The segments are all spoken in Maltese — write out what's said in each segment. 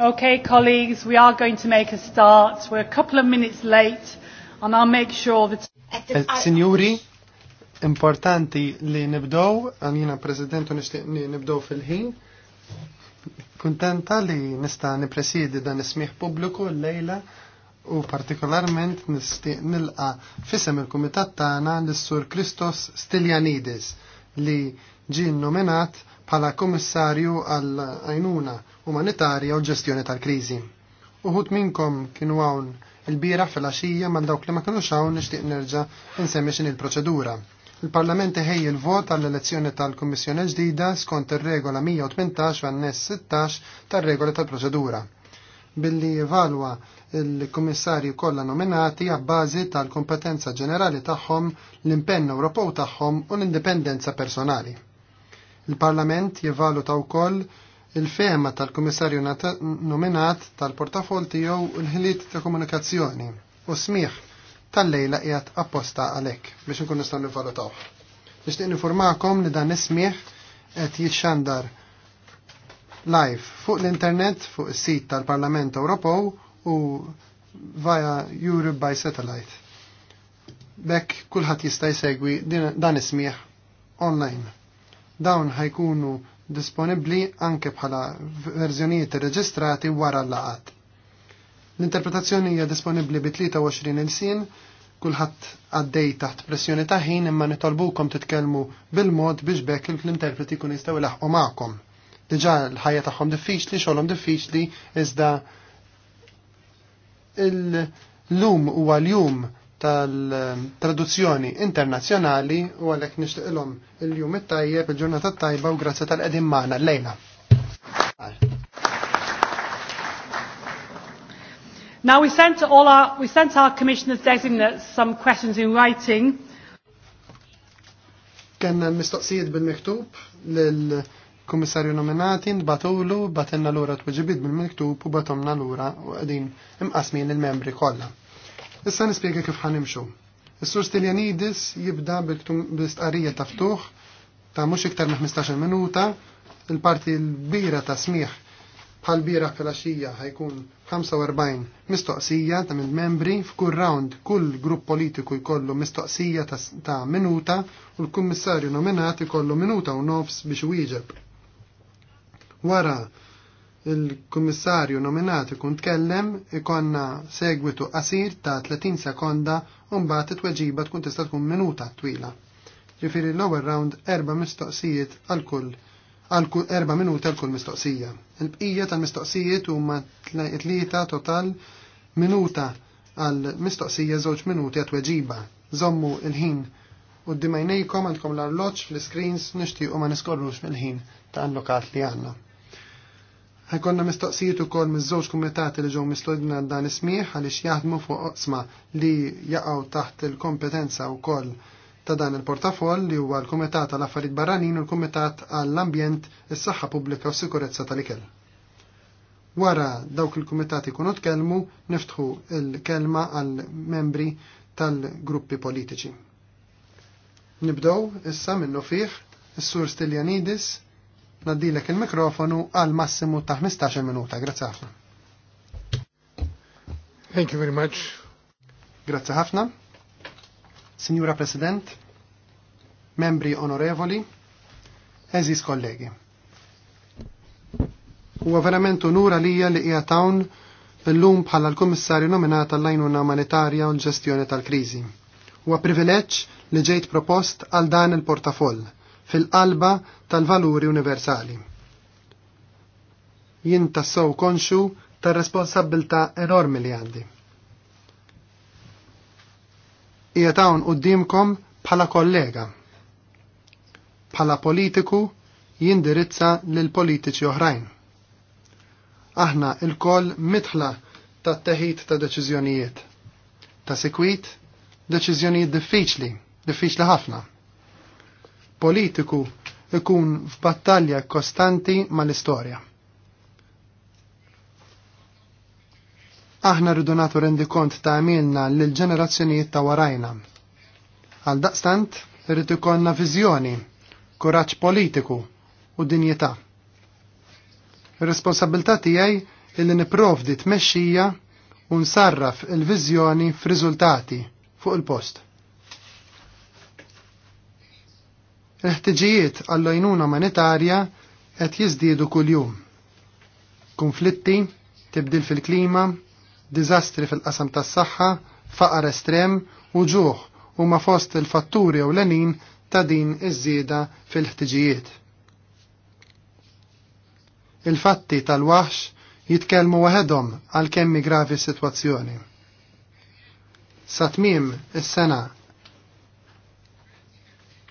Okay, colleagues, we are going to make a start. We're a couple of minutes late, and I'll make sure that... Eh, signori, importanti li nibdow, għamina prezidentu nishtiq nibdow fil-ħin. Kuntenta li nista nipresidi dan ismiħ publiku l-lejla u partikolarment nisti nilqa fisem il-komitat tagħna l-Sur Kristos Stiljanidis li ġi nominat bħala komissarju għal ajnuna umanitarja u ġestjoni tal-kriżi. Uħut minnkom kienu hawn il-bira fil-għaxija mal dawk li ma kienu xawn nixtieq nerġa' insemmi xin il-proċedura. Il-Parlament ħej il-vot għall-elezzjoni tal-Kummissjoni ġdida skont ir-regola 118 għan 16 tar-regola tal-proċedura billi valwa il-kummissarju kollha nominati għabbażi tal-kompetenza ġenerali tagħhom, l-impenn Ewropew tagħhom u l-indipendenza personali. Il-Parlament jevaluta wkoll il-fema tal-Kummissarju nominat tal-portafol tiegħu il ħiliet ta' komunikazzjoni u smiħ tal-lejla qiegħed apposta għalhekk biex inkun nistgħu nivvalutaw. Nixtieq informakom li dan ismiħ qed jixxandar live fuq l-internet fuq is-sit tal-Parlament Ewropew u via Europe by Satellite. Bekk kulħadd jista' jsegwi dan is-smieħ online. Dawn ħajkunu disponibbli anke bħala verżjonijiet irreġistrati wara l-laqat. L-interpretazzjoni hija disponibbli bi 23 il-sin, kulħadd għaddej taħt pressjoni ta' ħin imma nitolbukom titkellmu bil-mod biex bekk l-interpreti kun jistgħu laħqu magħkom. Diġà l-ħajja tagħhom diffiċli, xogħolhom diffiċli, iżda il-lum huwa l-jum tal-traduzzjoni internazzjonali u għalhekk nixtieqilhom il-jum it-tajjeb, il-ġurnata tajba u grazzi tal-qegħdin magħna lejla. Now we sent all our we sent our commissioners designates some questions in writing. Kenna mistoqsijiet bil-miktub lill kummissarju nominati nbatulu batenna lura tweġibit bil-miktub u batomna lura u għedin imqasmin il-membri kollha. Issa nispjega kif ħanimxu. Is-sur Stiljanidis jibda bil-istqarrija ta' ftuħ ta' mhux iktar minn 15 minuta, il-parti l-bira ta' smih bħal bira fil ħajkun 45 mistoqsija ta' minn membri f'kull round kull grupp politiku jkollu mistoqsija ta' minuta u l-kummissarju nominat jkollu minuta u nofs biex wieġeb. Wara il-kummissarju nominati kun tkellem ikonna segwitu qasir ta' 30 sekonda u mbagħad it-tweġiba tkun tista' tkun minuta twila. Ġifieri l-ewwel round erba' mistoqsijiet għal kull erba' minuti għal kull mistoqsija. Il-bqija tal-mistoqsijiet huma tlieta total minuta għal mistoqsija żewġ minuti għat tweġiba. Zommu il-ħin u d-dimajnejkom għandkom l-arloċ fl-screens nishtiqu ma niskorrux fil-ħin ta' allokat li għanna. Ħajkonna mistoqsijiet ukoll miż-żewġ kumitati li ġew mislodina għal dan ismiħ għaliex jaħdmu fuq oqsma li jaqgħu taħt il-kompetenza wkoll ta' dan il-portafoll li huwa l-Kumitat għal affarijiet barranin u l-Kumitat għall-Ambjent, is-Saħħa Pubblika u Sikurezza tal-Ikel. Wara dawk il-kumitati kunu tkellmu, niftħu il-kelma għal membri tal-gruppi politiċi. Nibdow issa minnu fih is-Sur Stiljanidis Naddilek il-mikrofonu għal massimu ta' 15 minuta. Grazzi ħafna. Thank you very much. Grazzi ħafna. Signora President, membri onorevoli, eżis kollegi. Huwa verament unura lija li hija tawn illum bħala l-Kummissarju nominata l lajn umanitarja u l-ġestjoni tal-kriżi. Huwa privileġġ li ġejt propost għal dan il-portafoll fil-qalba tal-valuri universali. Jien tassew konxu tal responsabilta enormi li għandi. Ija tawn qoddimkom bħala kollega. Bħala politiku jindirizza lil politiċi oħrajn. Aħna il-koll mitħla ta' teħid ta' deċiżjonijiet. Ta' sekwit, deċiżjonijiet diffiċli, diffiċli ħafna politiku ikun f'battalja kostanti mal-istorja. Aħna rridu nagħtu rendikont ta' għamilna lill ġenerazzjonijiet ta' warajna. Għal daqstant, rrid ikollna viżjoni, kuraġġ politiku u dinjità. Ir-responsabilità tiegħi illi niprovdi tmexxija u nsarraf il-viżjoni f'riżultati fuq il-post. L-ħtiġijiet għall-għajnuna monetarja qed jiżdiedu kuljum. Konflitti, tibdil fil-klima, diżastri fil-qasam tas-saħħa, faqar estrem u ġuħ huma fost il-fatturi ewlenin ta' din iż-żieda fil-ħtiġijiet. Il-fatti tal-waħx jitkellmu waħedhom għal kemmi gravi s-sitwazzjoni. Sa tmiem is-sena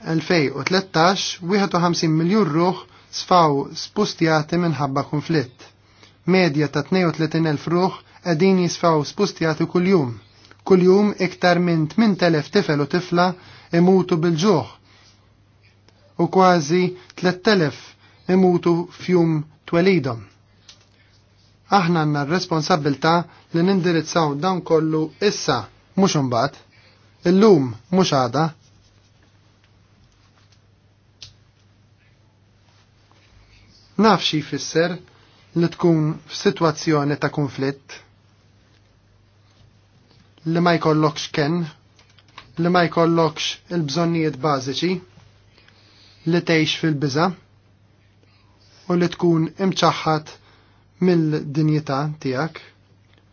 2013 miljon ruħ sfaw spustjati minħabba konflitt. Medja ta' 32.000 ruħ qegħdin jisfaw spustjati kuljum. Kuljum iktar minn 8.000 tifel u tifla imutu bil-ġuħ u kważi 3.000 imutu fjum twelidhom aħna għanna responsabilta li nindirizzaw dan kollu issa, mux umbat, illum mux għada, Naf xi jfisser li tkun f'sitwazzjoni ta' konflitt li ma jkollokx ken, li ma jkollokx il-bżonnijiet bażiċi, li tgħix fil-biża u li tkun imċaħħat mill-dinjità tiegħek.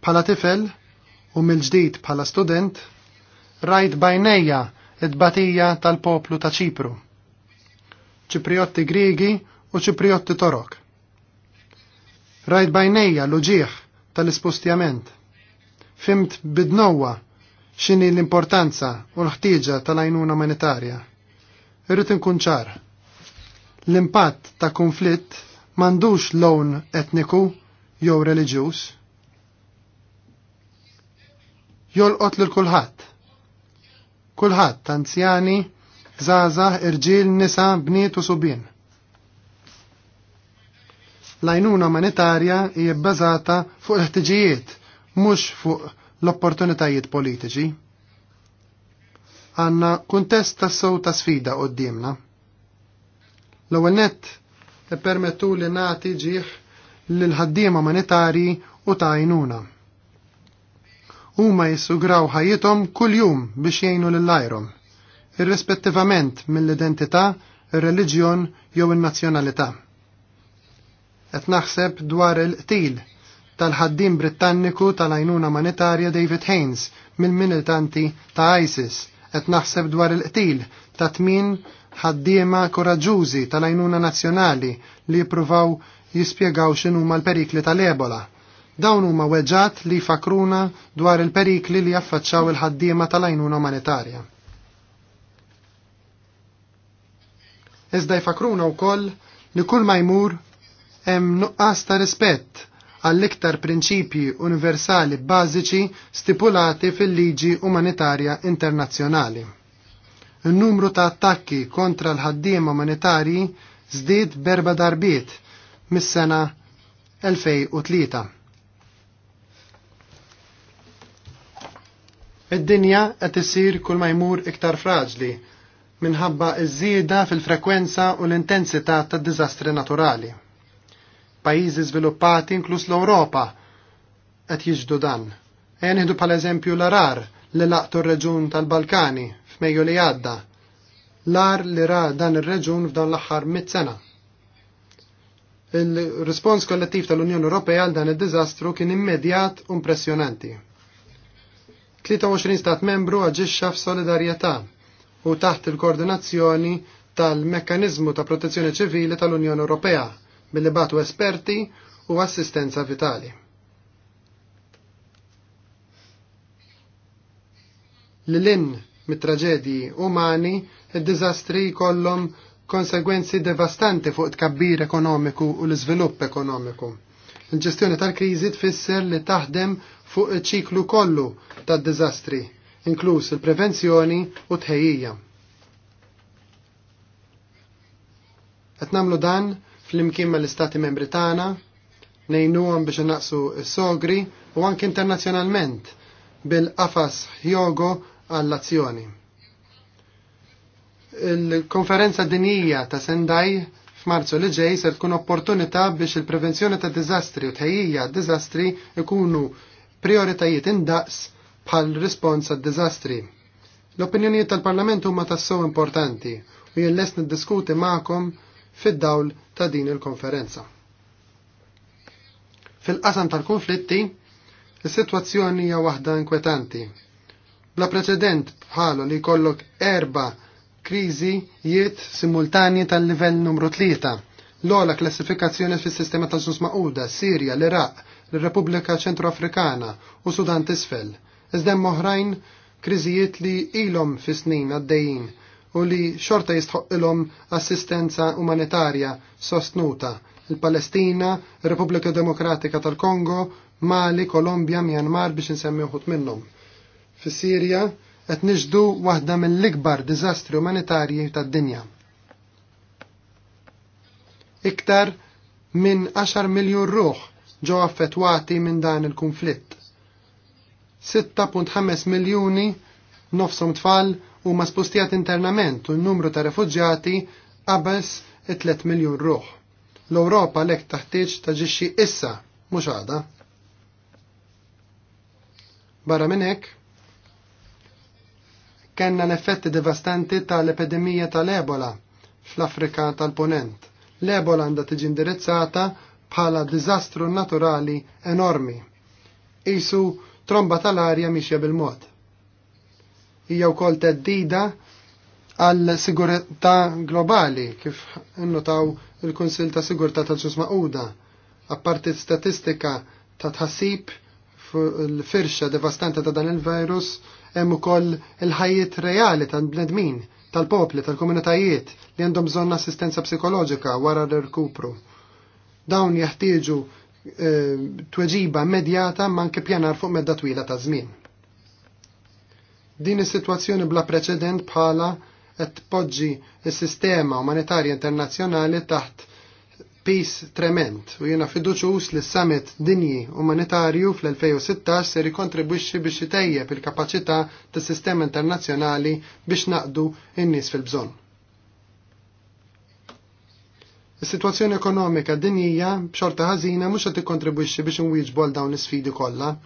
Bħala tifel u mill-ġdid bħala student rajt bajnejja id-batija tal-poplu ta' Ċipru. Ċipriotti Griegi u ċipriotti torok. Rajt bajnejja l-uġieħ tal-ispostjament. Fimt bidnowa xini l-importanza u l-ħtieġa tal ajnuna umanitarja. Irrit nkunċar. ċar. L-impatt ta' konflitt mandux lawn etniku jew reliġjuż. Jolqot lil kulħadd. Kulħadd anzjani, żgħażagħ, irġiel, nisa, bniet u subien. L-għajnuna monetarja hija bbażata fuq l-ħtiġijiet, mhux fuq l-opportunitajiet politiċi. Għanna kuntest tas sew ta' sfida qoddimna. L-ewwel nett ippermettu li nagħti ġieħ lil ħaddiema monetarji u ta' għajnuna. Huma jissugraw ħajjithom kuljum biex jgħinu lil-lajrom, irrispettivament mill-identità, ir-reliġjon jew in-nazzjonalità qed naħseb dwar il-qtil tal-ħaddim Britanniku tal ajnuna monetarja David Haynes mill-militanti ta' ISIS. Qed naħseb dwar il-qtil ta' tmin ħaddiema koraġużi tal-għajnuna nazzjonali li jispiegaw jispjegaw x'inhuma l-perikli tal-Ebola. Dawn huma weġġat li fakruna dwar il-perikli li jaffaċċaw il-ħaddiema tal-għajnuna monetarja. Iżda jfakruna wkoll li kull ma jmur hemm nuqqas ta' rispett għall-iktar prinċipji universali bażiċi stipulati fil-liġi umanitarja internazzjonali. Il-numru ta' attakki kontra l-ħaddiem umanitarji żdied berba darbiet mis-sena 2003. Id-dinja qed isir kull ma jmur iktar fraġli minħabba iż-żieda fil-frekwenza u l-intensità tad-diżastri naturali pajjiżi żviluppati inklus l-Ewropa qed jiġdu dan. Ejja bħala eżempju l-arar li laqtu r-reġun tal-Balkani f'Mejju li għadda. L-ar li ra dan ir-reġun f'dan l-aħħar mit-sena. Il-rispons kollettiv tal-Unjoni Ewropea għal dan id-diżastru kien immedjat u impressjonanti. 23 stat membru aġixxa f'solidarjetà u taħt il-koordinazzjoni tal-Mekkanizmu ta' Protezzjoni Ċivili tal-Unjoni Ewropea billi batu esperti u assistenza vitali. L-lin mit-traġedji umani, id-dizastri kollom konsegwenzi devastanti fuq tkabbir ekonomiku u l-iżvilupp ekonomiku. Il-ġestjoni tal-kriżi tfisser li taħdem fuq ċiklu kollu tad-diżastri, inkluż il-prevenzjoni u tħejjija. Qed nagħmlu dan fl-imkien l istati membri tagħna għan biex naqsu s-sogri u anke internazzjonalment bil-qafas jogo għall-azzjoni. Il-konferenza dinija ta' Sendaj f'Marzu li ġej se tkun opportunità biex il-prevenzjoni ta' diżastri u tħejjija diżastri ikunu prioritajiet indaqs bħal rispons għad diżastri. L-opinjonijiet tal-Parlament huma tassew importanti u jien lest niddiskuti magħkom fid-dawl ta' din il-konferenza. Fil-qasam tal-konflitti, is-sitwazzjoni hija waħda inkwetanti. Bla preċedent bħalu li jkollok erba krizi jiet simultani tal-livell numru tlieta l-ola klassifikazzjoni fis sistema ta' ġnus maquda, Sirja, l-Iraq, l-Repubblika Ċentroafrikana u Sudan tisfel. Iżdem oħrajn kriżijiet li ilhom fis snin għaddejjin u li xorta jistħoq assistenza umanitarja sostnuta il-Palestina, Repubblika Demokratika tal-Kongo, Mali, Kolombja, Myanmar biex insemmi uħut minnhom. Fis-Sirja qed niġdu waħda mill-ikbar diżastri umanitarji tad-dinja. Iktar minn 10 miljon ruħ ġew affettwati minn dan il-konflitt. 6.5 miljoni nofsom tfal ma spostijat internament u n-numru ta' refugġati qabels 3 miljon ruħ. L-Ewropa lek taħtieġ ġixxi issa, mhux għada. Barra minn hekk, kellna l-effetti devastanti tal-epidemija tal-Ebola fl-Afrika tal-Ponent. L-Ebola għandha tiġi indirizzata bħala diżastru naturali enormi. Isu tromba tal-arja mixja bil-mod hija wkoll teddida għal sigurtà globali kif innotaw il kunsill ta' Sigurtà tal-Ġus Uda. Apparti statistika ta' tħassib l-firxa devastanta ta' dan il-virus hemm ukoll il-ħajjiet reali tal-bnedmin, tal-popli, tal-komunitajiet li għandhom bżonn assistenza psikoloġika wara l-rkupru. Dawn jeħtieġu eh, tweġiba medjata ma anke pjanar fuq medda twila ta' żmien. Din is-sitwazzjoni bla preċedent bħala qed tpoġġi s-sistema umanitarja internazzjonali taħt peace trement u jiena fiduċus li s-summit dinji umanitarju fl-2016 se rikontribwixxi biex jitejjeb il-kapaċità tas-sistema internazzjonali biex naqdu n-nies fil-bżonn. Is-sitwazzjoni ekonomika dinjija b'xorta ħażina mhux qed tikkontribwixxi biex inwieġbu għal dawn is-sfidi kollha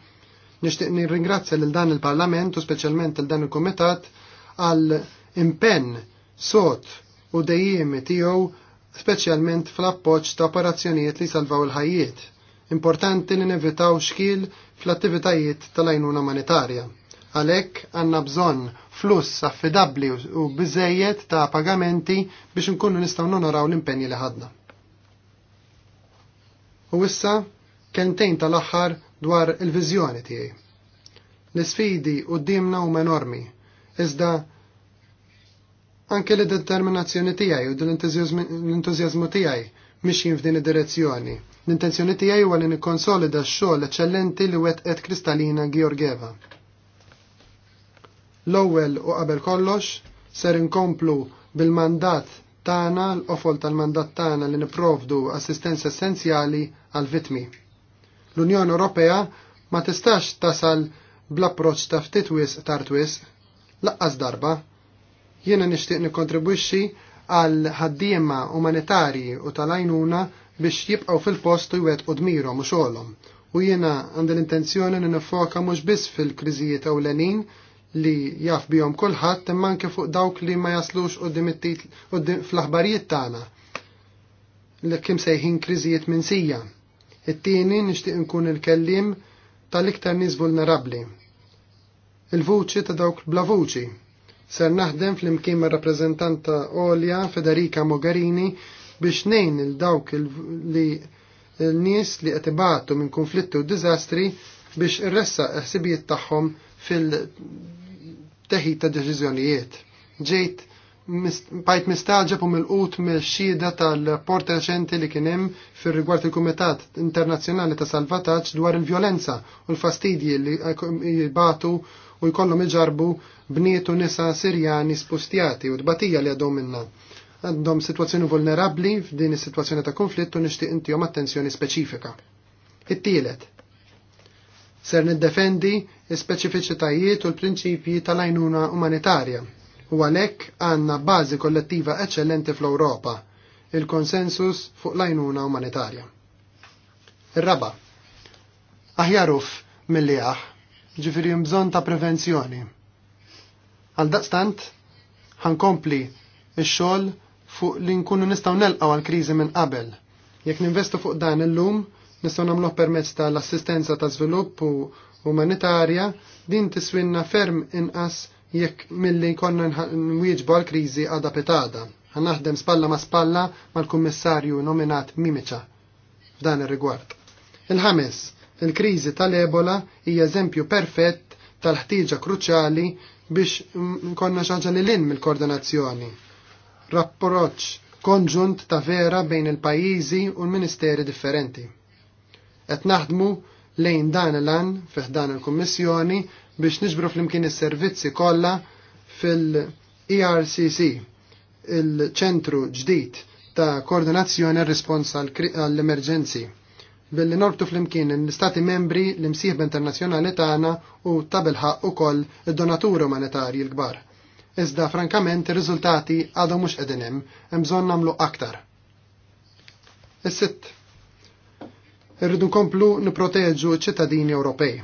Nixtieq nirringrazzja lil dan il-Parlament u speċjalment lil dan il-Kumitat għal impenn sot u dejjem tiegħu speċjalment fl-appoġġ ta' operazzjonijiet li salvaw il-ħajjiet. Importanti li nevitaw xkil fl-attivitajiet tal-għajnuna umanitarja. Għalhekk għandna bżonn fluss affidabli u biżejjed ta' pagamenti biex nkunu nistgħu nonoraw l-impenji li ħadna. U issa, kentejn tal-aħħar dwar il-viżjoni tiegħi. L-isfidi d-dimna huma enormi, iżda anke l-determinazzjoni tiegħi u l entuzjazmu tiegħi mixjin f'din id-direzzjoni. L-intenzjoni tiegħi huwa li nikkonsolida x-xogħol eċċellenti li wetqet Kristalina Georgieva. L-ewwel u qabel kollox ser inkomplu bil-mandat tagħna l-qofol tal-mandat tagħna li nipprovdu assistenza essenzjali għal vitmi. L-Unjoni Ewropea ma tistax tasal bl-approċ ta' ftit wisq tar wisq, laqqas darba. Jiena nixtieq nikkontribwixxi għal ħaddiema umanitarji u tal-għajnuna biex jibqgħu fil-post u jwed u dmirhom u xogħolhom. U jiena għandi l-intenzjoni li nifoka mhux biss fil-kriżijiet ewlenin li jaf bihom kulħadd imma anke fuq dawk li ma jaslux qudiem fl-aħbarijiet tagħna. Li kim sejħin kriżijiet minsija. It-tieni nixtieq nkun il-kellim tal-iktar nies vulnerabbli. Il-vuċi ta' dawk bla vuċi. Ser naħdem fl-imkien ma' rappreżentanta Olja Federica Mogherini biex nejn il-dawk li l-nies li qed ibatu minn konflitti u diżastri biex irressa ħsibijiet tagħhom fil-teħid ta' deċiżjonijiet. Ġejt bajt mistaġa u mill-qut mill-xida tal-port reċenti li kienem fir rigward il-Kumitat Internazzjonali ta' Salvataġġ dwar il-vjolenza u l-fastidji li jibatu u jkollhom iġarbu bnietu nisa Sirjani spustjati u dbatija li għadhom minna. Għandhom situazzjoni vulnerabli f'din is-sitwazzjoni ta' konflittu nixtieq intihom attenzjoni speċifika. It-tielet. Ser niddefendi is-speċifiċitajiet u l-prinċipji tal-għajnuna umanitarja u għalhekk għandna bażi kollettiva eċċellenti fl-Ewropa, il-konsensus fuq l-għajnuna umanitarja. Ir-raba, aħjaruf mill-li aħ, ġifiri ta' prevenzjoni. Għal daqstant, ħankompli il-xol fuq li nkunu nistaw nelqaw għal krizi minn qabel. Jekk ninvestu fuq dan il-lum, nistaw namluħ permezz tal-assistenza ta' svilupp u umanitarja, din tiswinna ferm inqas jekk milli konna nwieġbu għal-kriżi għada petada. Għannaħdem spalla ma spalla mal-kummissarju nominat Mimiċa f'dan ir-rigward. Il-ħames, il-kriżi tal-Ebola hija eżempju perfett tal-ħtieġa kruċjali biex konna xaġa li l-in mill-koordinazzjoni. Rapproċ konġunt ta' vera bejn il-pajjiżi u l-ministeri differenti. Qed naħdmu lejn dan l-an dan il-Kummissjoni biex niġbru flimkien is-servizzi kollha fil-ERCC, il-ċentru ġdid ta' koordinazzjoni e-rispons għall-emerġenzi billi nortu fl-imkien l-istati membri l-imsieħba internazjonali tagħna u tabilħaq ukoll id-donaturi umanitarji l-kbar. Iżda frankament ir-riżultati għadhom mhux qegħdin hemm, namlu bżonn nagħmlu aktar. Is-sitt. Irridu nkomplu nipproteġu ċ-ċittadini Ewropej.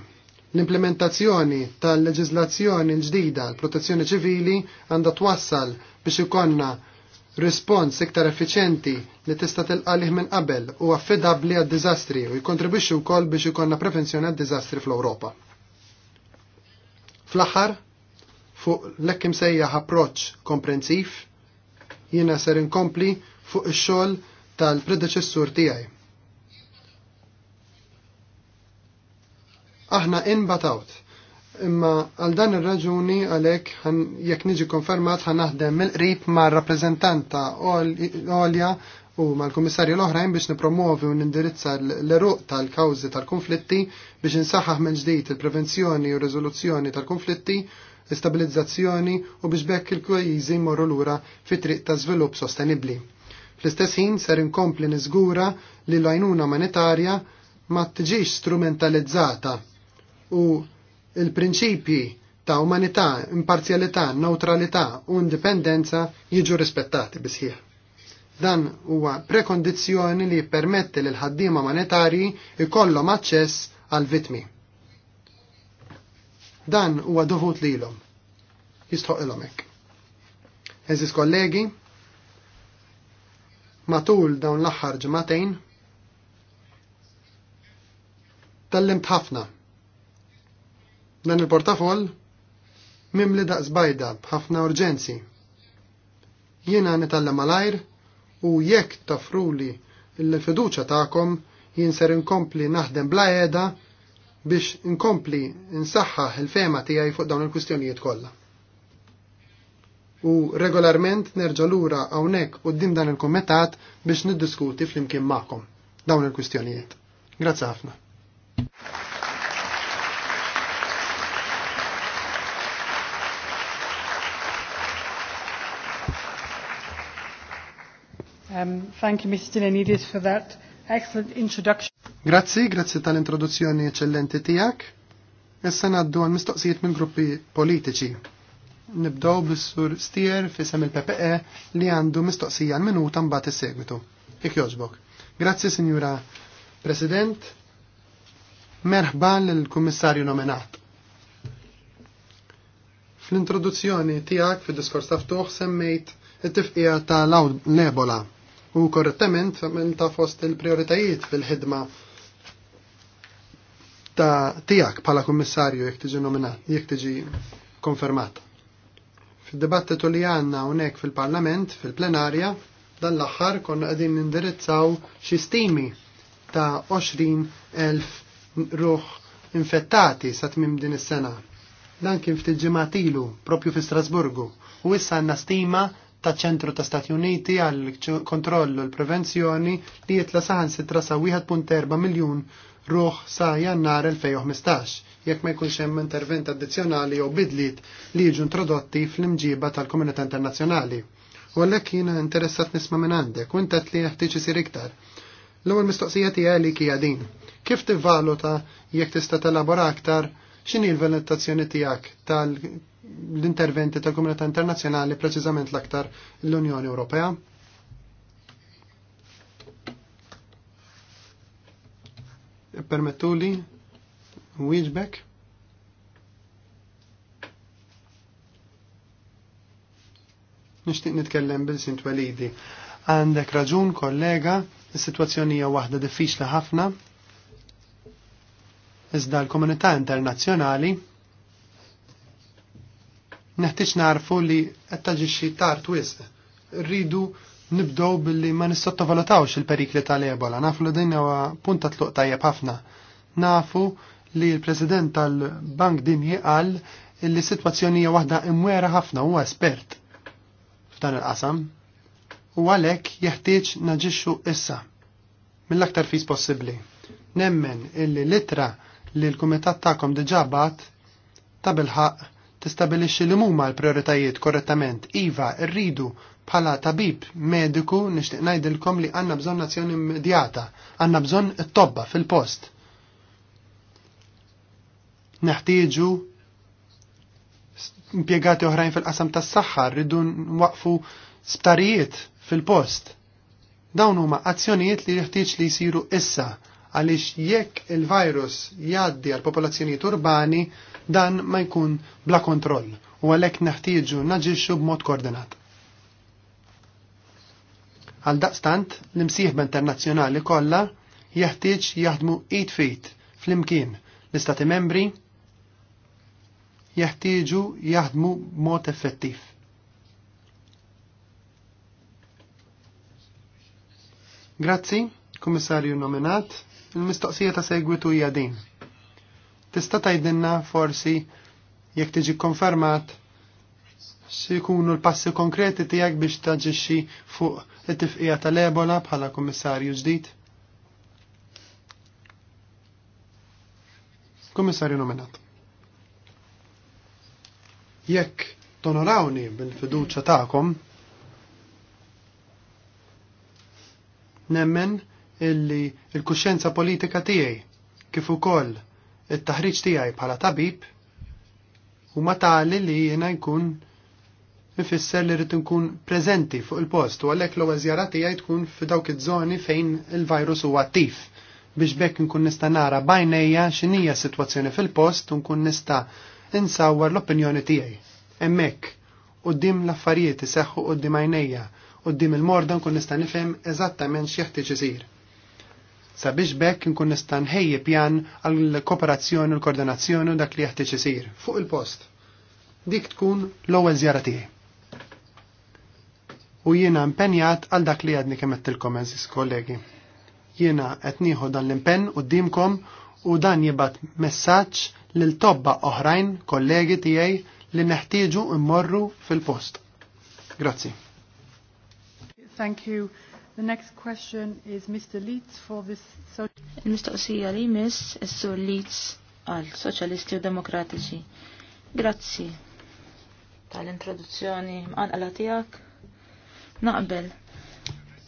L-implementazzjoni tal-leġizlazzjoni ġdida l-protezzjoni ċivili għandha twassal biex ikonna rispons iktar effiċenti li tista' tilqalih minn qabel u affidabbli għad-diżastri u jkontribwixxi wkoll biex ikonna prevenzjoni għad-diżastri fl-Ewropa. Fl-aħħar, fuq l-ekk imsejjaħ approċċ komprensiv, jiena ser inkompli fuq ix-xogħol tal-predeċessur tiegħi aħna inbatawt. Imma għal dan ir-raġuni għalhekk jekk niġi konfermat ħan naħdem mill-qrib ma' rappreżentanta Olja u mal-Kummissarju l-oħrajn biex nipromovi u nindirizza l-eruq tal-kawżi tal-konflitti biex insaħħaħ minn ġdid il-prevenzjoni u riżoluzzjoni tal-konflitti, stabilizzazzjoni u biex bekk il-pajjiżi jmorru lura fit-triq ta' żvilupp sostenibbli. Fl-istess ħin ser inkompli niżgura li l-għajnuna monetarja ma tiġix strumentalizzata u il-prinċipji ta' umanità, imparzjalità, neutralità u indipendenza jiġu rispettati bisħieħ. Dan huwa prekondizzjoni li permetti l ħaddiema monetari ikollhom aċċess għal vitmi. Dan huwa dovut lilhom. Jistħoq ilhom hekk. Eżis kollegi, matul dawn l-aħħar ġimagħtejn tallimt ħafna Dan il-portafol mimli daqs bajda b'ħafna urġenzi. Jiena nitalla malajr u jekk tafruli l-fiduċa ta'kom jien ser inkompli naħdem bla qiegħda biex inkompli nsaħħaħ il-fema tiegħi fuq dawn il-kwistjonijiet kollha. U regolarment nerġa' lura hawnhekk quddiem dan il-kumitat biex niddiskuti flimkien magħkom dawn il-kwistjonijiet. Grazzi ħafna. Um, thank you, Mr. Delanidis, for that excellent introduction. Grazzi, grazzi tal-introduzzjoni eccellenti tijak. Issa naddu għal mistoqsijiet minn gruppi politiċi. Nibdow bis-sur Stier fisem il-PPE li għandu mistoqsija għal minuta mbagħad is-segwitu. Ik joġbok. Grazzi, Sinjura President. Merħba l-Kummissarju nominat. Fl-introduzzjoni tijak fil-diskors taftuħ semmejt it-tifqija tal-Ebola u korrettament ta' fost il-prioritajiet fil-ħidma ta' tijak pala kommissarju jek tiġi nominat, jek tiġi konfermat. Fil-dibattitu li għanna unek fil-parlament, fil-plenarja, dan l-axħar konna għedin nindirizzaw xi stimi ta' 20.000 ruħ infettati sa' tmim din is-sena. Dan kien ftit ġimatilu, propju fi Strasburgu, u issa għanna stima ta' ċentru ta' Stati Uniti għal kontrollu l-prevenzjoni li jitla saħan sitra sa' 1.4 miljun ruħ sa' jannar 2015, jekk ma jkunx hemm intervent addizzjonali jew bidliet li jiġu introdotti fl-imġiba tal-komunità internazzjonali. U għalhekk jina interessat nisma' minn għandek u intet li jeħtieġ isir iktar. L-ewwel mistoqsija tiegħi li hija din. Kif tivvaluta jekk tista' telabora aktar x'inhi l-valutazzjoni tiegħek tal l-interventi tal-komunità internazzjonali preċiżament l-aktar l-Unjoni Ewropea? Permettuli, Wiesbeck. Nixtieq nitkellem bil-sint walidi. Għandek raġun, kollega, is-sitwazzjoni hija waħda diffiċli ħafna. Iżda l-komunità internazzjonali Neħtieġ narfu li qed taġixxi tard wisq. Rridu nibdow billi ma nissottovalutawx il-perikli tal-ebola. Nafu li din huwa punta tluq tajjeb ħafna. Nafu li l-President tal-Bank Dinji qal li s-sitwazzjoni hija waħda imwera ħafna huwa espert f'dan il-qasam. U għalhekk jeħtieġ naġixxu issa mill-aktar fis possibbli. Nemmen illi litra li l-kumitat tagħkom diġabat ta' bil-ħaq tistabilixxi li huma l-prioritajiet korrettament. Iva, rridu bħala tabib mediku nixtieq ngħidilkom li għandna bżonn azzjoni immedjata, għandna bżonn it-tobba fil-post. Neħtieġu impjegati oħrajn fil-qasam tas-saħħa, rridu nwaqfu sptarijiet fil-post. Dawn huma azzjonijiet li jeħtieġ li jsiru issa għaliex jekk il-virus jgħaddi għal popolazzjonijiet urbani dan ma jkun bla kontroll u għalhekk neħtieġu naġixxu b'mod koordinat. Għal daqstant, l-imsieħba internazzjonali kollha jaħtieġ jaħdmu id fit fl-imkien l-istati membri jaħtieġu jaħdmu b'mod effettiv. Grazzi, kummissarju nominat, il-mistoqsija ta' segwitu hija din. Tista' tgħidilna forsi jekk tiġi konfermat xikunu l-passi konkreti tiegħek biex taġixxi fuq it-tifqija tal-ebola bħala Kummissarju ġdid? Kummissarju nominat. Jekk tonorawni bil-fiduċa tagħkom nemmen illi il-kuxenza politika tiegħi kif ukoll it-taħriġ tiegħi bħala tabib huma tali li jiena jkun ifisser li rrid nkun preżenti fuq il-post u għalhekk l-ewwel żjara tiegħi tkun f'dawk iż-żoni fejn il-virus huwa attiv biex bekk nkun nista' nara bajnejja x'inhija s-sitwazzjoni fil-post u nkun nista' insawwar l-opinjoni tiegħi. Hemmhekk quddiem l-affarijiet iseħħu quddiem għajnejja, quddiem il-morda nkun nista' nifhem eżattament x'jeħtieġ isir sabiex bekk nkun nista' nħejji pjan għall kooperazzjoni u l-koordinazzjoni dak li jeħtieġ isir fuq il-post. Dik tkun l-ewwel żjara tiegħi. U jiena impenjat għal dak li għadni kemmet il eżis kollegi. Jiena qed nieħu dan l-impenn quddiemkom u dan jibgħat messaġġ lil tobba oħrajn kollegi tiegħi li neħtieġu immorru fil-post. Grazzi. Thank you. The next question is Mr. Leeds for this... Il-mistoqsija li miss is-sur Leeds għal Soċjalisti u Demokratiċi. Grazzi tal-introduzzjoni mqanqala tiegħek. Naqbel.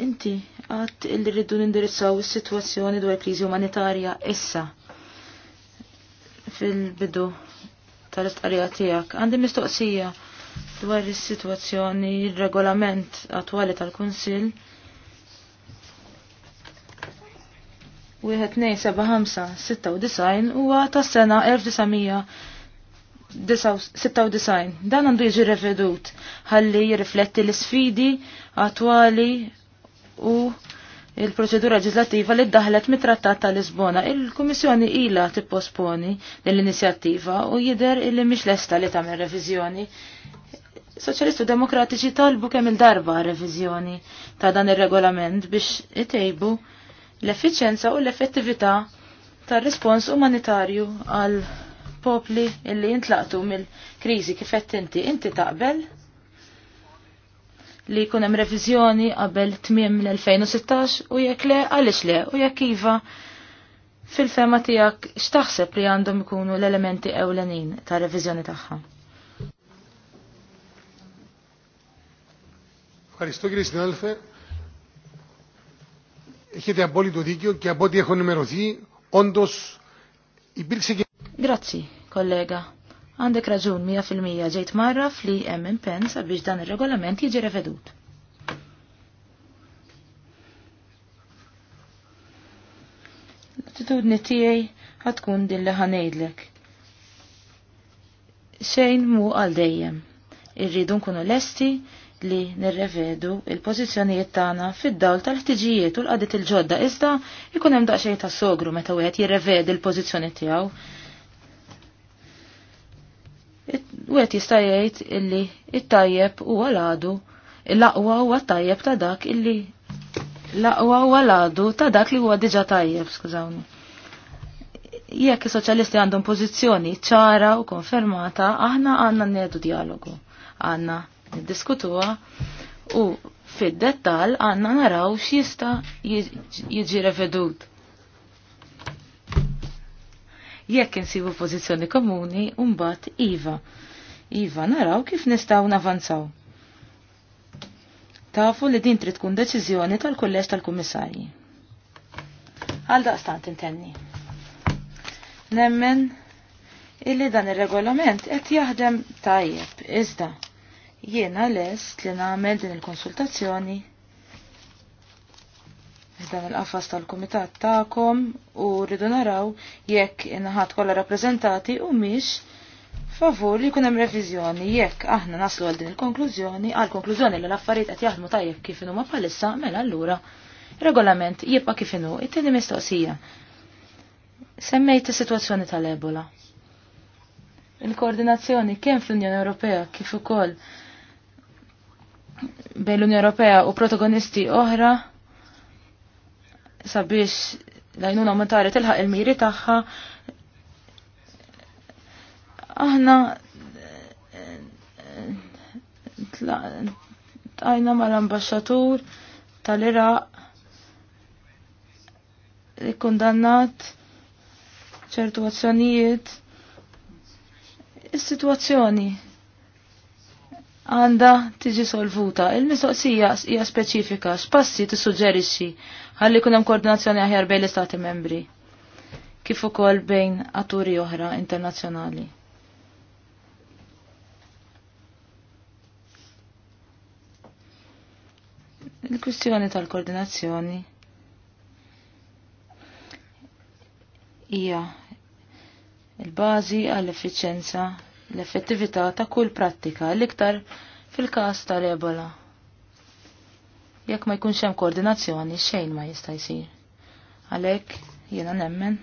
Inti għat illi rridu nindirizzaw is-sitwazzjoni dwar kriżi umanitarja issa fil-bidu tal istqarija tiegħek. Għandi mistoqsija dwar is-sitwazzjoni il regolament attwali tal-Kunsill 1275-96 huwa tas-sena 1996. Dan għandu jiġi revedut ħalli jirrifletti l-sfidi attwali u il-proċedura leġislativa li ddaħlet mit-trattat ta' Lisbona. Il-Kummissjoni ila tipposponi l-inizjattiva u jider illi mhix lesta li tagħmel reviżjoni. Soċjalistu Demokratiċi talbu kemm il-darba reviżjoni ta' dan ir-regolament biex itejbu it l-effiċenza u l-effettività tar-rispons umanitarju għal popli illi jintlaqtu mill-kriżi kifett inti inti taqbel li jkun hemm reviżjoni qabel tmiem l-2016 u jekk le għaliex le u jekk iva fil-fema tiegħek x'taħseb li għandhom ikunu l-elementi ewlenin ta' reviżjoni tagħha. Ευχαριστώ κύριε συνάδελφε. Έχετε απόλυτο δίκιο και από ό,τι έχω ενημερωθεί, όντω υπήρξε και. Grazzi, kollega. Għandek raġun 100% ġejt marra fli hemm pens biex dan ir-regolament jiġi revedut. L-attitudni tiegħi ħatkun din li ħanejdlek. Xejn mu għal dejjem. Irridu nkunu lesti, li nirrevedu il-pożizzjonijiet tagħna fid-dawl tal-ħtiġijiet u l-qadiet il-ġodda iżda jkun hemm daqsxejn ta' sogru meta wieħed jirrevedi l-pożizzjoni tiegħu. Wieħed jista' jgħid illi it-tajjeb huwa għaladu l-aqwa huwa tajjeb ta' dak illi l-aqwa huwa għaladu ta' dak li huwa diġà tajjeb, skużawni jekk is-soċjalisti għandhom pożizzjoni ċara u konfermata, aħna għandna nnedu dialogu. Għandna niddiskutuha u fid-dettal għandna naraw x'jista' jiġi revedut. Jekk insibu pożizzjoni komuni, mbagħad iva. Iva naraw kif nistgħu navanzaw. Tafu li din trid tkun deċiżjoni tal-kulleġġ tal-kummissarji. Għal daqstant intenni. Nemmen illi dan ir-regolament qed jaħdem tajjeb iżda jiena lest li nagħmel din il-konsultazzjoni dan il-qafas tal-komitat ta'kom u rridu naraw jekk inħat kollha rappreżentati u miex favur li kunem reviżjoni jekk aħna naslu għal din il-konklużjoni għal konklużjoni li l-affarijiet qed jaħdmu tajjeb kif inhu ma bħalissa mela allura regolament jibqa' kif inhu it-tieni mistoqsija. Semmejt is-sitwazzjoni tal-Ebola. Il-koordinazzjoni kemm fl-Unjoni Ewropea kif ukoll bejn l-Unjoni Ewropea u protagonisti oħra sabiex l-għajnuna momentari tilħaq il-miri tagħha. Aħna eh, eh, tajna mal-ambasċatur tal-Iraq kundannat ċertu azzjonijiet is-sitwazzjoni għanda tiġi solvuta. Il-mistoqsija hija speċifika, spassi tissuġġerixxi ħalli kun hemm koordinazzjoni aħjar bejn l-Istati membri kif ukoll bejn atturi oħra internazzjonali. Il-kwistjoni tal-koordinazzjoni hija il-bażi għall-effiċenza l-effettività ta' kull prattika l-iktar fil-każ tal-ebola. Jekk ma jkunx hemm koordinazzjoni xejn ma jista' jsir. Għalhekk jiena nemmen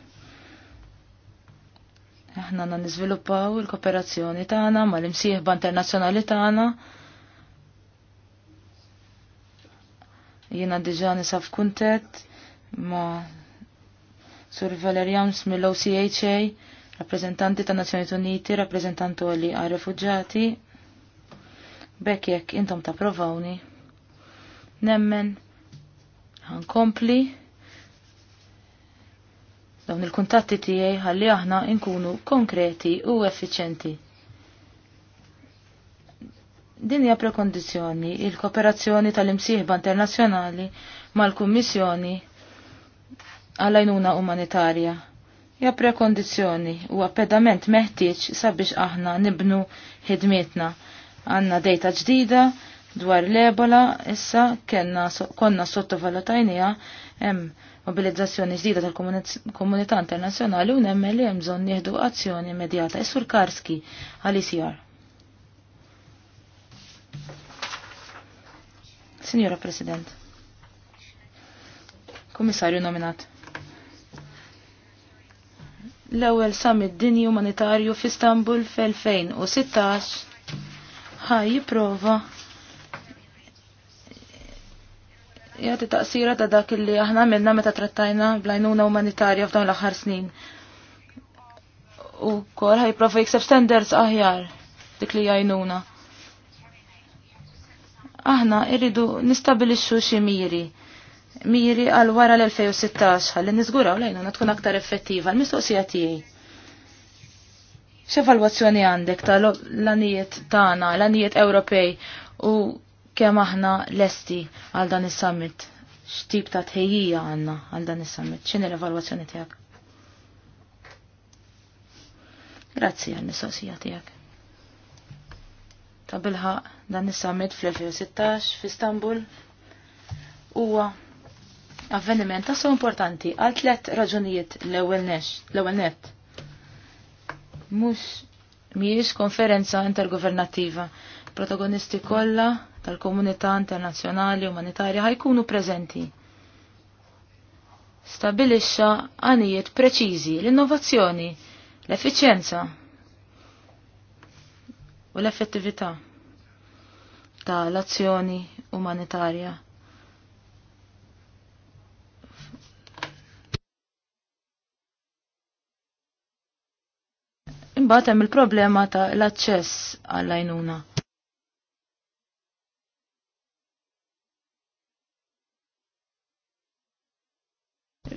aħna għandna niżviluppaw il-kooperazzjoni tagħna mal-imsieħba internazzjonali tagħna. Jiena diġà nisaf kuntet ma' Sur Valerian mill-OCHA rappresentanti ta' Nazzjoni Uniti, rappresentantoli għal refugġati, bekk jekk intom ta' provawni, nemmen, kompli dawn il-kuntatti tiegħi ħalli aħna nkunu konkreti u effiċenti. Din hija prekondizzjoni il-kooperazzjoni tal-imsieħba internazzjonali mal-Kummissjoni għall-għajnuna umanitarja Ja prekondizzjoni u pedament meħtieġ sabiex aħna nibnu ħidmietna. Għanna dejta ġdida dwar l-ebola issa kenna konna sottovalutajnija hemm mobilizzazzjoni ġdida tal-komunità internazzjonali u nemmen li hemm bżonn nieħdu azzjoni immedjata. Issur Karski għal ICR. Signora President. Komissarju nominat l-ewwel summit dinji umanitarju f'Istanbul fl-2016 ħaj jipprova jagħti taqsira ta' dak li aħna għamilna meta trattajna bl-għajnuna umanitarja f'dawn l-aħħar snin. U kol ħaj jipprova jikseb standards aħjar dik li għajnuna. Aħna irridu nistabilixxu xi miri miri għal wara l-2016 ħalli u lejna tkun aktar effettiva l-mistoqsija tiegħi. X'evalwazzjoni għandek tal-anijiet tagħna, l-anijiet Ewropej u kemm aħna lesti għal dan is-summit? X'tip ta' tħejjija għandna għal dan is-summit? X'inhi l-evalwazzjoni tiegħek? Grazzi għal mistoqsija tiegħek. Ta' bilħa dan is-summit fl-2016 f'Istanbul huwa avveniment tassu importanti għal tlet raġunijiet l-ewwel net. Mhux mhijiex konferenza intergovernattiva. Protagonisti kollha tal-komunità internazzjonali umanitarja ħajkunu preżenti. Stabilixxa għanijiet preċiżi l-innovazzjoni, l-effiċjenza u l-effettività tal-azzjoni umanitarja Imbagħad hemm il-problema ta' l-aċċess għall-għajnuna.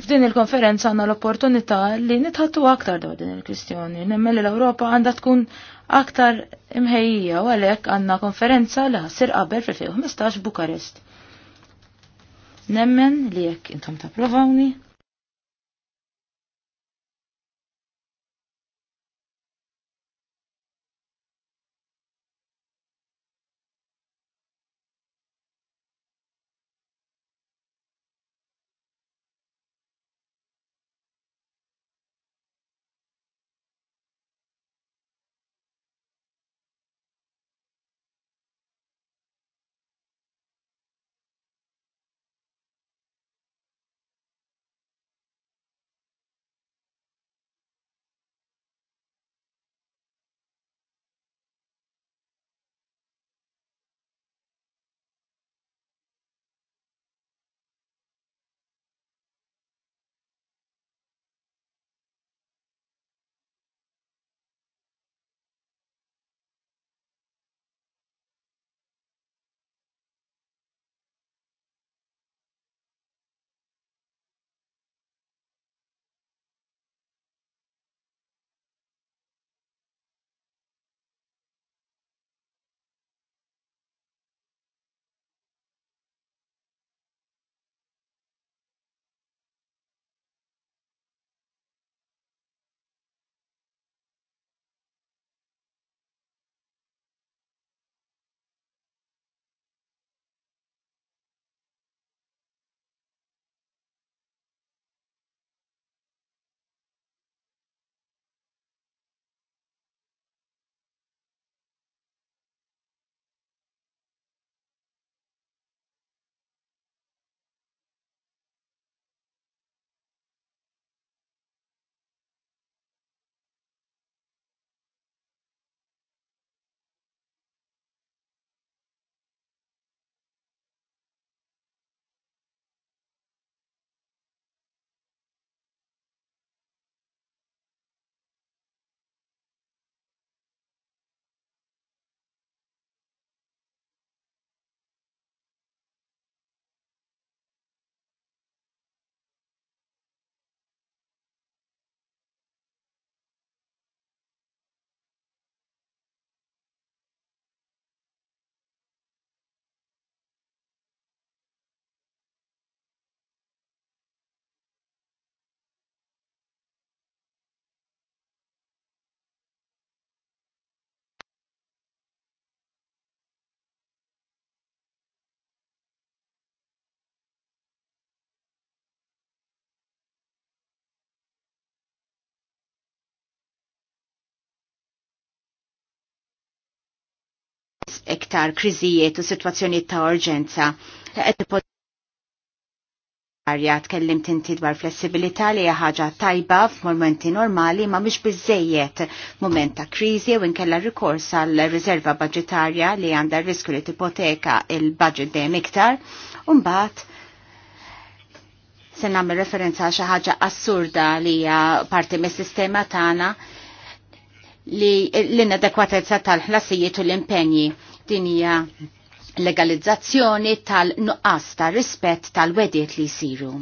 F'din il-konferenza għandna l-opportunità li nitħattu aktar dawn din il-kwistjoni. Nemmel li l-Ewropa għandha tkun aktar imħejjija u għalhekk għandna konferenza li ħassir qabel fil 15 Bukarest. Nemmen li jekk intom tapprovawni. iktar kriżijiet u situazzjonijiet ta' urġenza. Arja tkellim tinti dwar flessibilità li hija ħaġa tajba f'momenti normali ma mhix biżejjed mument ta' kriżi u nkella rikors għal riserva budgetarja li għandha riskju li tipoteka il-budget dejjem iktar u mbagħad se nagħmel referenza għal xi ħaġa assurda li hija parti mis-sistema tagħna li l-inadekwatezza tal-ħlasijiet u l-impenji hija legalizzazzjoni tal-nuqqas ta' rispett tal-wediet li jisiru.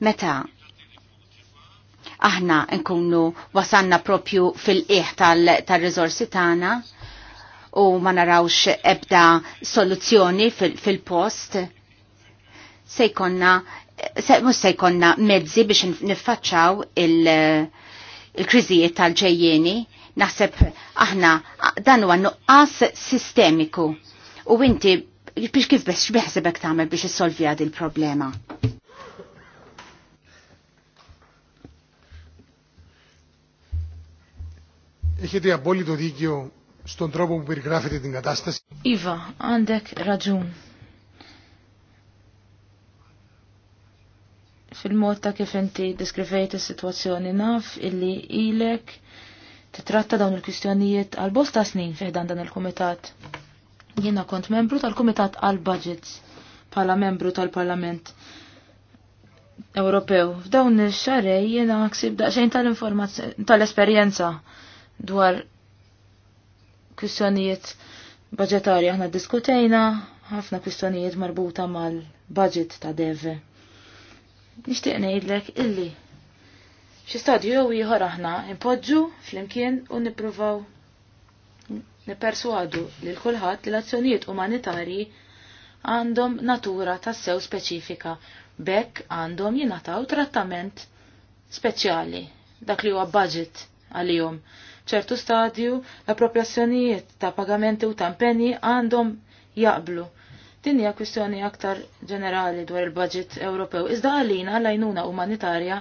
Meta aħna nkunu wasanna propju fil qieħ tal rizorsi tal tagħna u ma narawx ebda soluzzjoni fil-post fil se jkonna se, se jkonna mezzi biex niffaċċaw il-kriżijiet il kriżijiet tal ġejjieni Naħseb aħna dan huwa nuqqas sistemiku u inti biex kif biex biħsebek tagħmel biex issolvi għad il-problema. Έχετε għabolli dodigju ston τρόπο bir grafiti din għadastas. Iva, għandek raġun. Fil-mod ta' kif inti diskrivejt is-sitwazzjoni naf illi ilek titratta dawn il-kwistjonijiet għal bosta snin fiħdan dan il-Kumitat. Jiena kont membru tal-Kumitat għal budgets pala membru tal-Parlament Ewropew. F'dawn ix-xarej jiena ksib daqsxejn tal-informazzjoni tal-esperjenza dwar kwistjonijiet budgetarji aħna diskutejna ħafna kwistjonijiet marbuta mal-budget ta' deve. Nixtieq ngħidlek illi xi stadju jew ieħor aħna impoġġu flimkien u nippruvaw nipperswadu lil kulħadd li l-azzjonijiet umanitarji għandhom natura tassew speċifika bekk għandhom jingħataw trattament speċjali dak li huwa budget għalihom. ċertu stadju l-appropriazzjonijiet ta' pagamenti u tampenji għandhom jaqblu. Din hija kwistjoni aktar ġenerali dwar il-budget Ewropew. Iżda għalina l-għajnuna umanitarja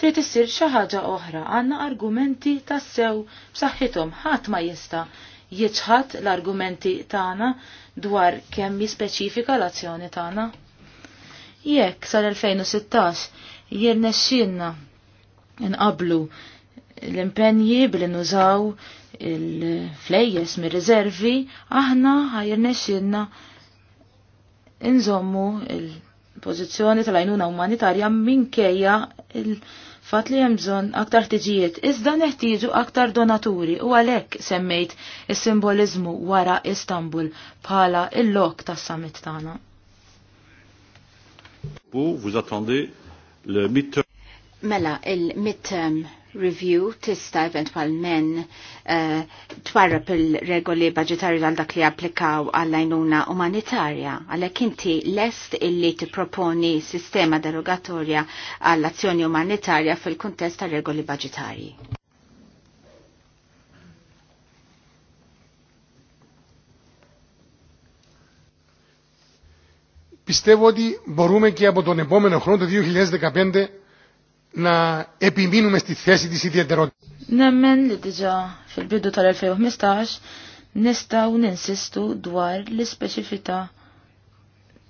trid issir xi ħaġa oħra. Għandna argumenti tassew b'saħħithom ħadd ma jista' jiġħad l-argumenti tagħna dwar kemm jispeċifika l-azzjoni tagħna. Jekk sal-2016 jirnexxinna nqablu l-impenji billi nużaw il-flejjes mir-riservi, aħna ħajrnexxinna inżommu il-pożizzjoni tal-għajnuna umanitarja minkejja il-fat li jemżon aktar tiġijiet, iżda neħtiġu aktar donaturi u għalek semmejt il-simbolizmu wara Istanbul bħala il-lok tas summit tagħna. Mela, il-midterm review tista' eventwalmen uh, eh, twarrab il-regoli budgetari għal dak li applikaw għall-għajnuna umanitarja, għalhekk inti lest illi tipproponi sistema derogatorja għall-azzjoni umanitarja fil-kuntest ta' regoli budgetari. Πιστεύω ότι μπορούμε και από τον επόμενο χρόνο, το 2015, να επιμείνουμε στη θέση της ιδιαιτερότητας. Nemmen li diġa fil-bidu tal-2015 nistaw ninsistu dwar l-ispeċifità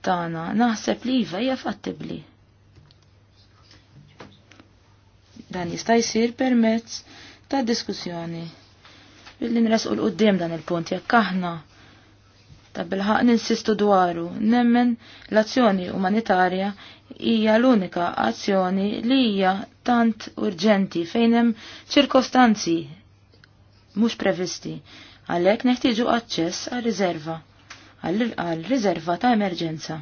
tagħna naħseb li iva hija fattibbli. Dan jista' jsir permezz ta' diskussjoni billi nresqu l-qudiem dan il-punt jekk aħna ta' bilħaq ninsistu dwaru, nemmen l-azzjoni umanitarja hija l-unika azzjoni li hija tant urġenti fejn hemm ċirkostanzi mhux previsti. Għalhekk neħtieġu aċċess għal riserva għal riserva ta' emerġenza.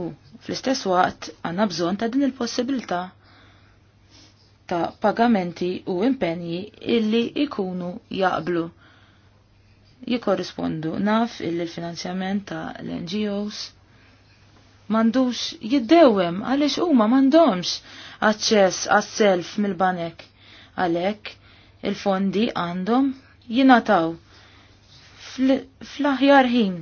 U fl-istess waqt għandna bżonn ta' din il-possibilità ta' pagamenti u impenji illi ikunu jaqblu jikorrispondu. Naf il-finanzjament ta' l-NGOs mandux jiddewem għaliex huma mandomx aċċess għas-self mill-banek. Għalhekk il-fondi għandhom jinataw fl-aħjar ħin,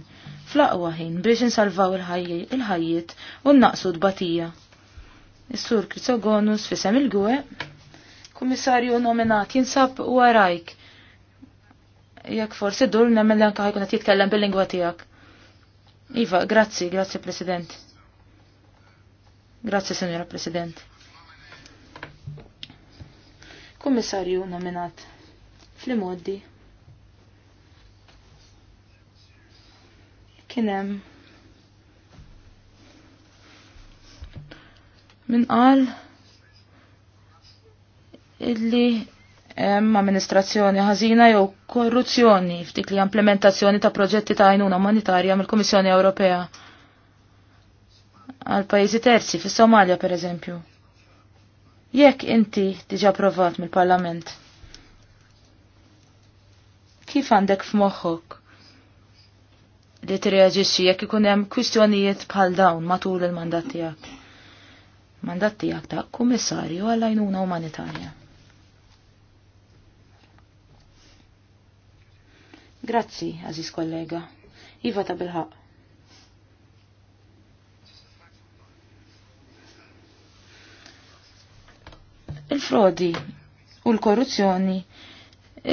fl-aqwa ħin biex insalvaw il-ħajjiet u naqsu d-batija. Is-sur Krizogonus fisem il-gwe, kummissarju nominat jinsab għarajk jekk forsi dul nemmen li anka ħajkun qed jitkellem bil-lingwa tiegħek. Iva, grazzi, grazzi President. Grazzi, Signora President. Kummissarju nominat fl-imoddi. Kienem min qal illi hemm amministrazzjoni ħażina jew korruzzjoni ftit li implementazzjoni ta' proġetti ta' għajnuna umanitarja mill-Kummissjoni Ewropea għal pajjiżi terzi fis-Somalja pereżempju. Jekk inti diġà approvat mill-Parlament. Kif għandek f'moħħok li tirreaġixxi jekk ikun hemm kwistjonijiet bħal dawn matul il-mandat tiegħek? Mandat tiegħek ta' kummissarju għall-għajnuna umanitarja. Grazzi, aziz kollega. Iva ta' bilħaq. Il-frodi u l-korruzzjoni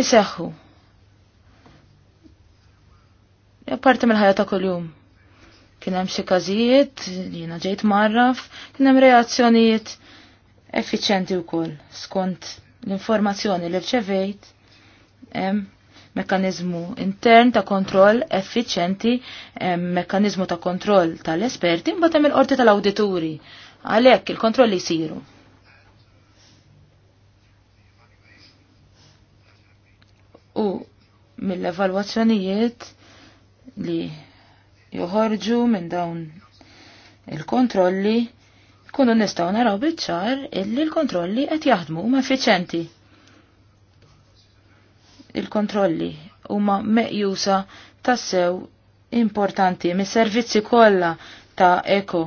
iseħħu. Apparti mill-ħajja ta' kuljum. Kien hemm xi każijiet, jiena ġejt marraf, kien hemm reazzjonijiet effiċenti wkoll skont l-informazzjoni li rċevejt hemm mekanizmu intern ta' kontroll effiċenti, mekanizmu ta' kontroll tal-esperti, mbagħad hemm il-qorti tal-awdituri. Għalhekk il-kontrolli jsiru. U mill-evalwazzjonijiet li joħorġu minn dawn il-kontrolli kunu nistaw naraw biċ-ċar illi l-kontrolli qed jaħdmu huma effiċenti il-kontrolli huma meqjusa tassew importanti mis-servizzi kollha ta' eko.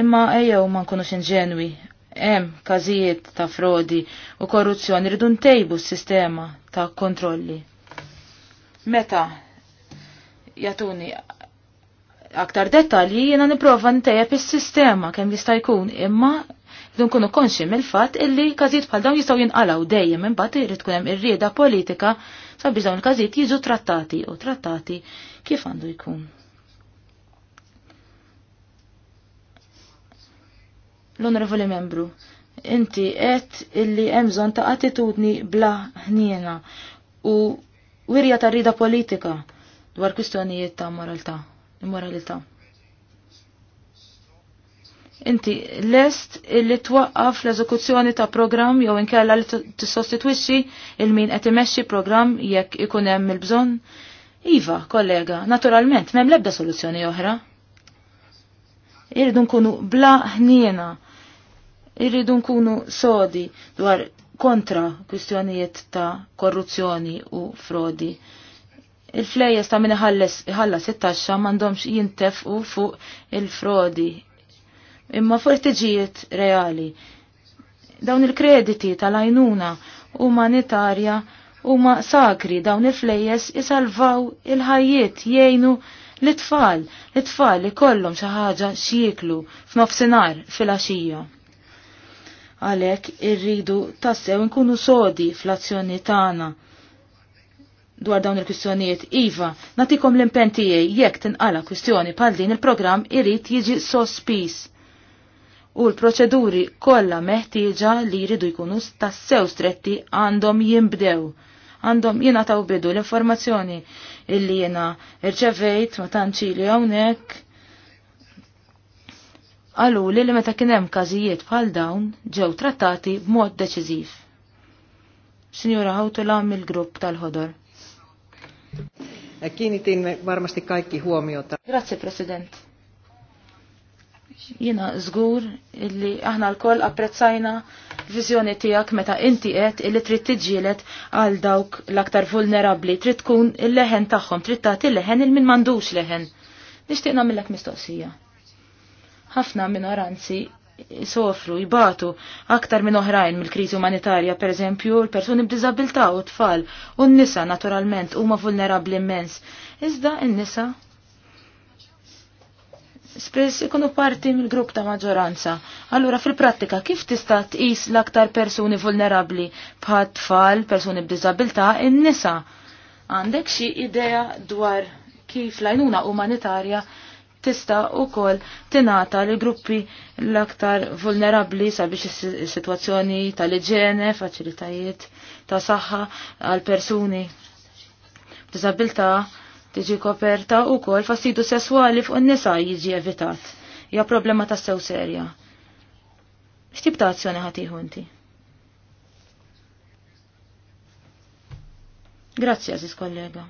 Imma ejjew ma nkunux inġenwi, hemm każijiet ta' frodi u korruzzjoni rridu ntejbu s-sistema ta' kontrolli. Meta jatuni aktar dettalji jiena nipprova ntejjeb is-sistema kemm jista' jkun imma Dun kunu konxi mill-fat illi każijiet bħal dawn jistgħu jinqalaw dejjem imbagħad irid tkun hemm irrieda politika sabiex dawn il-każijiet jiġu trattati u trattati kif għandu jkun. L-Onorevoli Membru, inti qed illi hemm bżonn ta' attitudni bla ħniena u wirja ta' rida politika dwar kwistjonijiet ta' moralità, immoralità. Inti lest li twaqqaf l-eżekuzzjoni ta' programm jew inkella li tissostitwixxi il-min qed imexxi programm jekk ikun hemm il-bżonn? Iva, kollega, naturalment m'hemm l-ebda soluzzjoni oħra. Irridu nkunu bla ħniena. Irridu nkunu sodi dwar kontra kwistjonijiet ta' korruzzjoni u frodi. il flejjes ta' min ħallas it-taxxa m'għandhomx jintefqu fuq il-frodi imma fortiġijiet reali. Dawn il-krediti tal-għajnuna umanitarja huma sakri dawn il-flejjes isalvaw il-ħajjiet jgħinu l-tfal, l-tfal li kollhom xi ħaġa x'jieklu f'nofsinhar fil axija Għalhekk irridu tassew nkunu sodi fl-azzjoni tagħna dwar dawn il-kwistjonijiet. Iva, natikom l impentijie jek jekk tinqala kwistjoni bħal din il program irid jiġi sospis u l-proċeduri kollha meħtieġa li jridu jkunu tassew stretti għandhom jimbdew. Għandhom jiena taw bidu l-informazzjoni illi jiena irċevejt ma tantxili hawnhekk. Għallu li li meta kien hemm każijiet bħal dawn ġew trattati b'mod deċiżiv. Sinjura Hautula mill-grupp tal-ħodor. Kiinnitin varmasti kaikki huomiota. Grazie, President Jina żgur illi aħna lkoll apprezzajna viżjoni tiegħek meta inti qed illi trid tiġġieled għal dawk l-aktar vulnerabbli, trid tkun il-leħen tagħhom, trid tagħti leħen il min m'għandux leħen. Nixtieq nagħmilek mistoqsija. Ħafna minoranzi sofru, jibatu aktar minn oħrajn mill-kriżi umanitarja, per eżempju, l-persuni b'diżabilità u tfal u n-nisa naturalment huma vulnerabbli immens. Iżda n-nisa Spiss ikunu parti mill-grupp ta' maġġoranza. Allura fil-prattika kif tista' tqis l-aktar persuni vulnerabbli bħat tfal, persuni b'diżabilità, in-nisa? Għandek xi idea dwar kif l-għajnuna umanitarja tista' ukoll tingħata lil gruppi l-aktar vulnerabbli sabiex is-sitwazzjoni tal-iġene, faċilitajiet ta' saħħa għal persuni b'diżabilità tiġi koperta u kol fassidu sessuali fuq n-nisa jiġi evitat. Ja problema ta' sew serja. X'tib ta' azzjoni ħatiħunti? Grazie, Grazzi, aziz kollega.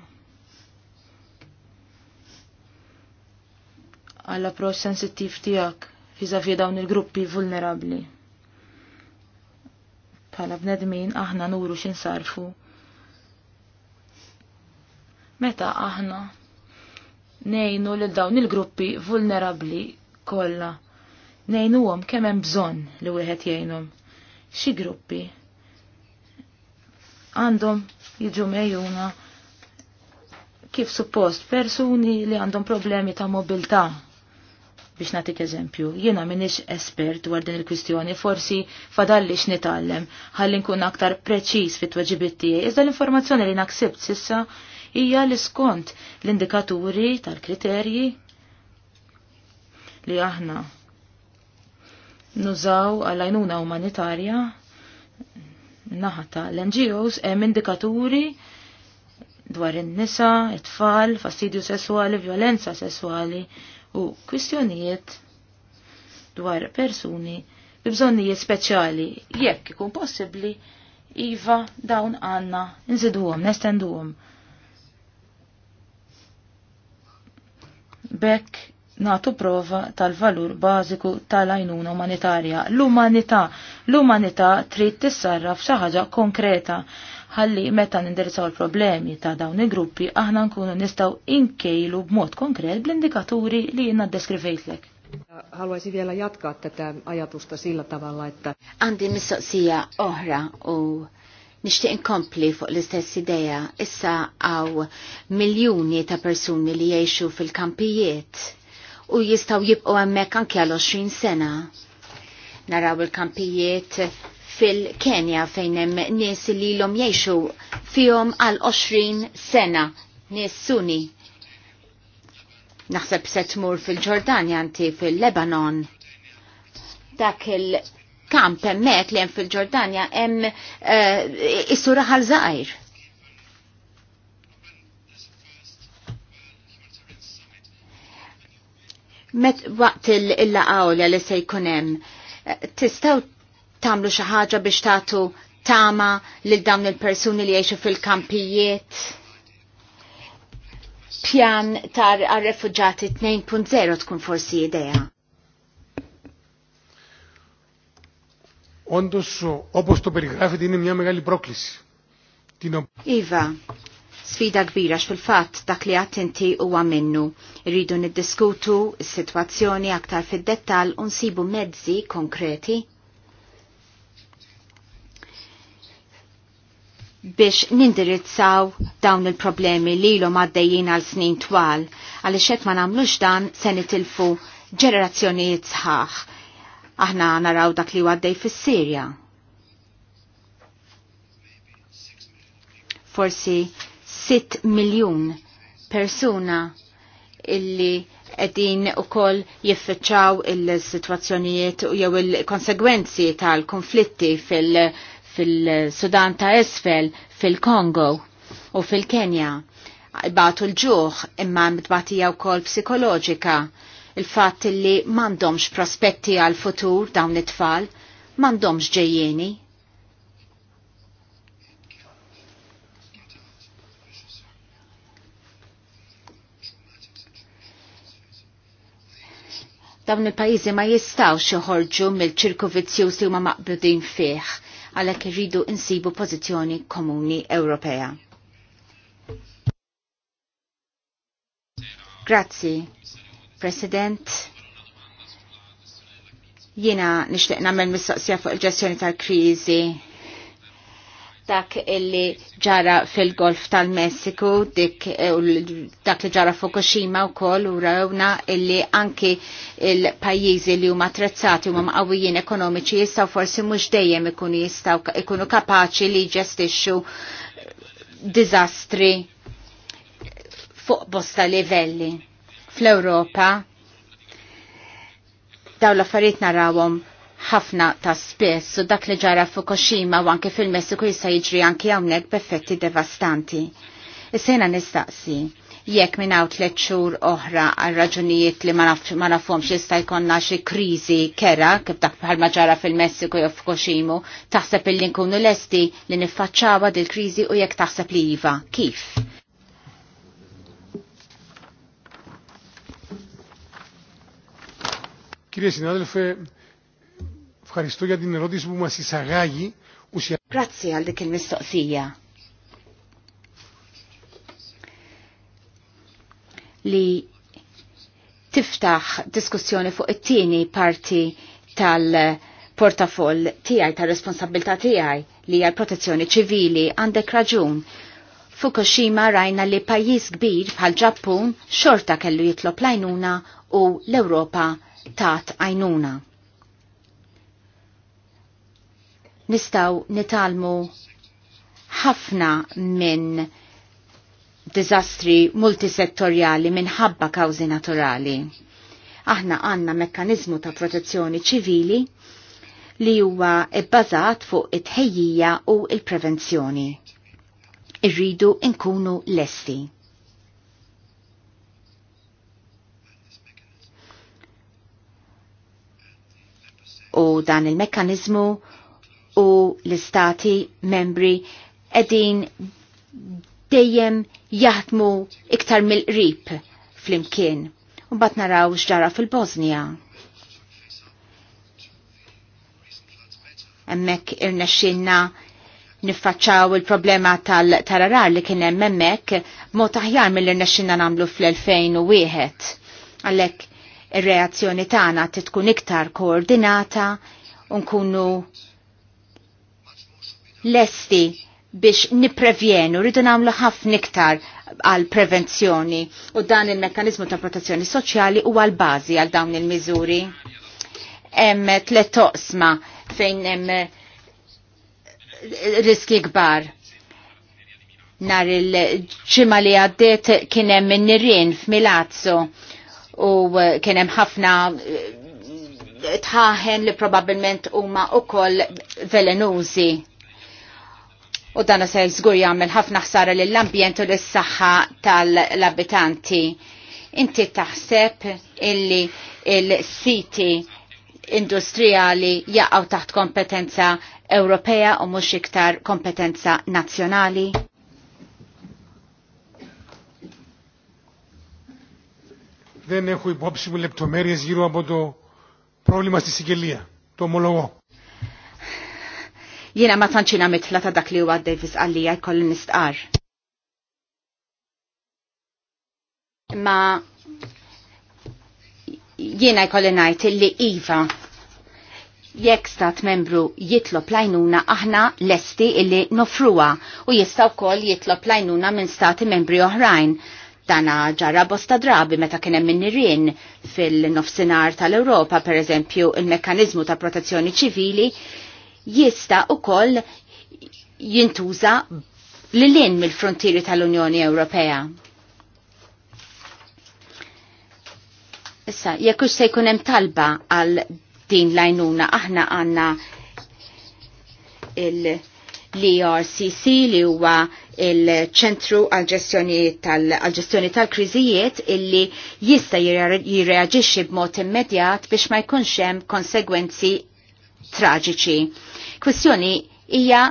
Għall proċ sensittiv tijak fizafi dawn il-gruppi vulnerabli. Bħala bnedmin aħna nuru xin sarfu Meta aħna nejnu lil dawn il-gruppi vulnerabli kollha. nejnu kemm hemm bżonn li wieħed jgħinhom. Xi gruppi għandhom jiġu mejjuna kif suppost persuni li għandhom problemi ta' mobilità biex natik eżempju, jiena minix espert dwar din il-kwistjoni, forsi fadalli x'nitgħallem ħalli nkun aktar preċiż fit-tweġibiet tiegħi. Iżda l-informazzjoni li naksibt sissa hija li skont l-indikaturi tal-kriterji li aħna nużaw għal-għajnuna umanitarja naħata l-NGOs hemm indikaturi dwar in-nisa, it-tfal, fastidju sessuali, violenza sessuali u kwistjonijiet dwar persuni bi bżonnijiet speċjali jekk ikun possibbli iva dawn għanna nżiduhom, nestenduhom. Bekk natu prova tal-valur bażiku tal ajnuna umanitarja. L-umanità, l-umanità trid tissarraf xi ħaġa konkreta ħalli meta nindirizzaw il-problemi ta' dawn il-gruppi aħna nkunu nistgħu inkejlu b'mod konkret bl-indikaturi li jien deskrivejtlek. Haluaisin vielä jatkaa tätä ajatusta sillä tavalla, että... missä mistoqsija oħra u Nishtiq inkompli fuq l-istess ideja, issa għaw miljoni ta' persuni li jiexu fil-kampijiet u jistaw jibqu għammek anki għal 20 sena. Naraw il-kampijiet fil-Kenja fejn hemm nies li l-om jiexu fihom għal 20 sena, nies suni. Naħseb se tmur fil-Ġordanja anti fil-Lebanon dak il- kamp hemmhekk li hemm fil-Ġordanja hemm uh, is-sura ħalżajr. Met waqt il-laqawla li se jkun hemm, eh, tistgħu tagħmlu xi ħaġa biex tagħtu tama lil dawn il-persuni li jgħixu fil-kampijiet pjan tar għal-refugġati 2.0 tkun forsi ideja. όντως όπως το περιγράφεται είναι μια μεγάλη πρόκληση. Iva, sfida kbira x'fil-fatt dak li attenti huwa minnu. Irridu niddiskutu s-sitwazzjoni aktar fid-dettall u nsibu mezzi konkreti biex nindirizzaw dawn il-problemi li l għaddejjien għal snin twal, għalli xet ma namlux dan se nitilfu ġenerazzjonijiet sħaħ Aħna naraw dak li għaddej fis-Sirja. Forsi 6 miljun persuna illi edin u koll jiffiċaw il-situazzjonijiet jew il-konsegwenzi tal-konflitti fil-Sudan fil ta' Esfel, fil-Kongo u fil-Kenja. Batu l-ġuħ imma mitbatija u koll psikoloġika il fat li mandomx prospetti għal futur dawn it-tfal, mandomx ġejjeni. Dawn il-pajizi ma jistaw joħorġu mill-ċirku vizzjuż li huma maqbudin fih għalhekk irridu insibu pożizzjoni komuni Ewropea. Grazzi. President, jiena nixtieq nagħmel mistoqsija fuq il-ġestjoni tal-kriżi dak illi ġara fil-golf tal-Messiku, dik eh, dak li ġara Fukushima u koll u rawna illi anki il-pajjiżi li huma attrezzati huma maqawijin ekonomiċi jistgħu forsi mhux dejjem ikunu jistgħu ikunu kapaċi li jġestixxu diżastri fuq bosta livelli fl-Ewropa daw l-affarijiet narawhom ħafna ta' spess u dak li ġara Fukushima u anke fil-Messiku jista' jiġri anke hawnhekk b'effetti devastanti. Is-sena nistaqsi jekk minn hawn tliet xhur oħra għal raġunijiet li ma nafhomx jista' jkollna xi kriżi kera kif dak bħalma ġara fil-Messiku jew Fukushima, taħseb illi nkunu lesti li niffaċċawha dil-kriżi u jekk taħseb li iva. Kif? Κύριε συνάδελφε, ευχαριστώ για την ερώτηση που μας εισαγάγει. Grazie għal dik il-mistoqsija. Li tiftaħ diskussjoni fuq it-tieni parti tal-portafoll tiegħi tal-responsabilità tiegħi li hija protezzjoni ċivili għandek raġun. Fukushima rajna li pajjiż kbir bħal Ġappun xorta kellu jitlob lajnuna u l-Ewropa tat għajnuna. Nistaw nitalmu ħafna minn dizastri multisettorjali minħabba kawzi naturali. Aħna għanna mekkanizmu ta' protezzjoni ċivili li huwa ibbażat fuq it-ħejjija u il-prevenzjoni. Irridu nkunu lesti. u dan il-mekkanizmu u l-istati membri edin dejjem jaħdmu iktar mill-qrib fl-imkien. U bat naraw xġara fil-Bosnija. Emmek irnexxinna niffaċċaw il-problema tal-tararar li kien hemm hemmhekk mod aħjar mill-irnexxinna nagħmlu fl-2001. Għalhekk Ir-reazzjoni tagħna tkun iktar koordinata u nkunu lesti biex niprevjenu, rridu nagħmlu ħafna iktar għal prevenzjoni u dan il-mekkanizmu ta' protezzjoni soċjali u għal bażi għal dawn il-miżuri. Hemm tliet toqsma fejn hemm riski kbar nar il-ġimma li għaddiet kien hemm in nirien f'Milazzo u eh, kienem ħafna eh, tħaħen li probabilment huma ukoll velenużi. U dan se żgur jagħmel ħafna ħsara lill-ambjent u lis-saħħa tal-abitanti. Inti taħseb illi il-siti industrijali jaqgħu taħt kompetenza Ewropea u mhux iktar kompetenza nazzjonali? δεν έχω υπόψη μου λεπτομέρειες γύρω από το πρόβλημα στη συγγελία. Το ομολογώ. Jiena ma tanċina mitla ta' dak li huwa Davis għalija jkolli nistqar. Ma jiena jkolli ngħid illi iva jekk stat membru jitlob lajnuna aħna lesti illi nofruha u jista' wkoll jitlob lajnuna minn stati membri oħrajn Dana ġara bosta drabi meta kienem minnirien fil-nofsinar tal-Europa, per eżempju, il mekanizmu ta' protezzjoni ċivili jista' u koll jintuża l-lin mill-frontieri tal-Unjoni Ewropea. Issa, jekk se jkun hemm talba għal din lajnuna, aħna għandna il-LRCC e li huwa il-ċentru għal-ġestjoni tal-kriżijiet illi jista jirreagġixxi b'mod immedjat biex ma jkunx hemm konsegwenzi traġiċi. Kwestjoni hija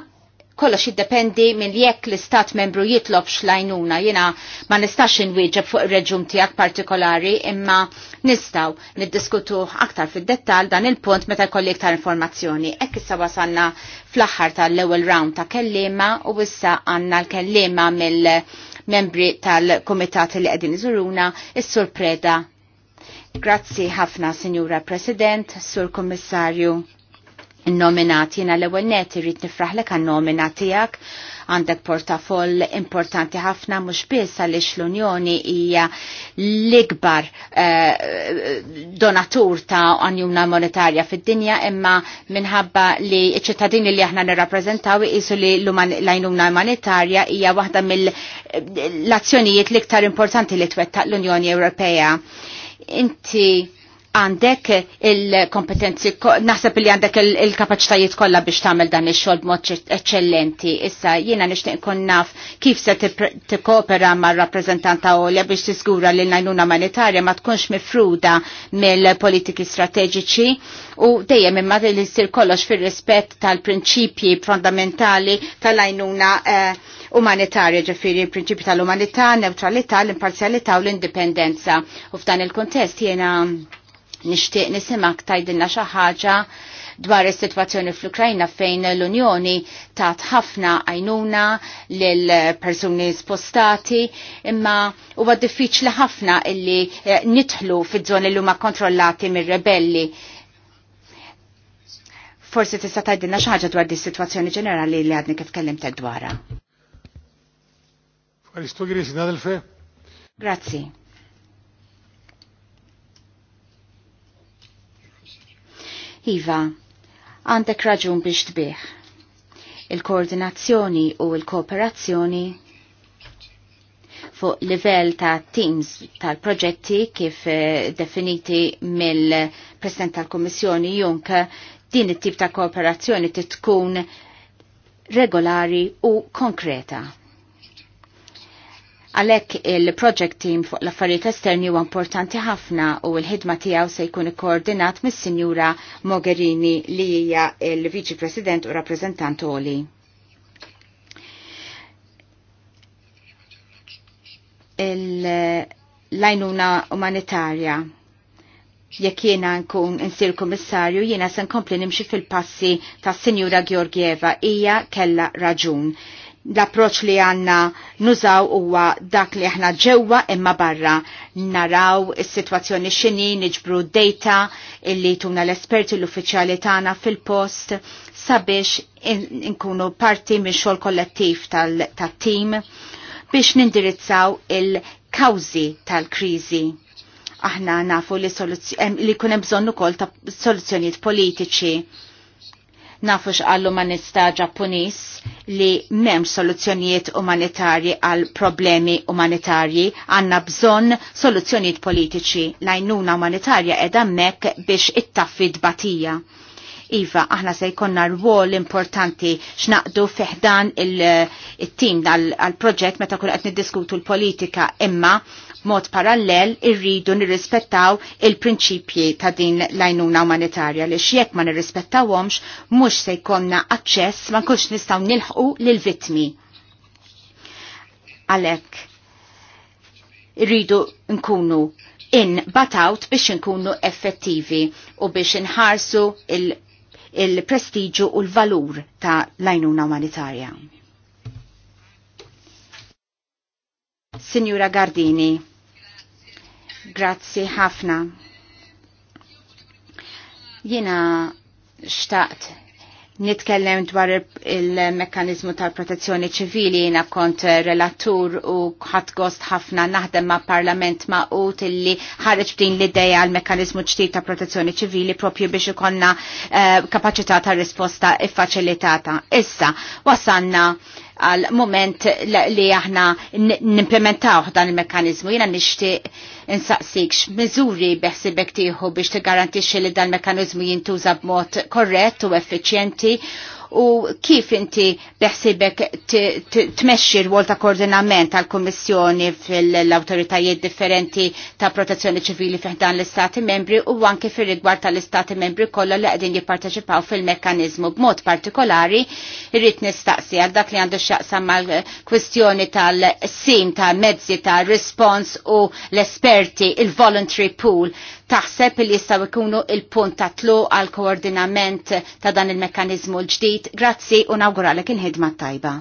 kollox jiddependi minn jekk l-istat membru jitlob xlajnuna. jina ma nistax inwieġeb fuq reġum tijak partikolari imma nistaw niddiskutu aktar fid dettal dan il-punt meta kolli iktar informazzjoni. Ekk issa wasanna fl-aħħar tal-ewwel round ta' kellima u issa għandna l-kellima mill-membri tal-komitat li qegħdin iżuruna is-Sur Preda. Grazzi ħafna, Signora President, Sur Kommissarju nominati jena l-ewel net irrit nifraħlek għan nomina għandek portafoll importanti ħafna mux biss għalix l-Unjoni hija l-ikbar eh, donatur ta' għanjumna monetarja fid-dinja imma minħabba li ċittadini li aħna nirrappreżentaw isu li l għanjumna monetarja hija waħda mill-azzjonijiet l-iktar importanti li twettaq l-Unjoni Ewropea. Inti għandek il-kompetenzi, naħseb li għandek il-kapacitajiet kollha biex tagħmel dan ix-xogħol b'mod eċċellenti. Issa jiena nixtieq nkun naf kif se tikkopera mar-rappreżentanta Olja biex tiżgura li l-għajnuna umanitarja ma tkunx mifruda mill-politiki strateġiċi u dejjem imma li jsir kollox fir-rispett tal-prinċipji fondamentali tal-għajnuna eh, umanitarja ġifiri l prinċipji tal-umanità, neutralità, l-imparzjalità u l-indipendenza. U f'dan il-kontest jiena Nixtieq nisimak tajdilna xi ħaġa dwar is-sitwazzjoni fl-Ukrajna fejn l-Unjoni tat ħafna għajnuna lil persuni spostati imma huwa diffiċli ħafna illi eh, nidħlu fiż-żoni li huma kontrollati mir-rebelli. Forsi tista' tgħidilna xi ħaġa dwar di sitwazzjoni ġenerali li għadni kif kellimtek dwarha. Grazzi. Iva, għandek raġun biex tbieħ. Il-koordinazzjoni u il-kooperazzjoni fuq livell ta' teams tal-proġetti kif eh, definiti mill-President tal-Kommissjoni Junk din it-tip ta' kooperazzjoni titkun regolari u konkreta. Għalhekk il-project team fuq l-affarijiet esterni huwa importanti ħafna u l-ħidma tiegħu se jkun ikkoordinat mis-Sinjura Mogherini li hija l-Viċi President u Rappreżentant Oli. l-lajnuna umanitarja jekk jiena nkun insir kummissarju jiena se nkompli nimxi fil-passi tas Sinjura Georgieva hija kella raġun l-approċ li għanna nużaw huwa dak li aħna ġewwa imma barra naraw is-sitwazzjoni x'inhi niġbru data illi tuna l-esperti l-uffiċjali tagħna fil-post sabiex nkunu parti minn xogħol kollettiv tal-tim biex nindirizzaw il-kawżi tal-kriżi. Aħna nafu li, li kunem bżonn ukoll ta' soluzzjonijiet politiċi Nafu għall umanista Ġappuniż li mem soluzzjonijiet umanitarji għal problemi umanitarji, għandna bżonn soluzzjonijiet politiċi. L-għajnuna umanitarja qiegħda hemmhekk biex ittaffi dbatija. Iva, aħna se jkonna rwol importanti x'naqdu fiħdan il-tim il tim il proġett meta kull qed niddiskutu l-politika imma mod parallel irridu nirrispettaw il-prinċipji ta' din l umanitarja li x'jekk ma nirrispettawhomx mhux se jkollna aċċess ma nkunx nistgħu nilħqu lill-vittmi. Għalhekk irridu nkunu in batawt biex nkunu effettivi u biex inħarsu il prestigju il u l-valur ta' lajnuna umanitarja. Signora Gardini, Grazie ħafna. Jina xtaqt Nitkellem dwar il-mekkanizmu tal-protezzjoni ċivili jina kont relatur u ħadd gost ħafna naħdem ma' parlament ma' ut illi ħareġ din l-ideja għal-mekkanizmu ġdid ta' protezzjoni ċivili propju biex ikonna uh, eh, kapacità ta' risposta iffaċilitata. Issa, wasanna għal moment li aħna nimplementaw dan il-mekanizmu. Jena nishtiq insaqsik x'miżuri beħsibek tieħu biex tigarantixxi li dan il-mekanizmu jintuża b'mod korrett u effiċjenti u kif inti beħsibek tmexxi r-wol ta' koordinament tal-Kommissjoni fil-autoritajiet differenti ta' protezzjoni ċivili fiħdan l-Istati membri u anke fil-rigward tal-Istati membri kollha li qegħdin jipparteċipaw fil-mekkanizmu b'mod partikolari irrid nistaqsi għal dak li għandu x'jaqsam mal-kwistjoni tal-sim ta' mezzi ta' respons u l-esperti il-voluntary pool taħseb li jistaw ikunu il-punt ta' tlu għal koordinament ta' dan il-mekkanizmu l-ġdid. Grazzi u nawguralek il-ħidma tajba.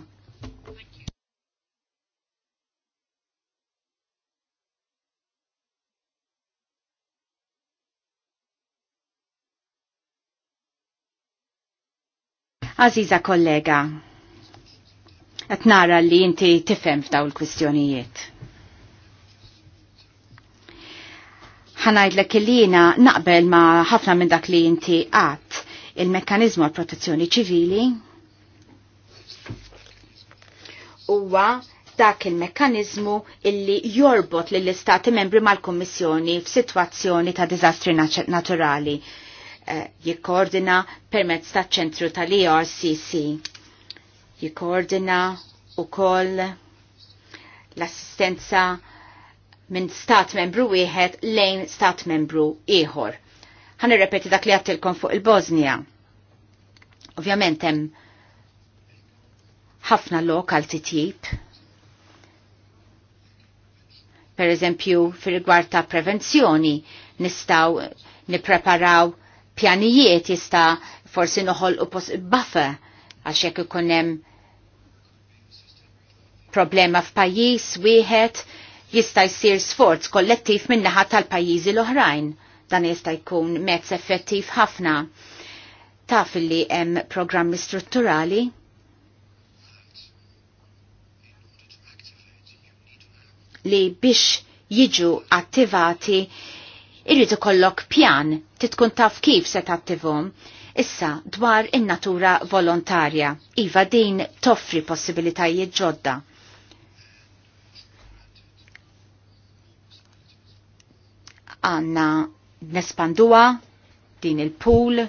Aziza kollega, għatnara li inti tifem f'daw il-kwistjonijiet. ħanajdlek l jiena naqbel ma' ħafna minn dak li inti għat il-mekkanizmu għal protezzjoni ċivili huwa dak il-mekkanizmu illi jorbot lill istati membri mal-Kommissjoni f'sitwazzjoni ta' diżastri naturali Jikordina eh, jikkoordina permezz ta' ċentru tal-ERCC jikkoordina u koll l-assistenza minn stat membru wieħed lejn stat membru ieħor. Ħan irrepeti dak li għattilkom fuq il bosnia Ovvjament hemm ħafna lokal titjib. Per eżempju, fir rigward ta' prevenzjoni, nistaw nipreparaw pjanijiet jista' forsi noħol u pos baffa għax jekk ikun hemm problema f'pajjiż wieħed jista' jsir sforz kollettiv min-naħa tal-pajjiżi l-oħrajn. Dan jista' jkun mezz effettiv ħafna. Taf li hemm programmi strutturali li biex jiġu attivati irrid ikollok pjan titkun taf kif se tattivhom. Issa dwar in-natura volontarja, iva din toffri possibilitajiet ġodda għanna nespanduwa din il-pool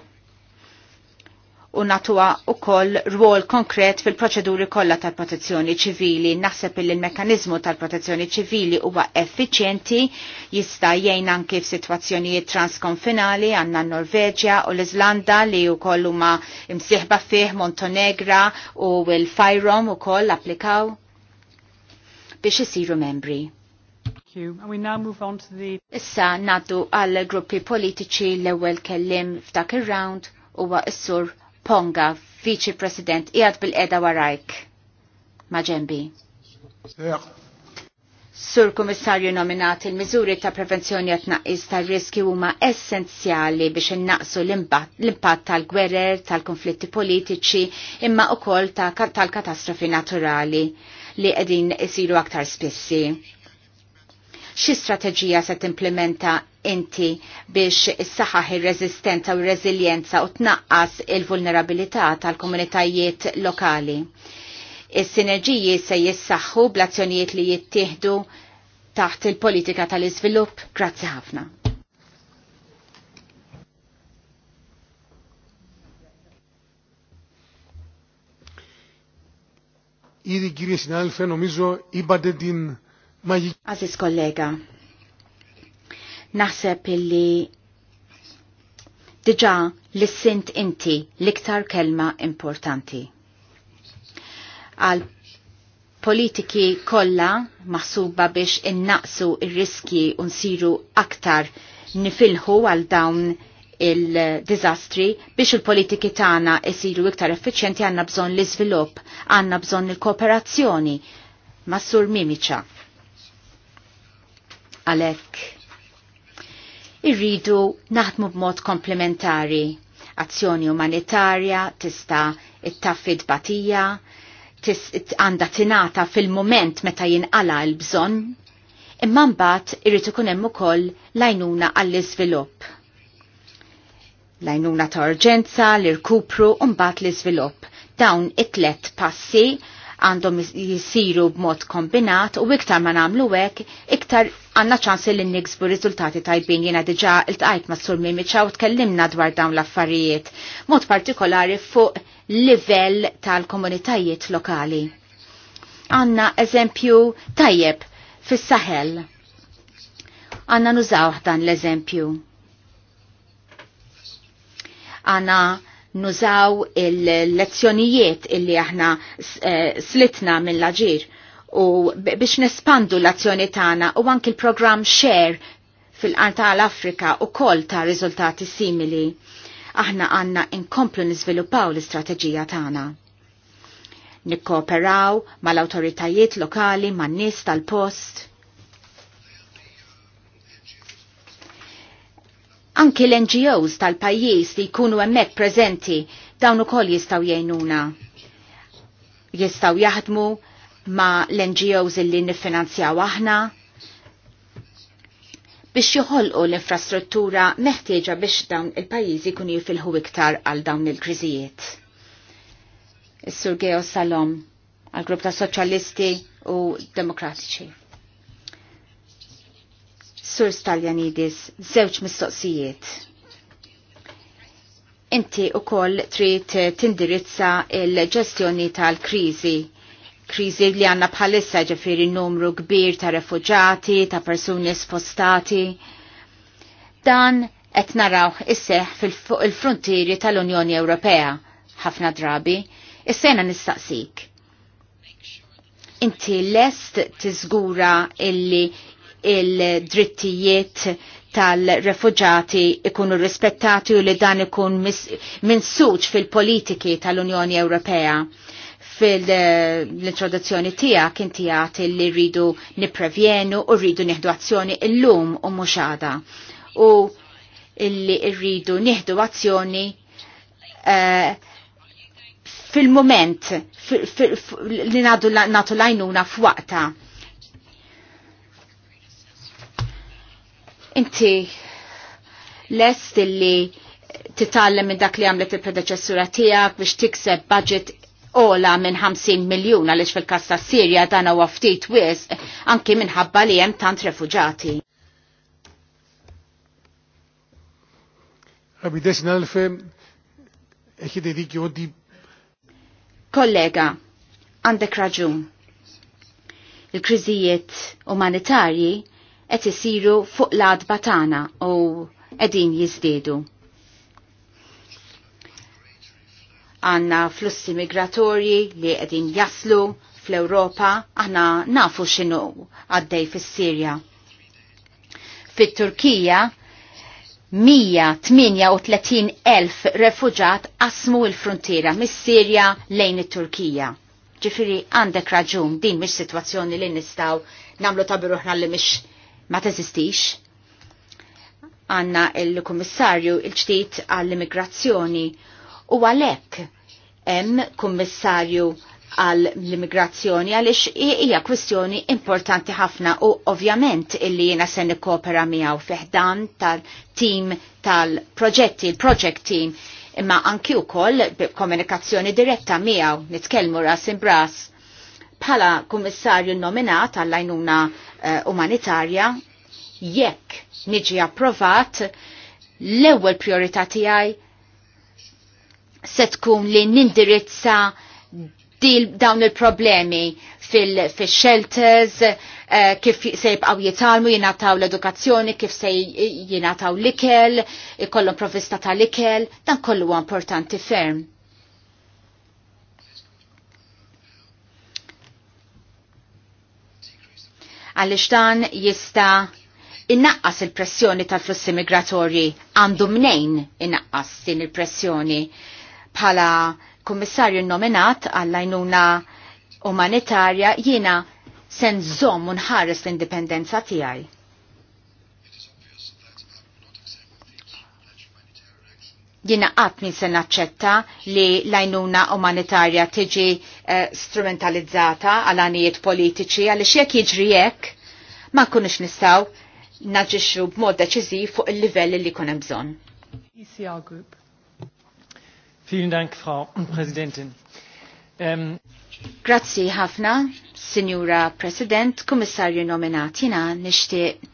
u natuwa u koll rwol konkret fil-proċeduri kollha tal-protezzjoni ċivili. Naħseb il l-mekanizmu tal-protezzjoni ċivili huwa effiċjenti jista' jgħin anke f'sitwazzjonijiet transkonfinali għandna Norveġja u l-Iżlanda li wkoll huma imsieħba fih Montenegra u l-Fajrom ukoll applikaw biex isiru membri. Issa naddu għal gruppi politiċi l-ewwel kellim f'dak ir-round huwa s-sur Ponga, Viċi President, qiegħed bil-qeda warajk. Ma' ġembi. Sur Kummissarju nominat il-miżuri ta' prevenzjoni għat tnaqqis tar-riski huma essenzjali biex innaqsu l-impatt tal-gwerer, tal-konflitti politiċi, imma wkoll tal-katastrofi naturali li qegħdin isiru aktar spissi Xi strateġija se timplementa inti biex issaħħaħ ir-reżistenza u r-reżiljenza u tnaqqas il-vulnerabilità tal-komunitajiet lokali. Is-sinerġiji se jissaħħu bl-azzjonijiet li jittieħdu taħt il-politika tal-iżvilupp. Grazzi ħafna. Ήδη κύριε συνάδελφε νομίζω είπατε την Aziz kollega, naħseb illi diġa li sint inti liktar kelma importanti. Għal politiki kolla maħsuba biex innaqsu il riski unsiru aktar nifilħu għal dawn il-dizastri biex il-politiki tagħna isiru iktar effiċjenti għandna bżonn l-iżvilupp, għandna bżonn il-kooperazzjoni ma' Sur Mimiċa Għalhekk irridu naħdmu b'mod komplementari. Azzjoni umanitarja tista' ittaffi batija, għandha tingħata fil-moment meta jinqala l-bżonn, imma mbagħad irid ikun hemm ukoll lajnuna għall-iżvilupp lajnuna ta' urġenza, l-irkupru, u mbagħad l iżvilupp Dawn it-tlet passi għandhom jisiru b'mod kombinat u iktar ma nagħmlu hekk iktar għandna ċans li niksbu riżultati tajbin jiena diġà iltqajt ma' Sur Mimiċa u tkellimna dwar dawn l-affarijiet, mod partikolari fuq livell tal-komunitajiet lokali. Għanna eżempju tajjeb fis-Saħel. Għanna nużaw dan l-eżempju. Għanna nużaw il-lezzjonijiet illi aħna eh, slitna mill laġir u biex nespandu l-azzjoni tagħna u anki l-programm Share fil qan tal-Afrika u koll ta' riżultati simili. Aħna għanna inkomplu niżviluppaw l-istrateġija tagħna nikkooperaw mal-autoritajiet lokali man nies tal-post. Anki l-NGOs tal-pajjiż li jkunu hemmhekk preżenti dawn ukoll jistgħu jgħinuna. Jistgħu jaħdmu ma' l-NGOs illi niffinanzjaw aħna biex joħolqu l-infrastruttura meħtieġa biex dawn il-pajjiżi kun jifilħu iktar għal dawn il-kriżijiet. Is-Sur Geo Salom għal grupp ta' Soċjalisti u Demokratiċi. Sur Staljanidis, żewġ mistoqsijiet. Inti u koll trid tindirizza il-ġestjoni tal-krizi kriżi li għanna bħalissa ġifiri numru kbir ta' refugġati, ta' persuni spostati. Dan qed naraw isseħ fil-frontieri tal-Unjoni Ewropea ħafna drabi, is-sena nistaqsik. Inti lest tiżgura illi il-drittijiet tal-refugġati ikunu rispettati u li dan ikun minsuċ fil-politiki tal-Unjoni Ewropea fil-introduzzjoni tija kinti għat li rridu niprevjenu u rridu nieħdu azzjoni il-lum u muxada u li rridu nieħdu azzjoni uh, fil-moment li natu lajnuna f'waqta. Inti lest illi titallem minn dak li għamlet il-predeċessura tiegħek biex tikseb budget ola minn 50 miljon għaliex fil-kas ta' Sirja dan huwa ftit wisq anki minħabba li hemm tant refugġati. Rabbi desna l-fem, dik joddi. Kollega, għandek raġun. Il-kriżijiet umanitarji qed isiru fuq l-adba tagħna u qegħdin jiżdiedu. Għanna flussi migratorji li qegħdin jaslu fl-Ewropa aħna nafu x'inhu għaddej fis-Sirja. Fit-Turkija 138,000 refuġat qasmu l-frontiera mis-Sirja lejn it-Turkija. Ġifiri għandek raġun din mhix sitwazzjoni li nistgħu namlu ta' biruħna li mish ma teżistix. Għanna il-Kummissarju il-ġdid għall-immigrazzjoni u għalhekk hemm Kummissarju għall-immigrazzjoni għalix hija kwistjoni importanti ħafna u ovvjament illi jiena se nikkopera miegħu fiħdan tal-tim tal-proġetti, il-project team, imma anki wkoll komunikazzjoni diretta miegħu nitkellmu ras imbras bħala kummissarju nominat għall-għajnuna eh, umanitarja, jekk niġi approvat, l-ewwel priorità tiegħi se tkun li nindirizza dawn il-problemi fil-shelters, eh, kif se jibqaw jitalmu, jinataw l-edukazzjoni, kif se jinataw l-ikel, kollum provista tal-ikel, dan kollu importanti ferm għaliex dan jista' innaqqas il-pressjoni tal-flussi migratorji għandu mnejn innaqqas din il-pressjoni bħala kummissarju nominat għall-għajnuna umanitarja jiena sen zom unħares l-indipendenza tijaj. Jiena qatt min se naċċetta li l-għajnuna umanitarja tiġi Eh, strumentalizzata għal anijiet politiċi għaliex jekk jiġri hekk ma nkunux nistgħu naġixxu b'mod deċiżiv fuq il-livell li jkun hemm bżonn. ECR Group. Vielen Dank, Frau Präsidentin. Um... Grazzi ħafna, Signora President, Kummissarju nominat, jina nishtiq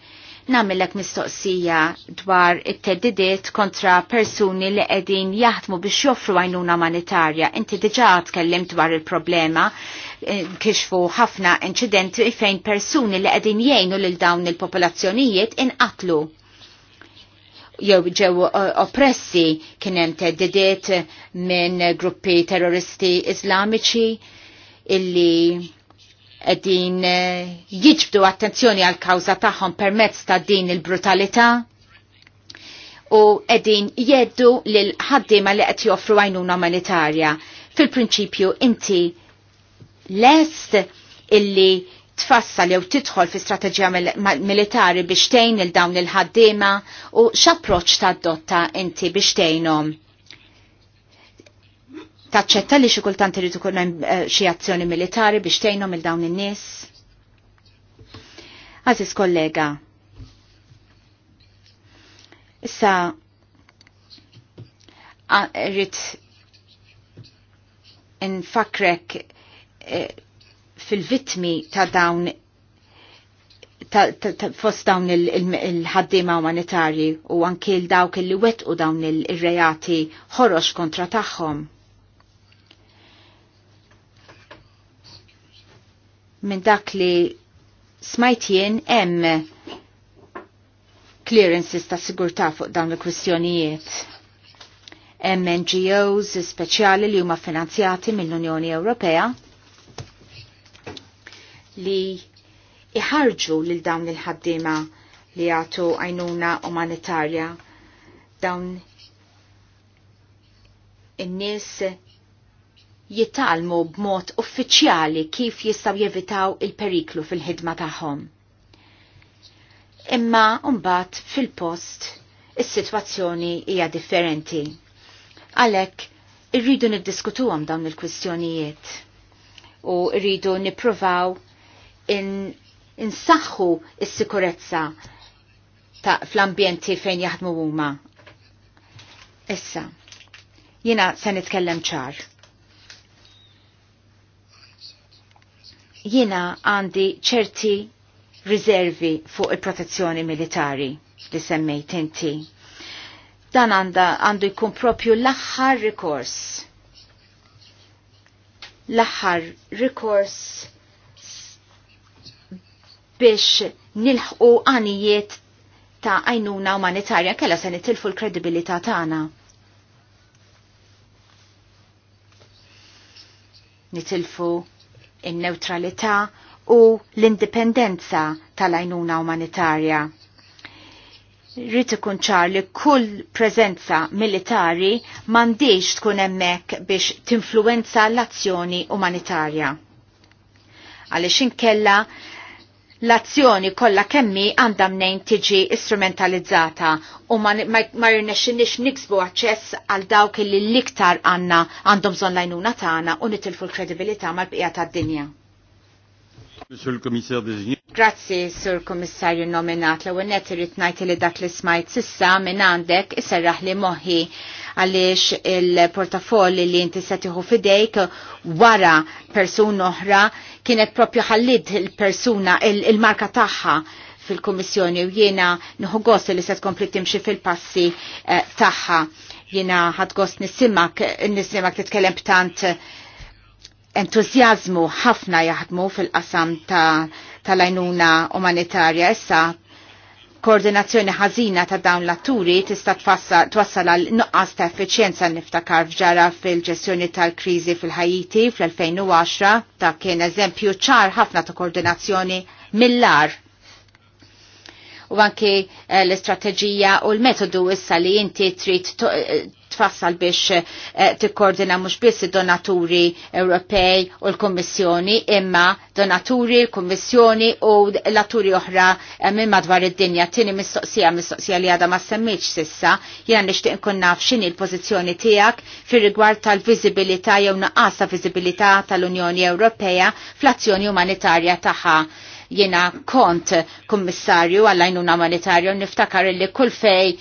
namillek mistoqsija dwar it-teddidiet kontra persuni li qegħdin jaħdmu biex joffru għajnuna umanitarja. Inti diġà għatkellim dwar il-problema eh, kixfu ħafna incidenti fejn persuni li qegħdin jgħinu lil dawn il-popolazzjonijiet inqatlu jew ġew eh, oppressi kien hemm teddidiet minn gruppi terroristi iżlamiċi illi din eh, jiġbdu attenzjoni għal kawza tagħhom permezz ta' din il-brutalità u edin jeddu lil ħaddiema li qed joffru għajnuna umanitarja. Fil-prinċipju inti lest illi tfassal jew tidħol fi strateġija militari biex tgħin il dawn il-ħaddiema u x'approċċ dotta inti biex tgħinhom taċċetta li xi kultant irid ikun hemm eh, xi azzjoni militari biex tgħinhom il dawn in-nies. Aziz kollega, issa rrit infakrek eh, fil-vitmi ta' dawn fost dawn il-ħaddima umanitarji u anki l-dawk li u dawn il-rejati ħorox kontra tagħhom. minn dak li jien hemm clearances ta' sigurtà fuq dawn il-kwistjonijiet. Hemm NGOs speċjali li huma finanzjati mill-Unjoni Ewropea li iħarġu lil dawn il-ħaddiema li jagħtu għajnuna umanitarja dawn in-nies jittalmu b'mod uffiċjali kif jistaw jevitaw il-periklu fil-ħidma tagħhom. Imma mbagħad fil-post is-sitwazzjoni hija differenti. Għalhekk irridu niddiskutuhom dawn il-kwistjonijiet u rridu nippruvaw in insaħħu s-sikurezza ta' fl-ambjenti fejn jaħdmu huma. Issa, jina se nitkellem ċar. Jiena għandi ċerti riservi fuq il-protezzjoni militari li semmejt inti. Dan għandu jkun propju l-aħħar rikors. L-aħħar rikors biex nilħqu għanijiet ta' għajnuna umanitarja kella se nitilfu l-kredibilità tagħna. Nitilfu in-neutralità u l-indipendenza tal-għajnuna umanitarja. Rrid ikun ċar li kull preżenza militari m'għandix tkun hemmhekk biex tinfluwenza l-azzjoni umanitarja. Għaliex inkella l-azzjoni kollha kemmi għandha mnejn tiġi istrumentalizzata u ma jirnexxinix niksbu aċċess għal dawk li l-iktar għandna għandhom bżonn lajnuna tagħna u nitilfu l-kredibilità mal-bqija tad-dinja. Grazzi, Sur Komissarju nominat l net irrit najti li dak li smajt sissa minn għandek iserraħ li moħi għaliex il-portafolli li inti setiħu fidejk wara persun oħra kienet propju ħallid il-persuna, il-marka il tagħha fil-Kummissjoni u jiena nħu gost li se tkompli timxi fil-passi eh, tagħha. Jiena ħadgost gost nisimak, nisimak titkellem b'tant entuzjazmu ħafna jaħdmu fil-qasam ta' tal-għajnuna umanitarja issa koordinazzjoni ħażina ta' dawn l-atturi tista' twassal għal nuqqas ta' effiċjenza niftakar fġara fil-ġestjoni tal-kriżi fil-Ħajiti fl-2010 ta' kien eżempju ċar ħafna ta' koordinazzjoni mill-ar. U anke eh, l-istrateġija u l-metodu issa li inti trid eh, tfassal biex eh, tikkoordina mhux biss id-donaturi Ewropej u l-Kummissjoni imma donaturi, l-Kummissjoni u l-atturi oħra eh, minn madwar id-dinja tieni mistoqsija mistoqsija li għadha ma semmiċ sissa jiena nixtieq nkun naf x'inhi l-pożizzjoni tiegħek fir-rigward tal vizibilita jew naqasa viżibilità tal-Unjoni Ewropea fl-azzjoni umanitarja tagħha Jena kont kummissarju għall-għajnuna umanitarju niftakar li kull fej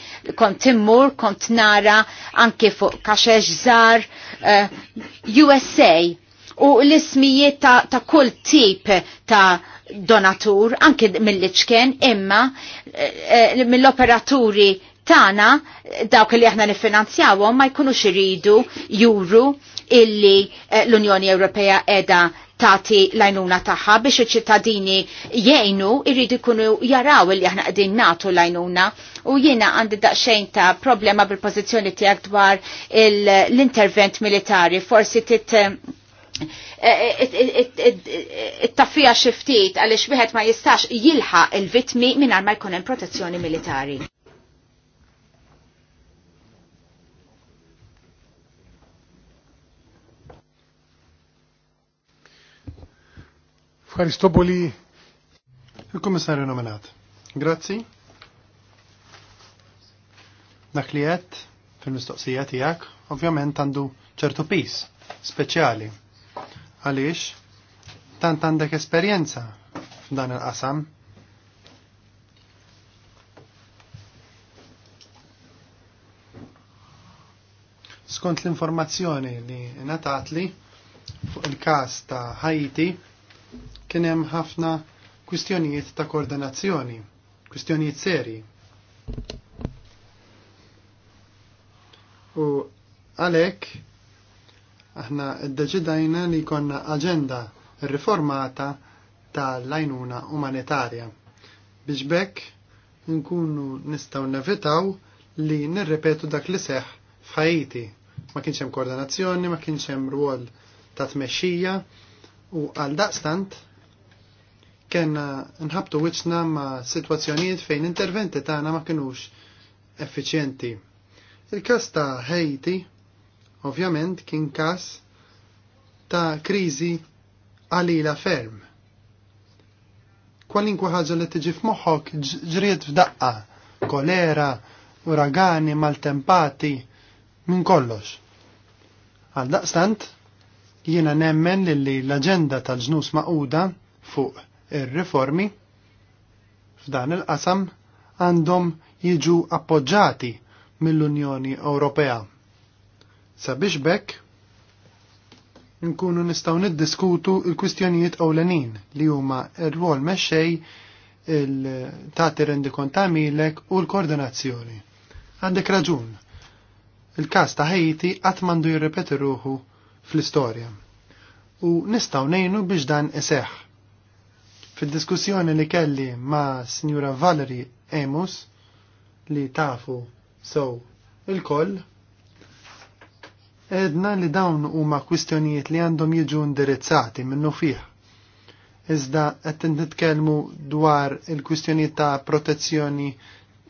kont timmur, kont nara anke fuq kaxex zar uh, eh, USA u l-ismijiet ta', ta kull tip ta' donatur, anke mill-liċken, imma uh, mill-operaturi tana dawk li aħna nifinanzjawhom ma jkunux iridu juru illi l-Unjoni Ewropea edha tati lajnuna taħħa biex iċ-ċittadini jgħinu irridu kunu jaraw li aħna qegħdin natu lajnuna u jiena għandi daqsxejn ta' problema bil-pożizzjoni tiegħek dwar l-intervent militari forsi tit eh, it-taffija xiftit għaliex wieħed ma jistax jilħaq il-vitmi mingħajr ma jkun hemm protezzjoni militari. Faristoboli. Il-Kommissarju nominat. Grazzi. Dak li fil-mistoqsija tiegħek ovvjament għandu ċertu pis speċjali. Għaliex tant għandek esperjenza f'dan il-qasam. Skont l-informazzjoni li natatli fuq il-każ ta' Haiti, kien hemm ħafna kwistjonijiet ta' koordinazzjoni, kwistjonijiet seri. U għalhekk aħna ddeċidajna li konna aġenda riformata tal-lajnuna umanitarja. Biex bekk nkunu nistgħu nevitaw li nirrepetu dak li seħ f'Ħajti. Ma kienx hemm koordinazzjoni, ma kienx hemm rwol ta' tmexxija, U għal daqstant, kena nħabtu wiċna ma' situazzjonijiet fejn interventi tagħna ma kinux effiċjenti. Il-kas ta' Haiti, ovvjament, kien kas ta' krizi għalila ferm. Kwalinkwa ħaġa li tiġi f'moħħok ġriet f'daqqa, kolera, uragani, maltempati, minn kollox. Għal daqstant, Jiena nemmen li l-aġenda tal-ġnus maquda fuq ir-riformi f'dan il-qasam għandhom jiġu appoġġati mill-Unjoni Ewropea. Sabiex bekk nkunu nistgħu niddiskutu il-kwistjonijiet ewlenin li huma r-rwol mexxej il-tati rendikont ta' milek u l-koordinazzjoni. Għandek raġun. Il-kas ta' Haiti qatt m'għandu jirrepeti ruħu fl-istorja. U nistaw nejnu biex dan eseħ. Fil-diskussjoni li kelli ma' Signora Valerie Amos li tafu sew il-koll, edna li dawn huma kwistjonijiet li għandhom jiġu indirizzati minnu fih. Iżda qed nitkellmu dwar il-kwistjonijiet ta' protezzjoni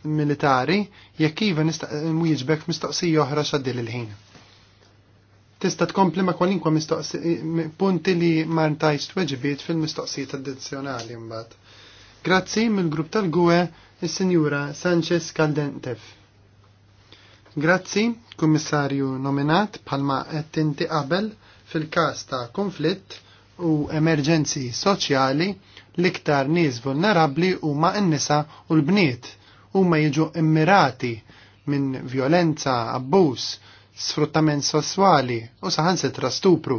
militari, jekk iva mwieġbek mistoqsija oħra xaddil il-ħin tista' tkompli ma' kwalinkwa punti li ma ntajx tweġibiet fil-mistoqsijiet addizzjonali mbagħad. Grazzi mill-grupp tal gwe is-Sinjura Sanchez Caldentev. Grazzi, kummissarju nominat bħalma qed tinti qabel fil-każ ta' konflitt u emerġenzi soċjali l-iktar nies vulnerabbli huma n-nisa u l-bniet huma jiġu immirati minn violenza, abbuż, sfruttament sessuali u saħansitra stupru.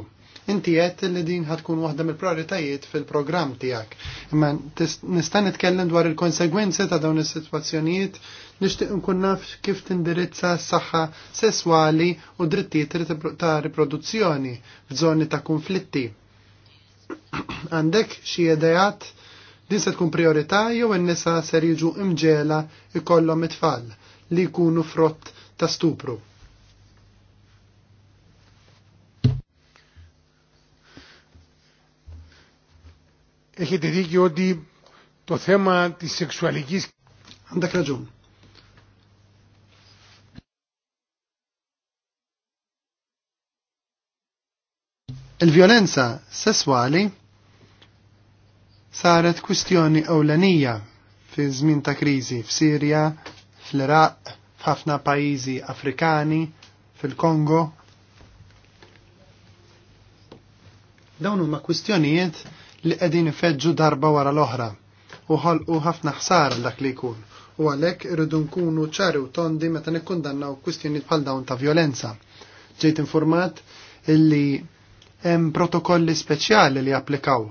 Inti għed li din ħatkun waħda mill-prioritajiet fil-programm tiegħek. Imma nista' nitkellem dwar il-konsegwenzi ta' dawn is-sitwazzjonijiet nixtieq nkun naf kif tindirizza s-saħħa sesswali u drittijiet ta' riproduzzjoni f'żoni ta' konflitti. Għandek xi idejat din se tkun priorità jew in-nisa ser jiġu imġela ikollhom it-tfal li jkunu frott ta' stupru. Έχετε δίκιο ότι το θέμα της σεξουαλικής... Αντακρατζούν. Il-violenza sessuali saret kwistjoni ewlenija fi żmien ta' kriżi f'Sirja, fl-Iraq, f'ħafna pajjiżi Afrikani, fil-Kongo. Dawn huma kwistjonijiet li qegħdin ifeġġu darba wara l-oħra u ħolqu ħafna ħsara dak li jkun u għalhekk irridu nkunu ċari u tondi meta nikkundannaw kwistjonijiet bħal dawn ta' violenza. Ġejt informat illi hemm protokolli speċjali li applikaw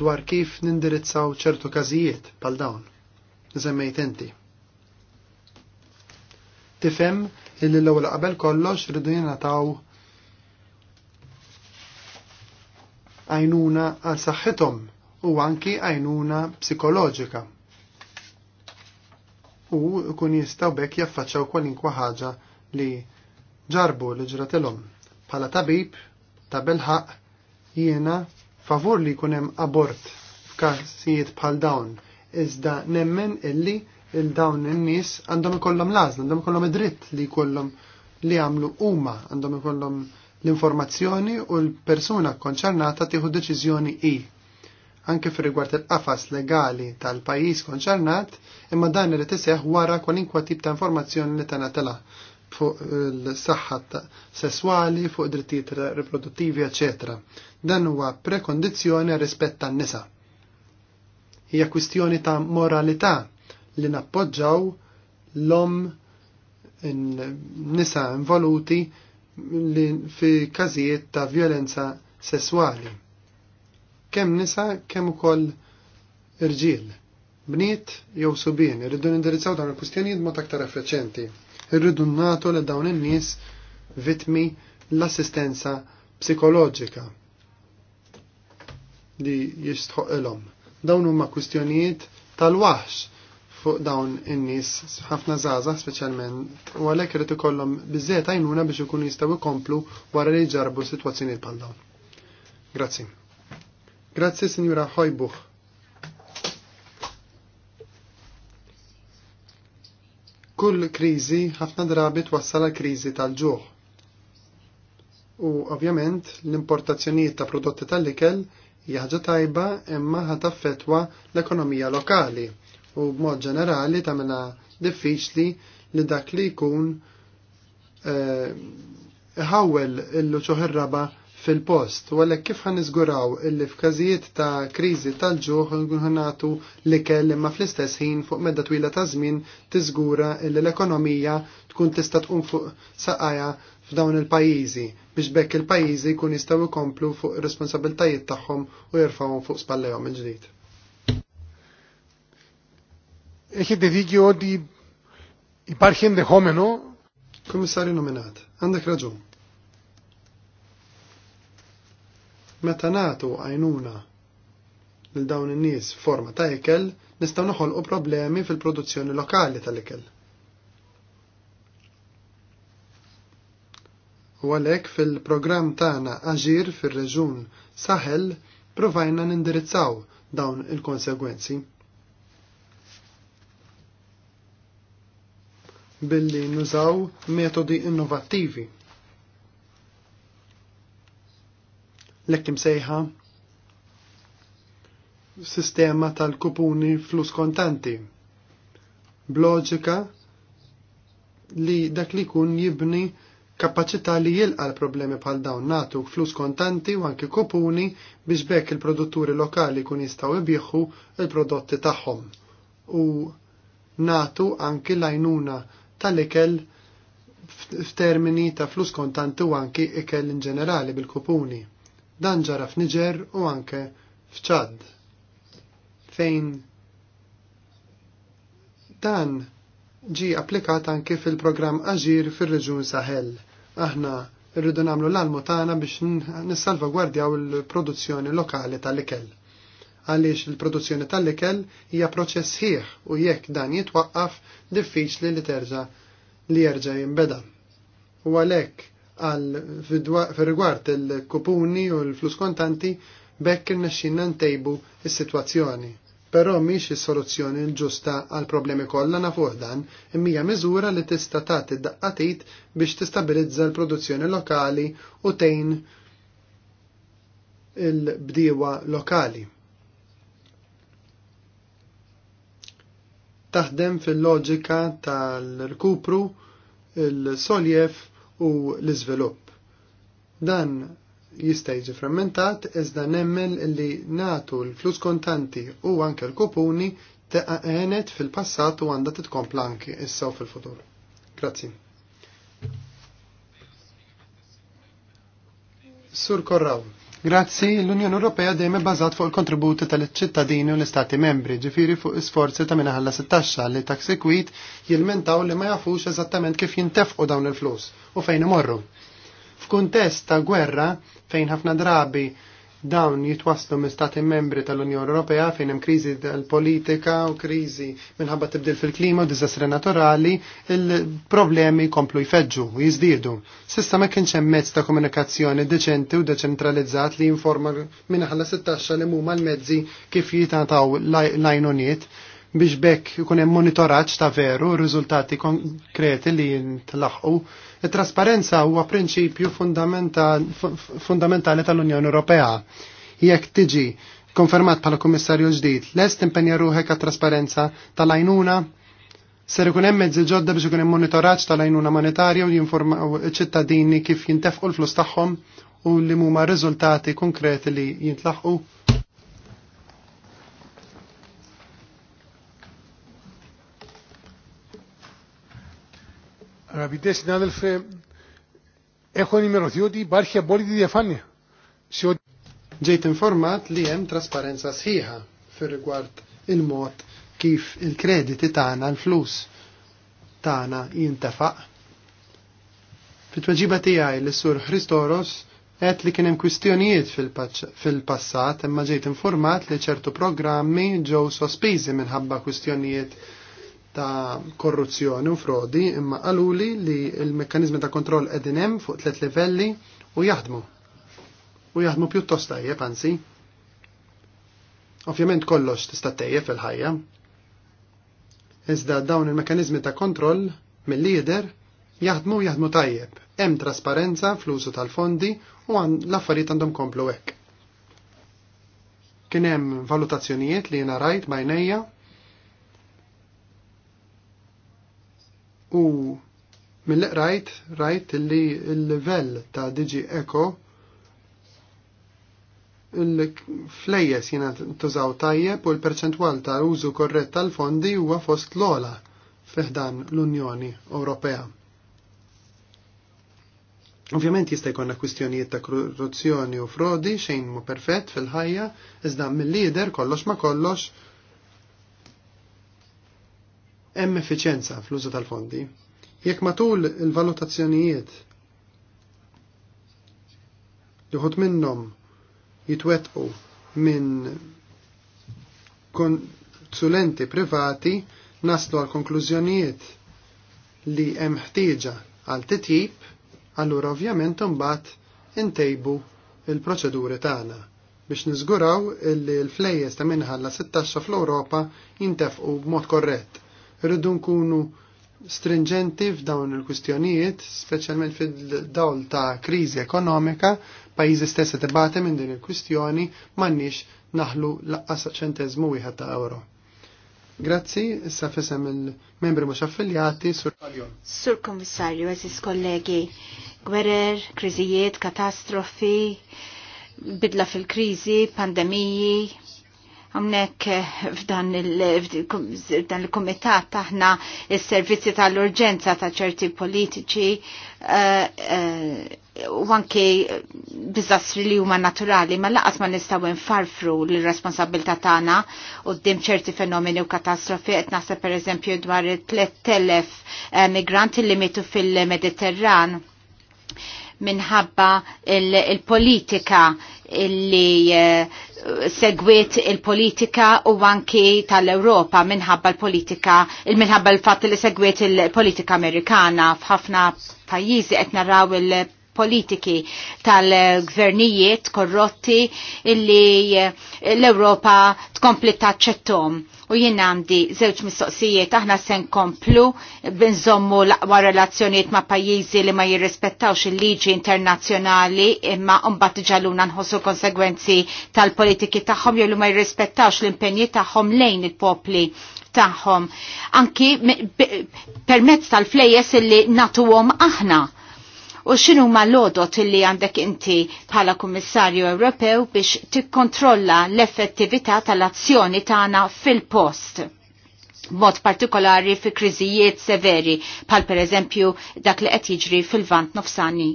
dwar kif nindirizzaw ċertu każijiet bħal dawn. Żemmejt inti. Tifhem illi l-ewwel qabel kollox rridu jingħataw għajnuna għal saħħithom u anki għajnuna psikoloġika. U kun jistaw bekk jaffaċċaw kwalinkwa ħaġa li ġarbu li ġratilhom. Bħala tabib tabelħaq, jiena favur li kunem abort f'każijiet bħal dawn iżda nemmen illi il-dawn in-nies għandhom ikollhom lażna, għandhom ikollhom id-dritt li jkollhom li għamlu huma għandhom ikollhom L-informazzjoni u l-persuna konċernata tieħu deċiżjoni i anke fir rigward il-qafas legali tal-pajjiż konċernat imma dan irid iseħħ wara kwalinkwa tip ta' informazzjoni li tanatela fuq l-saħħa sesswali, fuq drittijiet riproduttivi, ecc. Dan huwa prekondizzjoni rispett tan-nisa. Hija kwistjoni ta' moralità li nappoġġaw l-om nisa involuti fi każijiet ta' violenza sessuali. Kemm nisa, kemm ukoll irġiel. Bniet jew subien, irridu nindirizzaw dawn il-kustjonijiet mod aktar effiċenti. Irridu nagħtu li dawn in-nies vitmi l-assistenza psikoloġika li jistħoq ilhom. Dawn huma kwistjonijiet tal-waħx fuq dawn in-nies ħafna żgħażagħ speċjalment u għalhekk irid ikollhom biżejjed għajnuna biex ikunu jistgħu jkomplu wara li jġarbu sitwazzjonijiet bħal dawn. Grazzi. Grazzi Sinjura ħojbuh. Kull kriżi ħafna drabi twassal għal kriżi tal-ġuħ. U ovvjament l-importazzjonijiet ta' prodotti tal-ikel jaħġa tajba imma ħataffetwa l-ekonomija lokali u b'mod ġenerali tagħmilha diffiċli li dak li jkun eh, ħawel illu ċoħirraba fil-post, u għalek kif ħan nizguraw illi f'każijiet ta' kriżi tal-ġuħ nagħtu li kell imma fl-istess ħin fuq medda twila ta' żmien tiżgura illi l-ekonomija tkun tista' tqum fuq saqajja f'dawn il-pajjiżi biex bekk il-pajjiżi jkun jistgħu jkomplu fuq responsabiltajiet tagħhom u jerfgħuhom fuq spallejhom il-ġdid. Έχετε δίκιο ότι υπάρχει ενδεχόμενο. Κομισάρι νομινάτ, αντακρατζούν. Meta nagħtu għajnuna lil dawn in-nies forma ta' ikel, nistgħu noħolqu problemi fil-produzzjoni lokali tal-ikel. u għalhekk fil programm tagħna aġir fir-reġun Saħel provajna nindirizzaw dawn il-konsegwenzi. billi nużaw metodi innovattivi. Lekkim sejħa sistema tal-kupuni flus kontanti. Bloġika li dak li kun jibni kapacità li jilqa l-problemi bħal dawn natu flus kontanti u anki kupuni biex bekk il-produtturi lokali kun jistaw ibieħu il-prodotti tagħhom u natu anki lajnuna tal-ikel f'termini ta' flus kontanti u anki ikel in ġenerali bil-kupuni. Dan ġara f'Niġer u anke f'Ċad. Fejn dan ġi applikat anke fil-programm Aġir fir-Reġun Sahel. Aħna rridu nagħmlu l-almu tagħna biex nissalvagwardjaw il-produzzjoni lokali tal-ikel għaliex il-produzzjoni tal-ikel hija proċess ħieħ u jekk dan jitwaqqaf diffiċli li terġa' li jerġa' jinbeda. U għalhekk għal fir-rigward il-kupuni u l-flus kontanti bekk irnexxinna ntejbu il sitwazzjoni Però mhix is-soluzzjoni l-ġusta għal problemi kollha nafuh dan, imma miżura li tista' tagħti daqqatit biex tistabilizza l-produzzjoni lokali u tejn il-bdiewa lokali taħdem fil-loġika tal-rkupru, il-soljef u l-izvilupp. Dan jista' jiġi frammentat iżda nemmen li natu l-flus kontanti u anke l-kupuni teqenet fil-passat u għandha titkompla anki issa u fil-futur. Grazzi. Sur Korraw. Grazzi, l-Unjoni Ewropea dejjem bbażat fuq il-kontributi tal-ċittadini u l-Istati membri, ġifieri fuq isforzi ta' minħalla taxxa li ta' sekwit jilmentaw li ma jafux eżattament kif jintefqu dawn il-flus u fejn imorru. F'kuntest ta' gwerra fejn ħafna drabi Dawn jitwaslu minn stati membri tal-Unjoni Ewropea fejn hemm kriżi tal-politika u kriżi minħabba tibdil fil-klima u diżastri naturali, il-problemi komplu jfeġġu u jiżdiedu. Sissa ma kienx hemm mezz ta' komunikazzjoni deċenti u deċentralizzat li jinforma minħalla 16 li huma l-mezzi kif jitataw lajnuniet. Laj biex bekk ikun hemm monitoraġġ ta' veru, riżultati konkreti li jintlaħqu. It-trasparenza huwa prinċipju fundamentali tal-Unjoni Ewropea. Jekk tiġi konfermat bħala kummissarju ġdid, lest impenja ruħek għat-trasparenza tal-għajnuna Ser ikun hemm mezzi ġodda biex ikun hemm monitoraġġ tal-għajnuna monetarja u jinformaw ċittadini kif jintefqu l-flus tagħhom u li huma riżultati konkreti li jintlaħqu. Αγαπητέ συνάδελφε, έχω ενημερωθεί ότι υπάρχει απόλυτη διαφάνεια. Σε ό,τι... Ġejt informat li hemm trasparenza sħiħa fir-rigward il-mod kif il-krediti tagħna l-flus tagħna jintefaq. Fit-tweġiba tiegħi l sur Christoros qed li kien hemm kwistjonijiet fil-passat imma ġejt informat li ċertu programmi ġew sospiżi minħabba kwistjonijiet ta' korruzzjoni u frodi imma qaluli li l-mekkanizmi ta' kontroll qegħdin hemm fuq tliet livelli u jaħdmu. U jaħdmu pjuttost tajjeb anzi. Ovvjament kollox tista' tejjeb fil-ħajja. Iżda dawn il-mekkanizmi ta' kontroll mill-lider jaħdmu jaħdmu tajjeb. Hemm trasparenza fl-użu tal-fondi u għan l-affarijiet għandhom komplu hekk. Kien hemm valutazzjonijiet li jiena rajt bajnejja U mill-rajt, rajt li l-level ta' Digi Eco il-flejjes jina tużaw tajjeb u l-perċentwal ta' użu korret tal-fondi huwa fost l-ola fiħdan l-Unjoni Ewropea. Ovvjament jista' jkollna kwistjonijiet ta' korruzzjoni u frodi xejn mu perfett fil-ħajja, iżda mill-lider kollox ma kollox hemm effiċjenza fl-użu tal-fondi. Jekk matul il-valutazzjonijiet li ħod minnhom jitwetqu minn konsulenti privati naslu għal konklużjonijiet li hemm ħtieġa għal titjib, allura ovvjament imbagħad intejbu il-proċeduri tagħna biex niżguraw li l-flejjes ta' minħalla 16 fl-Ewropa jintefqu b'mod korrett Irridu nkunu stringenti f'dawn il-kwistjonijiet, speċjalment fid-dawl ta' kriżi ekonomika, pajjiżi stessa tibate minn din il-kwistjoni m'għandniex naħlu laqqas ċentezmu wieħed ta' euro. Grazzi, issa fisem il-membri mhux affiljati sur Kaljon. Sur Kommissarju, eżis kollegi, gwerer, kriżijiet, katastrofi, bidla fil-kriżi, pandemiji, Għamnek eh, f'dan il-komitat taħna il-servizzi tal-urġenza ta' ċerti politiċi eh, eh, u anke dizastri li huma naturali, ma laqas ma nistgħu nfarfru l-responsabilità tagħna qudiem ċerti fenomeni u katastrofi qed naħseb pereżempju dwar 3000 migranti li mitu fil-Mediterran minħabba il-politika il politika Illi eh, segwit il-politika u anki tal-Europa minħabba l-politika, il minħabba l-fat li segwit il-politika amerikana f'ħafna pajjiżi qed naraw il- politiki tal-gvernijiet korrotti illi eh, l-Europa tkompli taċċettom. U jien għandi żewġ mistoqsijiet aħna se nkomplu binżommu l-aqwa relazzjonijiet ma' pajjiżi li ma jirrispettawx il-liġi internazzjonali imma mbagħad ġaluna nħossu konsegwenzi tal-politiki tagħhom jew li ma jirrispettawx l-impenji tagħhom lejn il-popli tagħhom. Anki permezz tal-flejes illi natuwom aħna u xinu ma lodot li għandek inti bħala Kummissarju Ewropew biex tikkontrolla l-effettività tal-azzjoni tagħna fil-post mod partikolari fi kriżijiet severi, bħal per eżempju dak li qed jiġri fil-vant nofsani.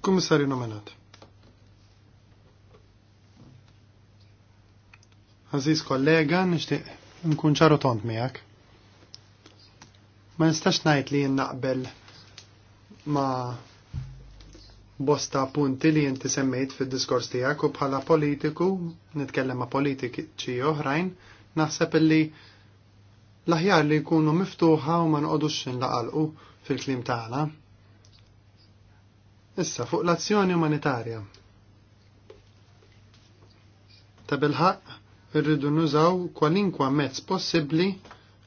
Kummissarju nominat. Aziz kollega, nishtiq nkun ċaru tont miegħek. Ma nistax ngħid li naqbel ma bosta punti li jinti semmejt fid-diskors tiegħek u bħala politiku, nitkellem ma' politiċi oħrajn, naħseb li l-aħjar li jkunu miftuħa u ma nqodux nlaqalqu fil-klim tagħna. Issa fuq l-azzjoni umanitarja. Ta' bilħaq irridu nużaw kwalinkwa mezz possibbli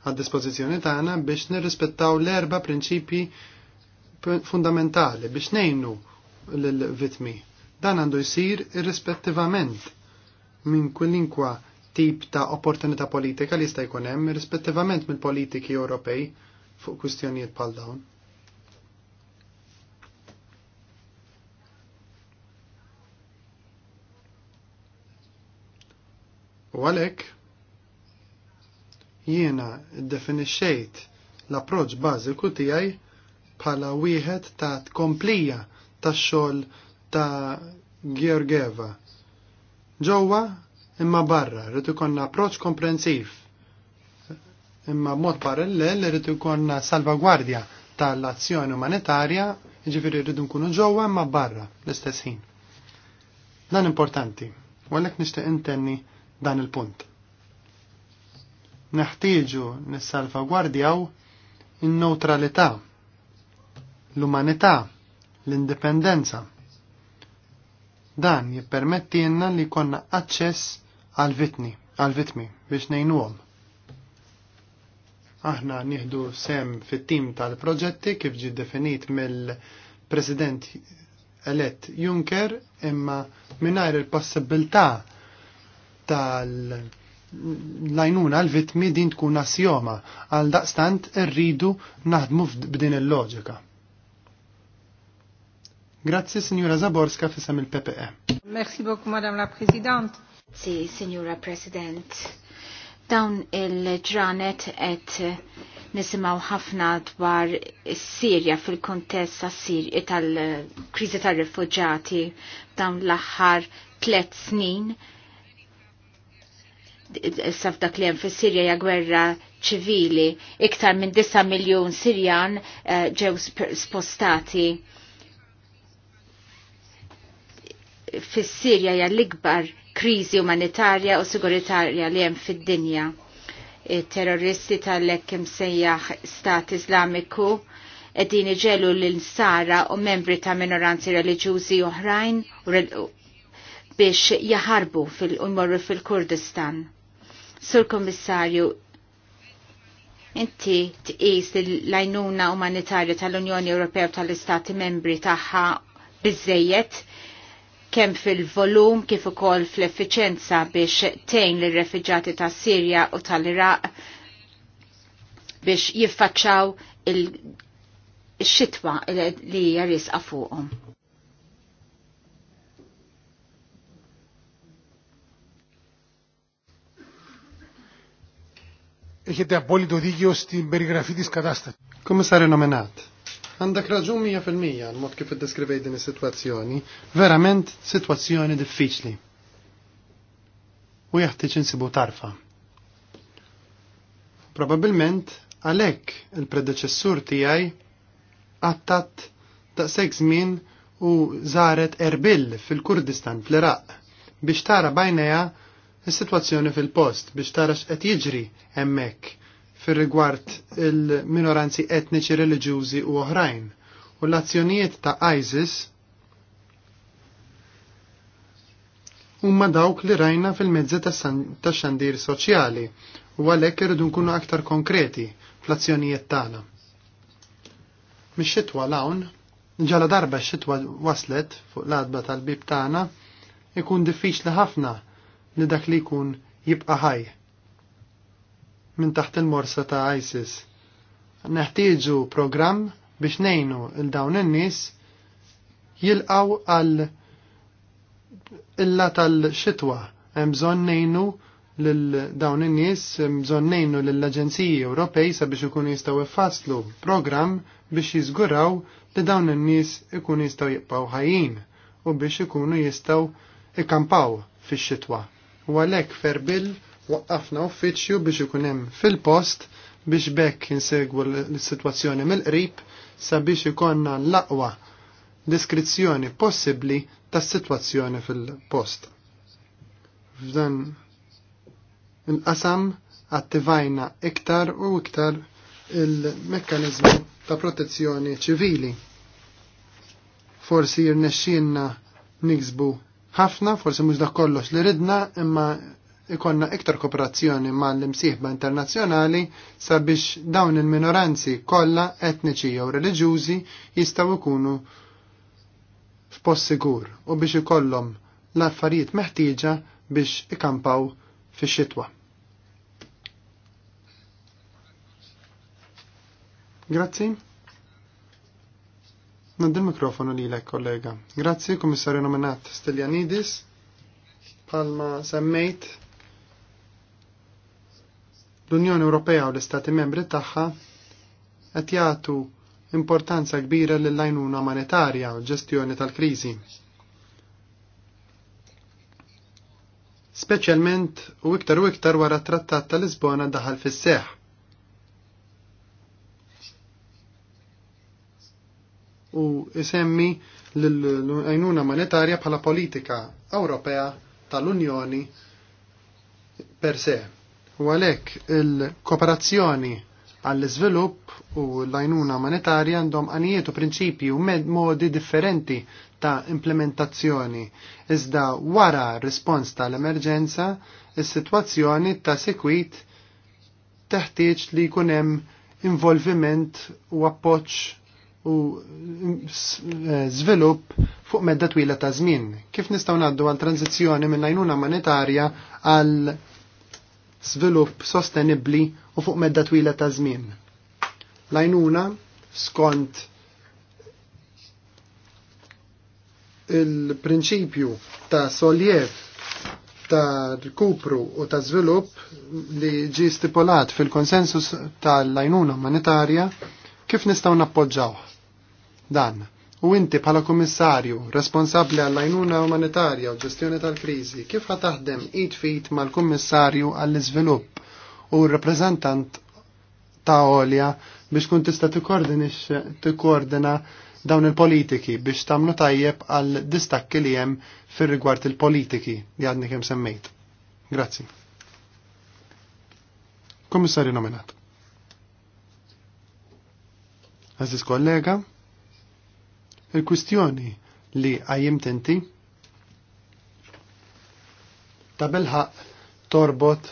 għad dispozizjoni tagħna biex nirrispettaw l-erba' prinċipji fundamentali biex nejnu l-vitmi. Dan għandu jisir irrispettivament minn kullinkwa tip ta' opportunità politika li jista' jkun hemm irrispettivament mill-politiki Ewropej fuq kwistjonijiet bħal dawn. U għalhekk jiena definixxejt l-approċ bażiku tiegħi bħala wieħed ta' tkomplija tax-xogħol ta' gjorgeva. Ġewwa imma barra rrid ikollna approċ komprensiv. Imma mod parallel rrid ikollna salvagwardja tal-azzjoni umanitarja, jiġifieri rridu nkunu ġewwa imma barra l-istess ħin. Dan importanti, u għalhekk nixtieq intenni dan il-punt. Neħtieġu nissalvagwardjaw in-neutralità, l-umanità, l-indipendenza. Dan jippermetti jenna li konna aċċess għal-vitni, għal-vitmi biex nejnuhom. Aħna nieħdu sem fit-tim tal-proġetti kif ġi definit mill-President elett Juncker imma mingħajr il-possibilità tal- lajnuna l-vitmi din tkun assjoma għal daqstant irridu naħdmu b'din il-loġika. Grazzi, Signora Zaborska, fissam il-PPE. Merci beaucoup, Madame la présidente. Si, Signora President. Dawn il-ġranet et nisimaw ħafna dwar Sirja fil-kontest tal-krizi tal-refugġati dawn l-axħar tlet snin saf dak li hemm fis-Sirja hija gwerra ċivili, iktar minn 9 miljun Sirjan eh, ġew spostati. Fis-Sirja hija l-ikbar kriżi umanitarja u siguritarja li hemm fid-dinja. Terroristi tal ek imsejjaħ Stat Islamiku qegħdin iġelu l-insara u membri ta' minoranzi reliġjużi oħrajn biex jaħarbu fil-umorru fil-Kurdistan. Sur Kommissarju, inti tqis l-lajnuna umanitarju tal-Unjoni Ewropea tal-Istati membri tagħha biżejjed kemm fil-volum kif ukoll fl-effiċenza biex tejn lir-refuġjati tas-Sirja u tal-Iraq biex jiffaċċaw il-xitwa li jarisqa fuqhom. Έχετε απόλυτο δίκιο στην περιγραφή της κατάστασης. Κομισάρι nominat. għandak raġun fil-mija għal-mod kif id-deskrivej din is-sitwazzjoni, verament sitwazzjoni diffiċli. U jaħtieġ insibu tarfa. Probabilment għalhekk il-predeċessur tiegħi għattat daqshekk żmien u żaret Erbil fil-Kurdistan fl-Iraq biex tara bajneja is-sitwazzjoni fil-post biex tara x'qed jiġri hemmhekk fir-rigward il-minoranzi etniċi reliġjużi u oħrajn u l-azzjonijiet ta' ISIS huma dawk li rajna fil-mezzi ta' xandir soċjali u għalhekk irridu nkunu aktar konkreti fl-azzjonijiet tagħna. Mix-xitwa l-hawn, ġala darba x-xitwa waslet fuq l-adba tal-bib tagħna, ikun diffiċli ħafna li dak li jkun jibqa' ħaj minn taħt il-morsa ta' ISIS. Neħtieġu programm biex nejnu il-dawn in-nies jilqaw għal illa tal-xitwa. Hemm bżonn nejnu lil dawn in-nies, hemm bżonn nejnu lill-Aġenziji Ewropej sabiex ikunu jistgħu ifasslu programm biex jiżguraw li dawn in-nies ikunu jistgħu jibqgħu ħajjin u biex ikunu jistgħu ikkampaw fix-xitwa. U għalhekk ferbil waqqafna uffiċċju biex ikun hemm fil-post biex bekk jinsegwu l-sitwazzjoni mill-qrib sabiex ikonna l-aqwa deskrizzjoni possibbli tas-sitwazzjoni fil-post. F'dan il-qasam attivajna iktar u iktar il-mekkanizmu ta' protezzjoni ċivili. Forsi jirnexxinna niksbu ħafna, forsi mhux dak kollox li ridna, imma ikonna iktar kooperazzjoni mal l-imsieħba internazzjonali sabiex dawn il-minoranzi kollha etniċi jew reliġjużi jistgħu jkunu f'post sigur u biex ikollhom l-affarijiet meħtieġa biex ikampaw fix-xitwa. Grazzi. Nad il-mikrofonu li kollega. Grazzi, komissarju nominat Stelianidis, Palma semmejt l-Unjoni Ewropea u l-Istati membri tagħha qed jagħtu importanza kbira lill lajnuna monetarja u ġestjoni tal-kriżi. Speċjalment u iktar u iktar wara trattat tal-Lisbona daħal fis-seħħ u isemmi l-għajnuna monetarja bħala politika Ewropea tal-Unjoni per se. U għalhekk il-kooperazzjoni għall-iżvilupp u l-għajnuna monetarja għandhom għanijiet u prinċipji u modi differenti ta' implementazzjoni. Iżda wara r-rispons tal-emerġenza, is-sitwazzjoni ta' sekwit teħtieġ li jkun hemm involviment u appoġġ u żvilupp mm, eh, fuq medda twila ta' żmien. Kif nistgħu naddu għal tranzizjoni minn għajnuna monetarja għal żvilupp sostenibbli u fuq medda twila ta' żmien. l skont il-prinċipju ta' soljev ta' rikupru u ta' zvilup li ġi stipulat fil-konsensus tal-lajnuna monetarja kif nistaw nappoġġaw dan. U inti bħala kummissarju responsabbli għall-għajnuna umanitarja u ġestjoni tal-kriżi, kif ħa taħdem id fit mal-kummissarju għall-iżvilupp u r-rappreżentant ta' olja biex kun tista' tikkordina dawn il-politiki biex tagħmlu tajjeb għall distakki li hemm fir-rigward il-politiki li għadni kemm semmejt. Grazzi. Kummissarju nominat. Aziz kollega, Il-kwistjoni li għajjem tenti tabelħaq torbot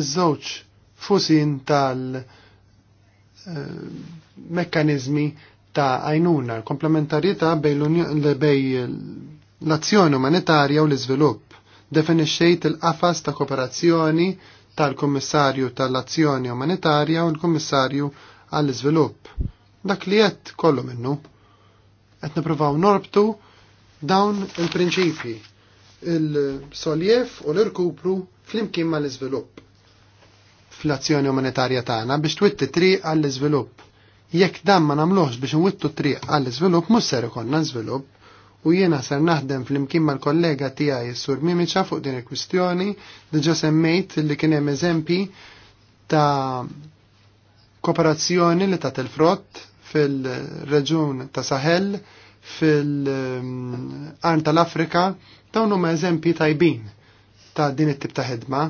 iż-żewġ fusin tal-mekkanizmi eh, ta' għajnuna, komplementarieta bej l-azzjoni umanitarja u l-iżvilupp. Definixxejt il-qafas ta' kooperazzjoni tal-Kummissarju tal-Azzjoni Umanitarja u l-Kummissarju għall-iżvilupp. Dak li jett kollu minnu. Qed nippruvaw norbtu dawn il-prinċipji il-soljef u l-irkupru fl-imkien ma l-izvilupp. Fl-azzjoni umanitarja tagħna biex twitti triq għall-iżvilupp. Jekk dan ma nagħmluhx biex nwittu triq għall-iżvilupp mhux ser ikollna iżvilupp u jiena ser naħdem fl-imkien mal-kollega tiegħi s-sur Mimiċa fuq din il-kwistjoni diġa' semmejt li kien hemm eżempi ta' kooperazzjoni li ta' il-frott fil-reġun ta' Sahel, fil-qarn tal-Afrika, dawn huma eżempji tajbin ta' din it-tip ta' ħedma,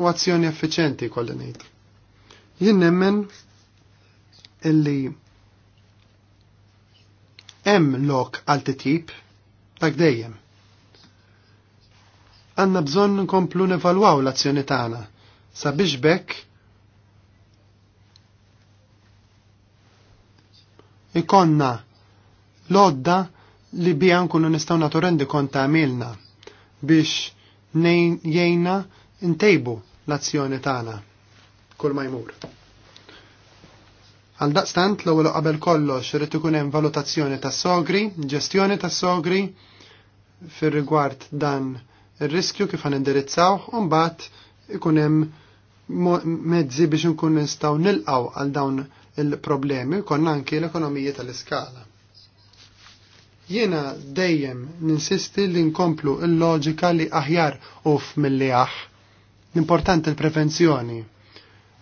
u azzjoni effiċenti kolli ngħid. Jinn nemmen illi hemm lok għal titjib dak dejjem. Għanna bżonn nkomplu nevalwaw l-azzjoni tagħna sabiex bekk ikonna lodda li bijan nkunu nistaw natu rendi ta' għamilna biex jgħina ntejbu l-azzjoni tagħna kull ma jmur. Għal daqstant l-ewwel qabel kollox irid ikun hemm valutazzjoni ta' sogri ġestjoni ta' sogri fir-rigward dan ir-riskju kif għan indirizzaw u mbagħad ikun hemm mezzi biex nkun nistgħu nilqaw għal dawn il-problemi, konna anki l-ekonomija tal-iskala. Jiena dejjem ninsisti li nkomplu il-loġika li aħjar uf mill aħ. L-importanti l-prevenzjoni.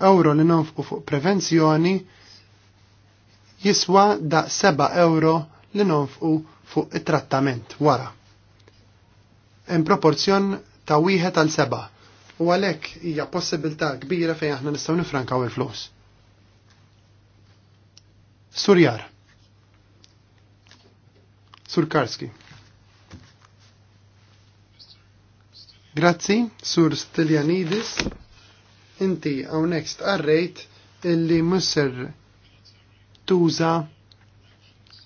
Euro li nonfqu fuq prevenzjoni jiswa da' 7 euro li nonfqu fuq it-trattament wara. In proporzjon ta' wieħed għal seba' u għalhekk hija possibilità kbira fejn aħna nistgħu nifrankaw il-flus. Surjar. Sur Karski. Grazzi, Sur Stelianidis. Inti next arrejt illi musser tuża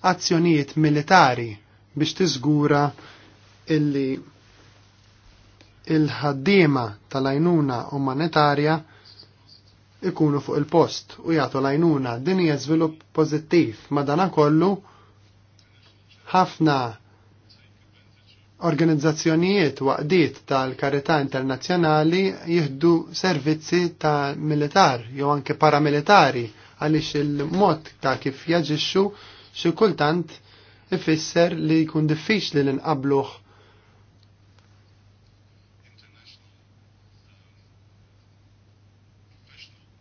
azzjonijiet militari biex tiżgura illi il-ħaddiema tal ajnuna umanitarja ikunu fuq il-post u jagħtu lajnuna din hija żvilupp pożittiv kollu ħafna organizzazzjonijiet waqdiet tal-karità internazzjonali jihdu servizzi ta' militar jew anke paramilitari għaliex il-mod ta' kif jaġixxu xi kultant ifisser li jkun diffiċli li nqabluh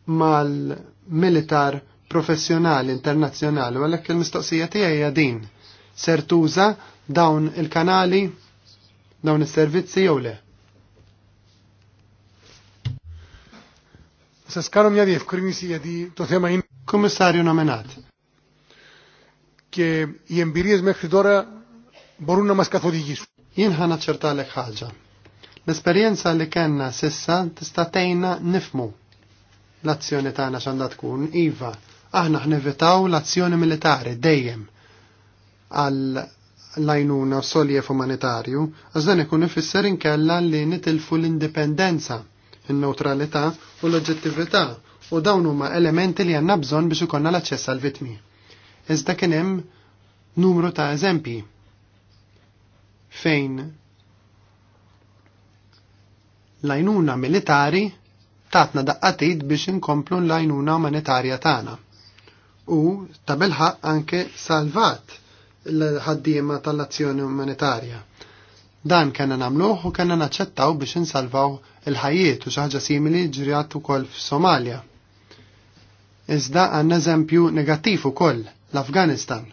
mal-militar professjonali internazzjonali, u għalhekk il-mistoqsija tijaj hija din. Ser tuża dawn il-kanali, dawn il servizzi jew le? Se skarom jadi f'krinisi jadi to tema in Komissarju nominat. Ke i empirijiet meħri dora borunna ma skatodiġis. Jien ħana ċertalek ħagġa. l esperienza li kena sissa tista' tejna nifmu l-azzjoni tagħna x'għandha tkun iva. Aħna ħnevitaw l-azzjoni militari dejjem għal lajnuna soljef umanitarju, għazdan ikun ifisser inkella li nitilfu l-indipendenza, il-neutralità u l-oġġettività u dawn huma elementi li għanna bżon biex ikonna l-aċċess għal vitmi. Iżda kien hemm numru ta' eżempji fejn lajnuna militari tatna daqqatit biex inkomplu l-lajnuna umanitarja tagħna. U tabelħa anke salvat l-ħaddiema tal-azzjoni umanitarja. Dan kena namluħ u kena naċċettaw biex insalvaw il-ħajiet u xaħġa simili koll ukoll f'Somalja. Iżda għan eżempju negattiv ukoll l-Afganistan.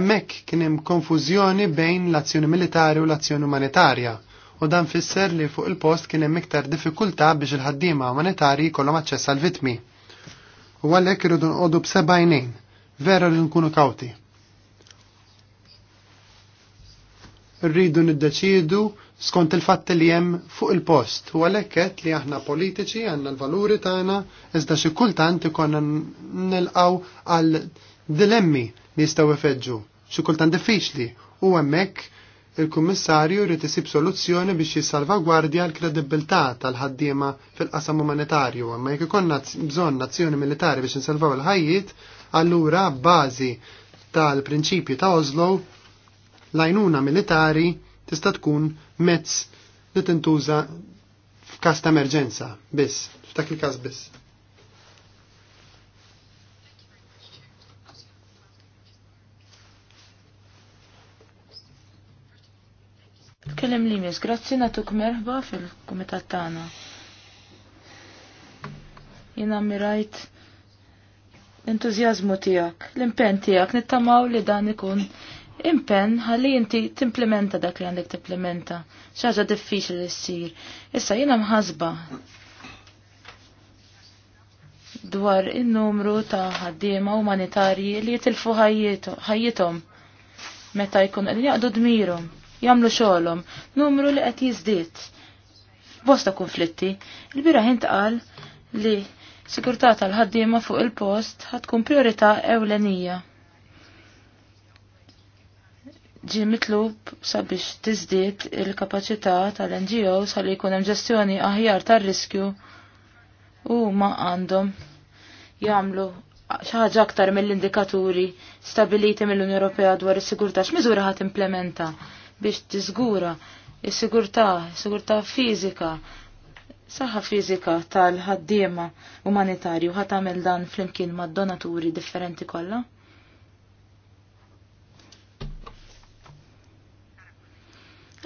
Emmek kien hemm konfużjoni bejn l-azzjoni militari u l-azzjoni umanitarja u dan fisser li fuq il-post kien hemm iktar diffikultà biex il-ħaddiema monetari jkollhom aċċess għal vitmi. U għalhekk iridu nqogħdu għajnejn vera li nkunu kawti. Rridu niddeċiedu skont il-fatt li hemm fuq il-post u għalhekk qed li aħna politiċi għandna l-valuri tagħna iżda xi kultant ikonna nilqgħu għal dilemmi li jistgħu ifeġġu xi kultant diffiċli u hemmhekk il-Kummissarju jrid isib soluzzjoni biex jissalvagwardja l-kredibilità tal-ħaddiema fil-qasam umanitarju, imma jekk ikollna bżonn nazzjoni militari biex insalvaw il-ħajjiet, allura bażi tal-prinċipji ta' Oslo l-għajnuna militari tista' tkun mezz li tintuża f'każ ta' emerġenza biss, f'dak il-każ biss. Kellem li mis, grazzi natuk merħba fil-komitat tagħna. Jien ammirajt l-entużjażmu tiegħek, l-impenn tiegħek nittamaw li dan ikun impenn ħalli inti timplementa dak li għandek timplementa. Xaġa diffiċli li ssir. Issa jiena mħasba dwar in-numru ta' ħaddiema umanitarji li jitilfu ħajjithom meta jkun qegħdin jaqdu dmirhom. Jamlu xogħolhom, numru li qed jiżdied. Bosta konflitti, il-bira qal li sigurtà tal-ħaddiema fuq il-post ħatkun priorità ewlenija. Ġi mitlub sabiex tiżdied il-kapaċità tal-NGOs ħalli jkun hemm ġestjoni aħjar tar-riskju u ma għandhom jagħmlu ħaġa aktar mill-indikaturi stabiliti mill-Unjoni Ewropea dwar is-sigurtà x'miżura ħadd implementa biex tiżgura is-sigurtà, sigurtà fiżika, saħħa fiżika tal-ħaddiema umanitarju ħat tagħmel dan flimkien mad-donaturi differenti kollha?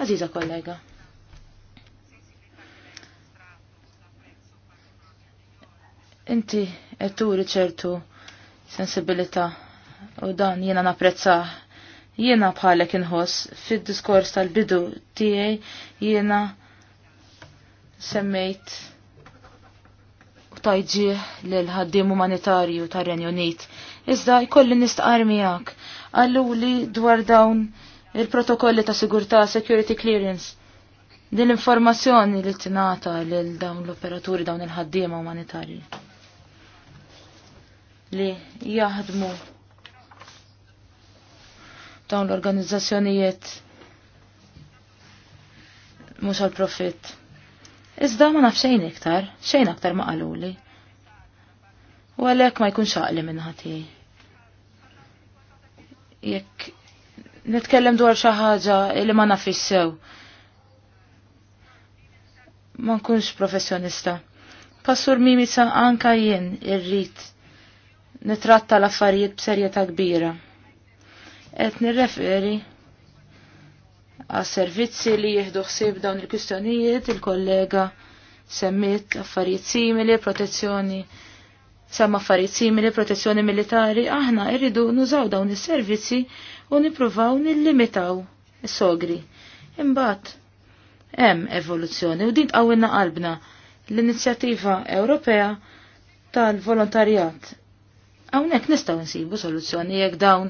Aziza kollega. Inti qed turi ċertu sensibilità u dan jiena napprezzah Jiena bħalek inħoss fid-diskors tal-bidu tiegħi jiena semmejt u tajġieħ lil ħaddiem umanitarju tar-Renju Unit. Iżda jkolli nistqar miegħek għallu li dwar dawn il-protokolli ta' sigurtà security clearance. Din l-informazzjoni li tingħata lil dawn l-operaturi dawn il-ħaddiema umanitarji li jaħdmu dawn l-organizzazzjonijiet mhux għal profitt. Iżda ma naf xejn iktar, xejn aktar ma qaluli. U għalhekk ma jkunx aqli minn ħati. Jekk nitkellem dwar xi ħaġa li ma nafx sew. Ma nkunx professjonista. Passur mimi sa anka jien irrid nitratta l-affarijiet b'serjetà kbira qed nirreferi għas servizzi li jieħdu ħsieb dawn il-kwistjonijiet, il-kollega semmit affarijiet simili, protezzjoni semma affarijiet simili, protezzjoni militari, aħna irridu nużaw dawn is-servizzi u nippruvaw nillimitaw is-sogri. Imbagħad hemm evoluzzjoni u din tqawwilna qalbna l-inizjattiva Ewropea tal-volontarjat. Hawnhekk nistgħu nsibu soluzzjoni jekk dawn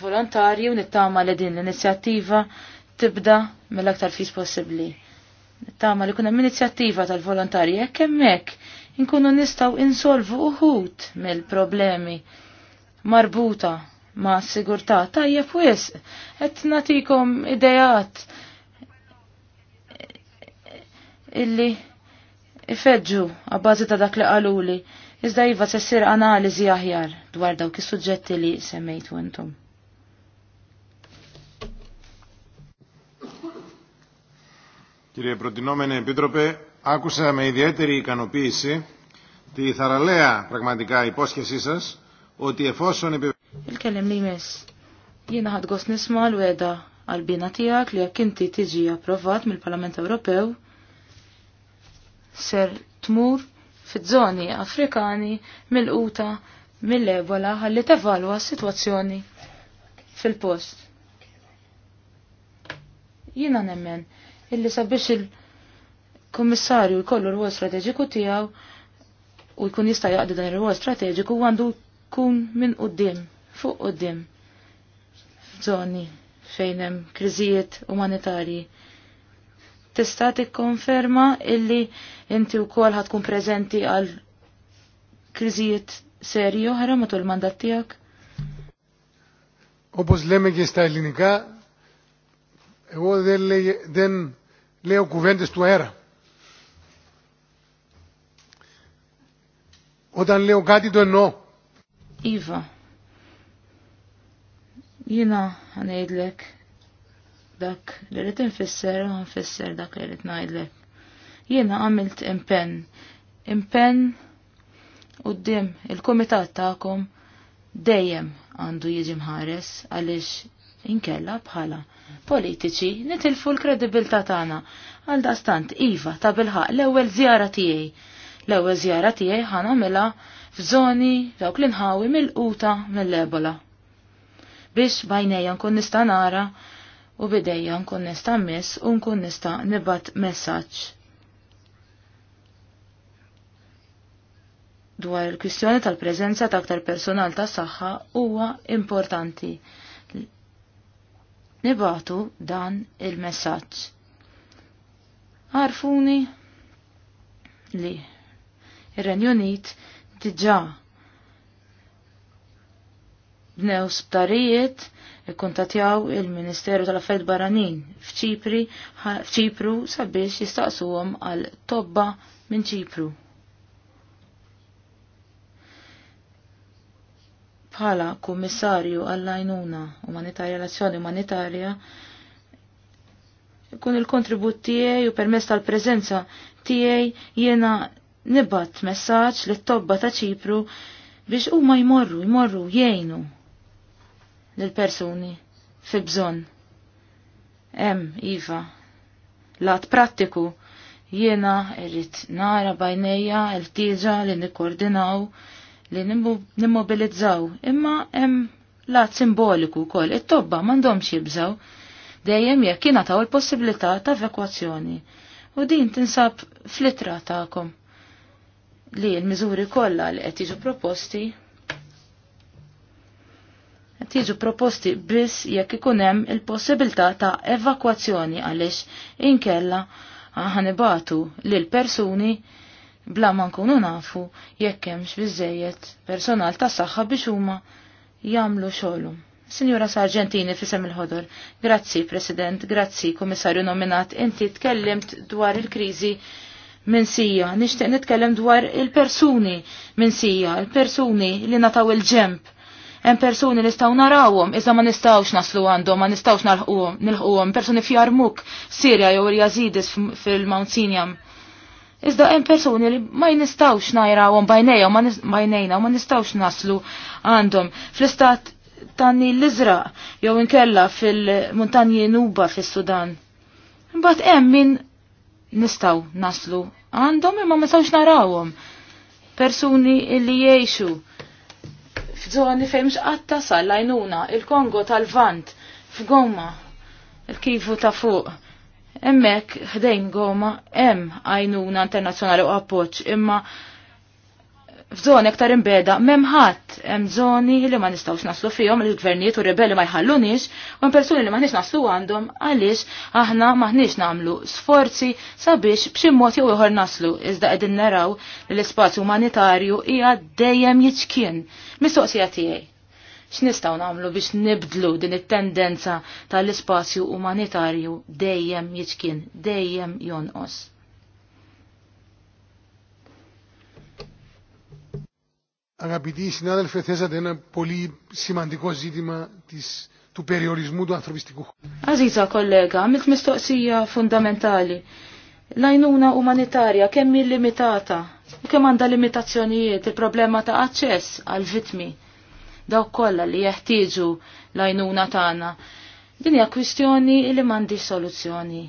Volontarju nittama li din l-inizjattiva tibda mill-aktar fis possibbli. Nittama li kuna inizjattiva tal-volontarji jekk hemmhekk inkunu nistgħu insolvu uħut mill-problemi marbuta ma' sigurtà tajjeb wis qed nagħtikom idejat illi ifeġġu għabbażi ta' dak li qaluli iżda jiva se ssir analiżi aħjar dwar dawk is-suġġetti li semmejtu intom. Κύριε Προτινόμενε Επίτροπε, άκουσα με ιδιαίτερη ικανοποίηση τη θαραλέα πραγματικά υπόσχεσή σας ότι εφόσον il li jiena gost nisma l-weda bina li jekk inti tiġi approvat mill-Parlament Ewropew ser tmur fiż-żoni Afrikani mill-quta mill-ebola ħalli tevalwa s-sitwazzjoni fil-post. Jiena nemmen illi sabiex il-Kummissarju jkollu l ruol strateġiku tiegħu u jkun jista' jaqdu dan ir ruol strateġiku għandu jkun minn quddiem, fuq quddiem zoni fejn hemm kriżijiet umanitarji. Tista' tikkonferma illi inti wkoll ħatkun preżenti għal kriżijiet serji oħra matul mandat tiegħek? Όπως λέμε και στα ελληνικά, εγώ δεν, λέω κουβέντες του αέρα. dan λέω gadi do no. Iva, jina għanajdlek dak li rrit nfisser, nfisser dak li rrit najdlek. Jina għamilt impen, impen u d-dim il-komitat ta'kom dejjem għandu jiġi mħares għalix inkella bħala politiċi nitilfu l kredibilta tagħna għal dastant iva ta' bilħaq l-ewwel żjara tiegħi. L-ewwel żjara tiegħi ħanamilha f'żoni dawk l-inħawi mill-quta mill-ebola. Biex bajnejja nkun nista' nara u bidejja nkun nista' miss u nkun nista' nibat messaġġ. Dwar il-kwistjoni tal-preżenza ta' aktar personal ta' saħħa huwa importanti nibatu dan il-messaġġ. Arfuni li ir-Renju Unit diġà bnew sptarijiet ikkuntatjaw il-Ministeru tal-Affarijiet Barranin f'Ċipri f'Ċipru sabiex jistaqsuhom għal tobba minn Ċipru. bħala kummissarju għall-għajnuna umanitarja l-azzjoni umanitarja kun il-kontribut tiegħi u permess tal prezenza tiegħi jiena nibat messaġġ li t tobba ta' Ċipru biex huma jmorru jmorru jgħinu lill-persuni fi bżonn. Hemm iva lat prattiku jiena irrit nara bajnejja l-tieġa li nikkoordinaw li nimmobilizzaw, imma hemm lat simboliku wkoll. It-tobba m'għandhomx jibżaw dejjem jekk jingħataw il-possibilità ta' evakuazzjoni. U din tinsab flitra tagħkom li l-miżuri kollha li qed jiġu proposti qed jiġu proposti biss jekk ikun hemm il-possibilità ta' evakwazzjoni għaliex inkella ħanibatu lil persuni bla ma nkunu nafu jekk hemmx biżejjed personal ta' saħħa biex huma jagħmlu xogħolhom. Sinjura Sargentini fisem il-ħodor, grazzi President, grazzi Komissarju nominat, inti tkellimt dwar il-kriżi minn sija, nixtieq nitkellem dwar il-persuni minn sija, il-persuni li nataw il-ġemp. Hemm persuni li staw narawhom, iżda ma nistgħux naslu għandhom, ma nistgħux nilħquhom, persuni fjarmuk, Sirja jew il-Jazidis fil-Mount Sinjam Iżda hemm persuni li ma jinistawx najrawhom bajnejhom bajnejna ma nistawx naslu għandhom fl-istat tani l-Izraq jew inkella fil-muntanji Nuba fis-Sudan. Imbagħad hemm min nistgħu naslu għandhom imma ma nistgħux narawhom. Persuni li jgħixu f'żoni fejn mhux qatt tasal għajnuna il-Kongo tal-Vant f'Gomma il-kivu ta' fuq Emmek ħdejn goma hemm għajnuna internazzjonali u appoġġ imma f'żoni ktar imbeda m'hemm ħadd hemm żoni li ma nistgħux naslu fihom li l-gvernijiet u rebelli ma jħallunix u hemm persuni li ma nix naslu għandhom għaliex aħna ma ħniex nagħmlu sforzi sabiex b'xi mod jew ieħor naslu iżda qegħdin naraw li l-ispazju umanitarju hija dejjem jiċkien. Mistoqsija tiegħi x'nistgħu nagħmlu biex nibdlu din it-tendenza tal-ispazju umanitarju dejjem jiċkien, dejjem jonqos. Αγαπητοί συνάδελφοι, θέσατε ένα πολύ σημαντικό ζήτημα της, του περιορισμού του ανθρωπιστικού. Αζίζα κολέγα, μιλτ μιστοξία φουνταμεντάλη. Λαϊνούνα ουμανιτάρια, κέμι λιμιτάτα, u kemm għandha limitazzjonijiet il-problema ta' aċċess għal vitmi daw kollha li jeħtieġu l-għajnuna tagħna. Din hija kwistjoni li m'għandi soluzzjoni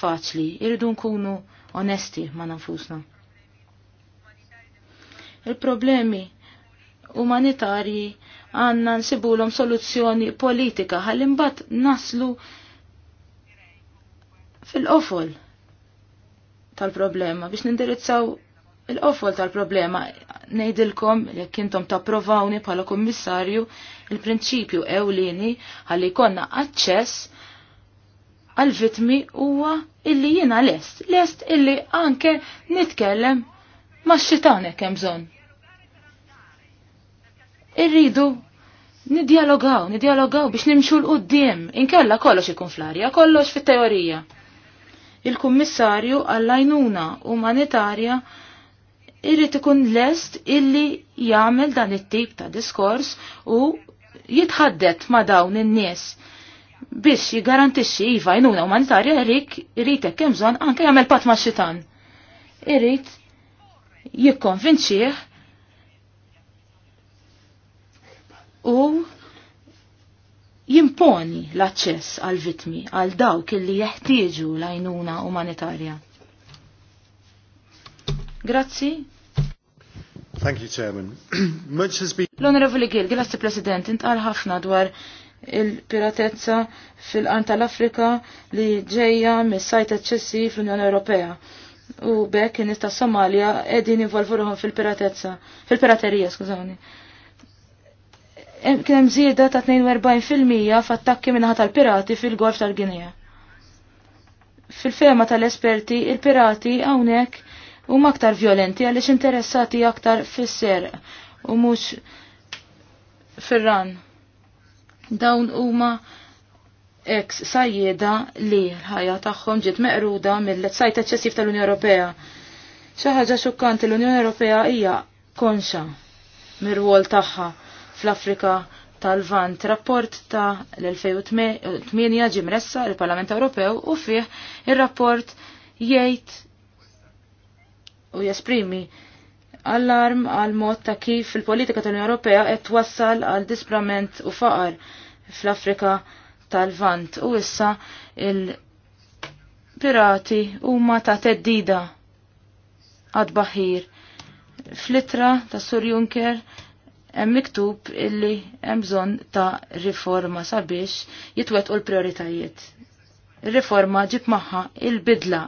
faċli, irridu nkunu onesti ma' nafusna. Il-problemi umanitarji għanna nsibulhom soluzzjoni politika ħalli mbagħad naslu fil-qofol tal-problema biex nindirizzaw Il-qofol tal-problema ngħidilkom kintom intom tapprovawni bħala kummissarju il-prinċipju ewlieni ħalli jkollna aċċess għal vitmi huwa illi jiena lest, lest illi anke nitkellem ma' xitanek hemm bżonn. Irridu nidjalogaw, nidjalogaw biex nimxu l-qoddim, inkella kollox ikun fl-arja, kollox fit-teorija. Il-kummissarju għall-għajnuna umanitarja irrid ikun lest illi jagħmel dan it-tip ta' diskors u jitħaddet ma' dawn in-nies biex jigarantixxi iva jnuna umanitarja irik irrit hekk hemm bżonn anke jagħmel pat ma' xitan. Irid jikkonvinċih u jimponi l-aċċess għal vitmi għal dawk illi jeħtieġu l-għajnuna umanitarja. Grazzi, Thank you, Chairman. Much has been... L-Onorevoli Gil, grazzi President, intqal ħafna dwar il-piratezza fil qan tal-Afrika li ġejja mis-sajt eċċessi fl-Unjoni Ewropea. U bekk in ta' Somalia qegħdin involvuruhom fil-piratezza, fil-piraterija, skużani. Kien hemm żieda ta' 42% f'attakki minħa tal-pirati fil-Golf tal-Ginea. Fil-fema tal-esperti, il-pirati hawnhekk huma aktar violenti għaliex interessati aktar fisser u mhux fir-ran. Dawn huma ex sajjeda li l-ħajja tagħhom ġiet meqruda mill-sajt eċċessiv tal-Unjoni Ewropea. Xi ħaġa xukkanti l-Unjoni Ewropea hija konxa mir-rwol tagħha fl-Afrika tal-Vant rapport ta' l-2008 ġimressa l-Parlament Ewropew u fih ir-rapport jgħid u jesprimi allarm għal mod ta' kif il-politika tal-Unjoni Ewropea qed twassal għal disprament u faqar fl-Afrika tal-Vant u issa il-pirati huma ta' teddida għad baħir. Flittra ta' Sur Juncker hemm miktub illi hemm bżonn ta' riforma sabiex jitwettqu l-prioritajiet. Riforma ġib magħha il-bidla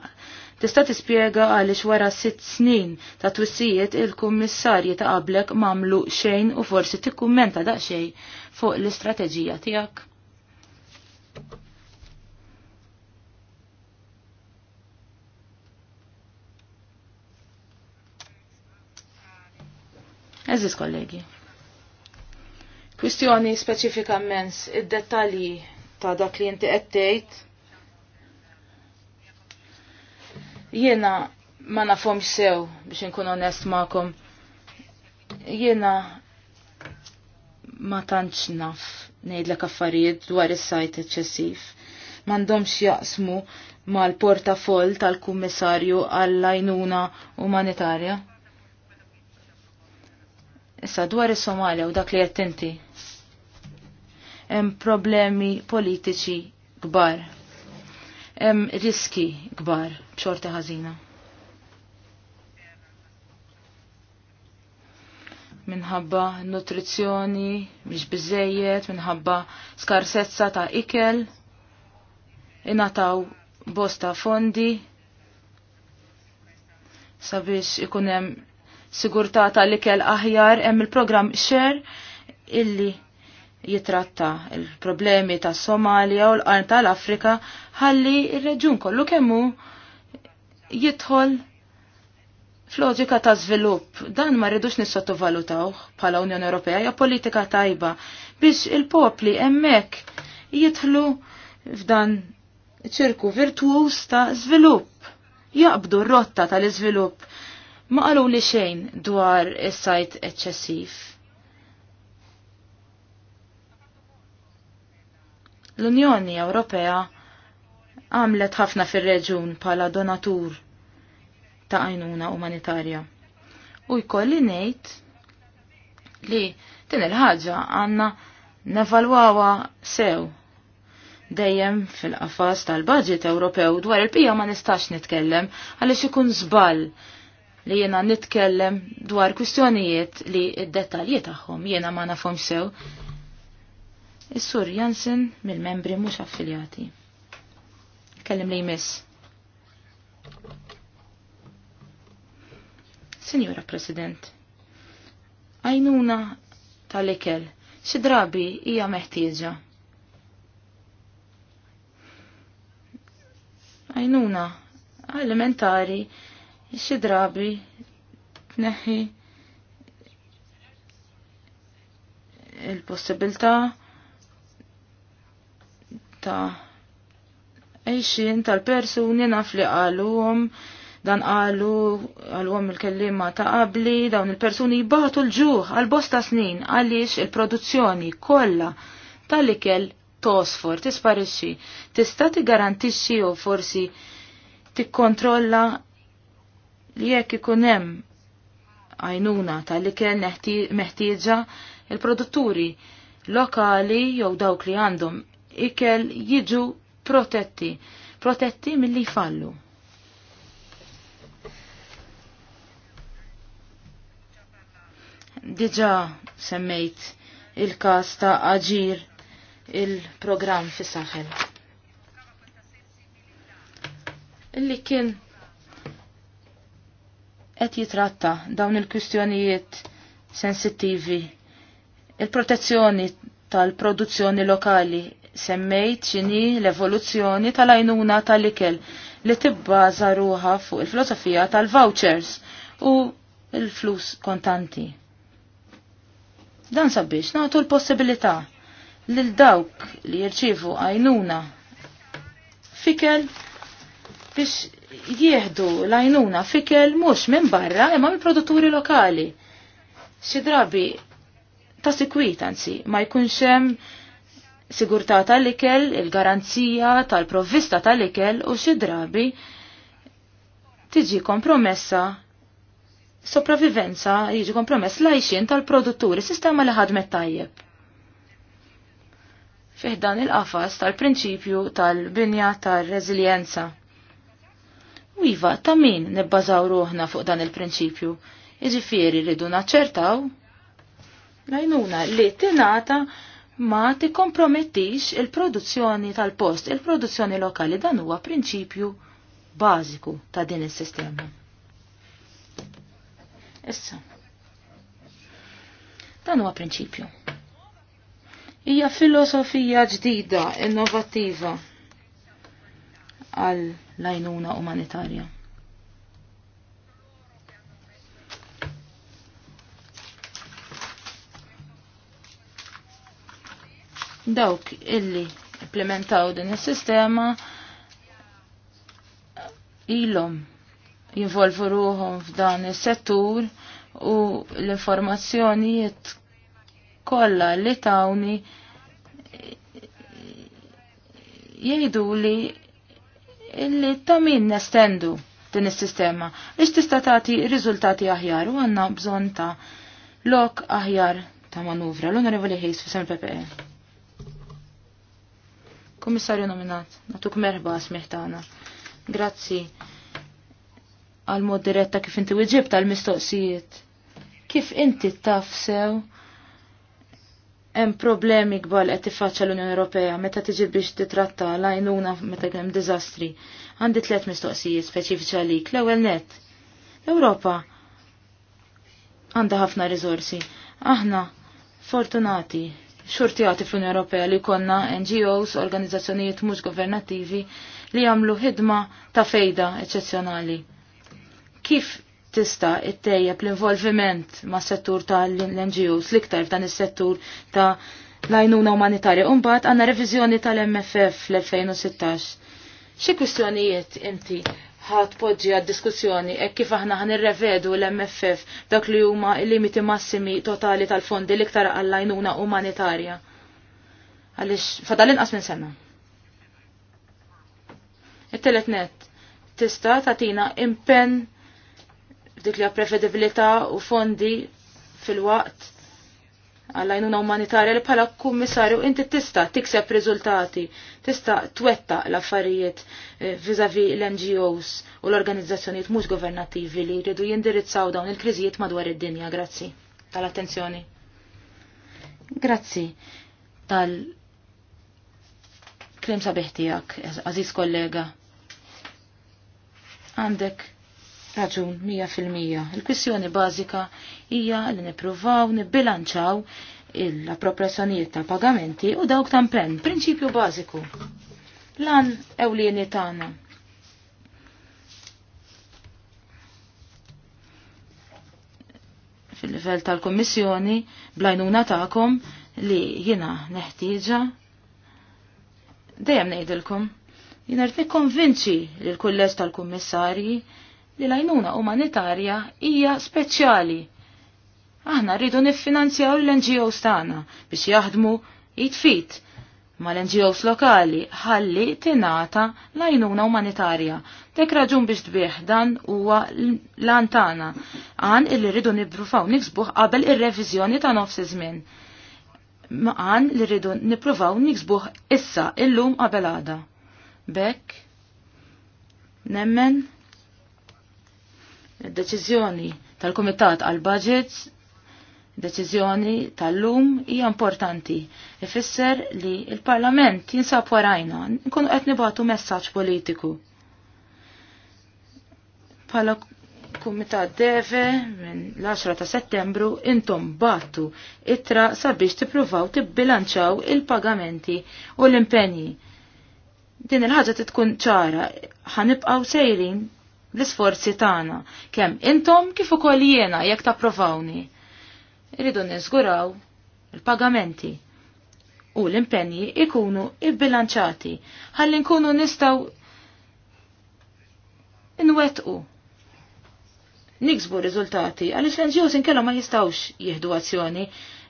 Tista' tispjega għaliex wara sitt snin ta' twissijiet il-kummissarji ta' qablek mamlu xejn u forsi tikkummenta daqsxejn fuq l-istrateġija tiegħek. Eżis kollegi. Kwistjoni speċifikament id-dettalji ta' dak li inti qed tgħid Jiena ma nafhomx sew biex inkun onest magħkom. Jiena ma tantx naf ngħidlek affarijiet dwar is-sajt eċċessiv. M'għandhomx jaqsmu mal-portafol tal-kummissarju għall-għajnuna umanitarja. Issa dwar is-Somalja u dak li qed inti. Hemm problemi politiċi kbar hemm riski kbar b'xorta ħażina. Minħabba nutrizzjoni mhix biżejjed, minħabba skarsezza ta' ikel, inataw bosta fondi sabiex ikun hemm sigurtà tal-ikel aħjar hemm il-programm xer illi jitratta il-problemi ta' Somalia u l-qarn tal-Afrika ħalli il reġun kollu kemmu jidħol f'loġika ta' żvilupp. Dan ma rridux nissottovalutawh bħala Unjoni Ewropea hija politika tajba biex il-popli hemmhekk jidħlu f'dan ċirku virtuż ta' żvilupp. Jaqbdu r-rotta tal-iżvilupp ma qalu li xejn dwar is-sajt eċċessiv L-Unjoni Ewropea għamlet ħafna fir-reġun pala donatur ta' għajnuna umanitarja. U jkolli ngħid li din il-ħaġa għandna nevalwawa sew dejjem fil-qafas tal-budget Ewropew dwar il-pija ma nistax nitkellem għaliex ikun żball li jiena nitkellem dwar kwistjonijiet li id-dettalji tagħhom jiena ma nafhom sew. Is-sur Jansen mill-membri mhux affiljati. Kellim li jmiss. Signora President, għajnuna tal-ikel, xi drabi hija meħtieġa. Għajnuna elementari xi drabi tneħħi il-possibilità ta' eixin tal-persuni naf li għalum dan għalu għal il-kellima ta' qabli dawn il-persuni jibbaħtu l-ġuħ għal-bosta snin għaliex il-produzzjoni kolla tal-ikel tosfor, tisparixxi, tista' tigarantixxi u forsi tikkontrolla li jekk ikun hemm għajnuna tal-ikel meħtieġa il-produtturi lokali jew dawk li għandhom ikel jiġu protetti, protetti mill-li fallu. Diġa semmejt il-kas ta' aġir il-program fi saħel. Illi kien qed jitratta dawn il-kwistjonijiet sensittivi, il-protezzjoni tal-produzzjoni lokali, semmejt xini l-evoluzzjoni tal-għajnuna tal-ikel li tibba zaruħa fuq il-filosofija tal-vouchers u il-flus kontanti. Dan sabiex nagħtu l-possibilità lil dawk li jirċivu għajnuna fikel biex jieħdu l-għajnuna fikel mhux minn barra imma mill produtturi lokali. Xi drabi ta' sikwit anzi ma jkunx hemm sigurtà tal-ikel, il-garanzija tal-provvista tal-ikel u xi drabi tiġi kompromessa sopravivenza jiġi kompromess lajxin tal-produtturi sistema li ħadmet tajjeb. Fiħdan il-qafas tal-prinċipju tal-binja tal-reżiljenza. U iva, ta' min nibbażaw ruħna fuq dan il-prinċipju? Iġifieri rridu naċċertaw lajnuna li tingħata ma tikkompromettix il-produzzjoni tal-post, il-produzzjoni lokali dan huwa prinċipju bażiku ta' din is-sistema. Issa. Dan huwa prinċipju. Hija filosofija ġdida, innovattiva għal lajnuna umanitarja. dawk illi implementaw din is-sistema ilhom jinvolvu ruhom f'dan is-settur u l-informazzjonijiet kollha li tawni jgħidu li illi ta' min nestendu din is-sistema biex tista' tagħti riżultati aħjar u għandna bżonn ta' lok aħjar ta' manuvra. L-Onorevoli Hayes fi PPE. Komissarju nominat, natuk merħba smiħtana. Grazzi għal mod diretta kif inti wieġib tal-mistoqsijiet. Kif inti taf sew hemm problemi kbar qed tiffaċċa l-Unjoni Ewropea meta tiġi biex titratta l-għajnuna meta hemm diżastri. Għandi tliet mistoqsijiet speċifiċi għalik. L-ewwel net. Ewropa għandha ħafna riżorsi. Aħna fortunati xorti għati fl-Unjoni Ewropea li konna NGOs, organizzazzjonijiet mhux governattivi li jagħmlu ħidma ta' fejda eċċezzjonali. Kif tista' ittejjeb l-involviment ma' settur ta' l-NGOs l-iktar f'dan is-settur ta' l-għajnuna umanitarja. Umbat għanna reviżjoni tal-MFF l-2016. Xi kwistjonijiet inti ħat poġġi għad diskussjoni e kif aħna ħan irrevedu l-MFF dak li huma limiti massimi totali tal-fondi l-iktar għall-għajnuna umanitarja. Għalix, fadalin inqas minn sena. Il-telet net, tista tatina impen dik li prevedibilità u fondi fil-waqt għall-għajnuna umanitarja li bħala kummissarju inti tista tikseb riżultati, tista twetta l-affarijiet eh, vizavi l-NGOs u l-organizzazzjonijiet mhux governattivi li jridu jindirizzaw dawn il-kriżijiet madwar id-dinja. Grazzi tal-attenzjoni. Grazzi tal- Krim sabiħ aziz kollega. Għandek raġun 100%. Il-kwissjoni bażika hija li nippruvaw nibbilanċaw il-appropriazzjonijiet ta' pagamenti u dawk ta' impenn, prinċipju bażiku. Lan ewlieni tagħna. fil-livell tal-Kommissjoni blajnuna tagħkom li jiena neħtieġa dejjem ngħidilkom jien qed nikkonvinċi lill kulles tal-kummissarji li l-għajnuna umanitarja hija speċjali. Aħna rridu niffinanzjaw l-NGOs tagħna biex jaħdmu jitfit ma l-NGOs lokali ħalli tinata l-għajnuna umanitarja. Dek raġun biex tbieħ dan huwa l-antana għan illi rridu nibrufaw niksbuħ qabel ir-reviżjoni ta' nofs iż-żmien. Għan li rridu nipruvaw niksbuħ issa illum qabel għada. Bekk, nemmen, Deċiżjoni tal-Kumitat għal budgets deċiżjoni tal-lum hija importanti. Ifisser li il-Parlament jinsab warajna, nkunu qed nibgħatu messaġġ politiku. Pala Kumitat Deve minn l-10 ta' settembru intom battu itra sabiex tippruvaw tibbilanċaw il-pagamenti u l-impenji. Din il-ħaġa titkun ċara, ħanibqaw sejrin l isforzi tagħna kemm intom kif ukoll jiena jekk tapprovawni. Irridu niżguraw il-pagamenti u l-impenji ikunu ibbilanċati ħalli nkunu nistgħu nwettqu niksbu riżultati għaliex l-NGOs inkellhom ma jistgħux jieħdu azzjoni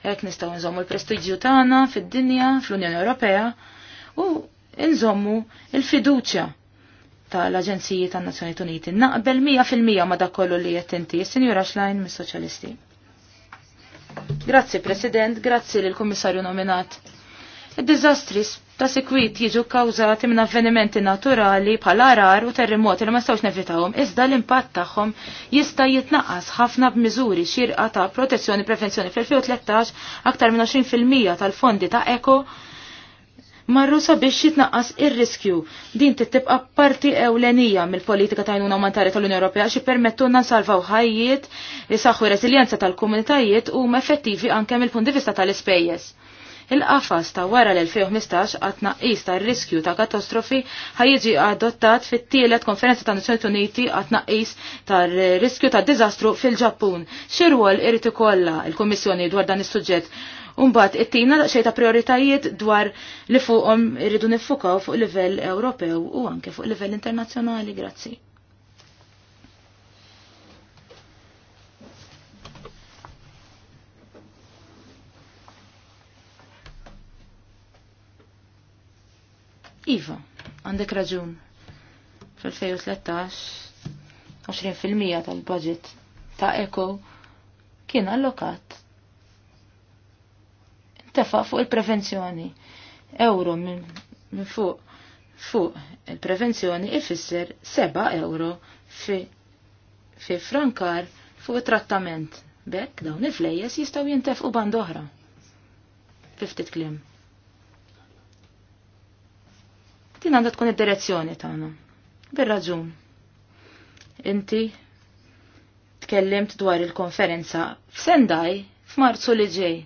hekk nistgħu nżommu l-prestiġju tagħna fid-dinja fl-Unjoni Ewropea u nżommu l fiduċja tal-Aġenziji tan-Nazzjonijiet Uniti. Naqbel 100% ma dak kollu li qed inti, Sinjura Schlein mis-Soċjalisti. Grazzi President, grazzi lil kummissarju nominat. Id-diżastri ta' sekwit jiġu kkawżati minn avvenimenti naturali bħal arar u terremoti li ma stawx nevitawhom, iżda l-impatt tagħhom jista' jitnaqqas ħafna b'miżuri xirqa ta' protezzjoni prevenzjoni fl-2013 aktar minn 20% tal-fondi ta' eko marru sabiex jitnaqqas ir-riskju. Din tittibqa parti ewlenija mill-politika ta' għajnuna umanitarja tal-Unjoni Ewropea xi permettuna nsalvaw ħajjiet, isaħħu resiljenza tal-komunitajiet u effettivi anke mill-punt di vista tal-ispejjeż. Il-qafas ta' wara l-2015 għat naqis ta' riskju ta' katastrofi ħajġi adottat fit-tielet konferenza ta' Nazzjoni Uniti għat naqis ta' riskju ta' dizastru fil-Ġappun. Xirwol irrit ikolla il-Kommissjoni dwar dan is-suġġett Umbat, it-tina xejta ta' prioritajiet dwar li fuqhom irridu nifukaw fuq livell Ewropew u anke fuq livell internazzjonali. Grazzi. Iva, għandek raġun. Fil-2013, 20% tal-budget ta' Eko kien allokat tefaq fuq il-prevenzjoni. Euro minn min fuq fuq il-prevenzjoni ifisser 7 euro fi, fi frankar fuq trattament. Bekk dawn il-flejjes jistaw jintefqu band oħra. Fiftit klim. Din għandha tkun id-direzzjoni tagħna. Bir-raġun. Inti tkellimt dwar il-konferenza f'Sendaj f'Marzu li ġej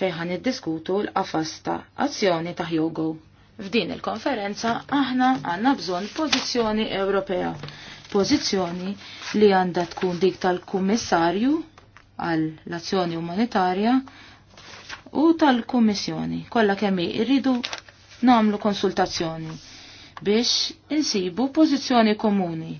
fejħan id-diskutu l qafasta azzjoni ta' Hyogo. F'din il-konferenza aħna għanna bżon pożizzjoni Ewropea, pożizzjoni li għandha tkun dik tal-Kummissarju għall azzjoni umanitarja u tal-Kummissjoni. Kollha kemm irridu nagħmlu konsultazzjoni biex insibu pożizzjoni komuni.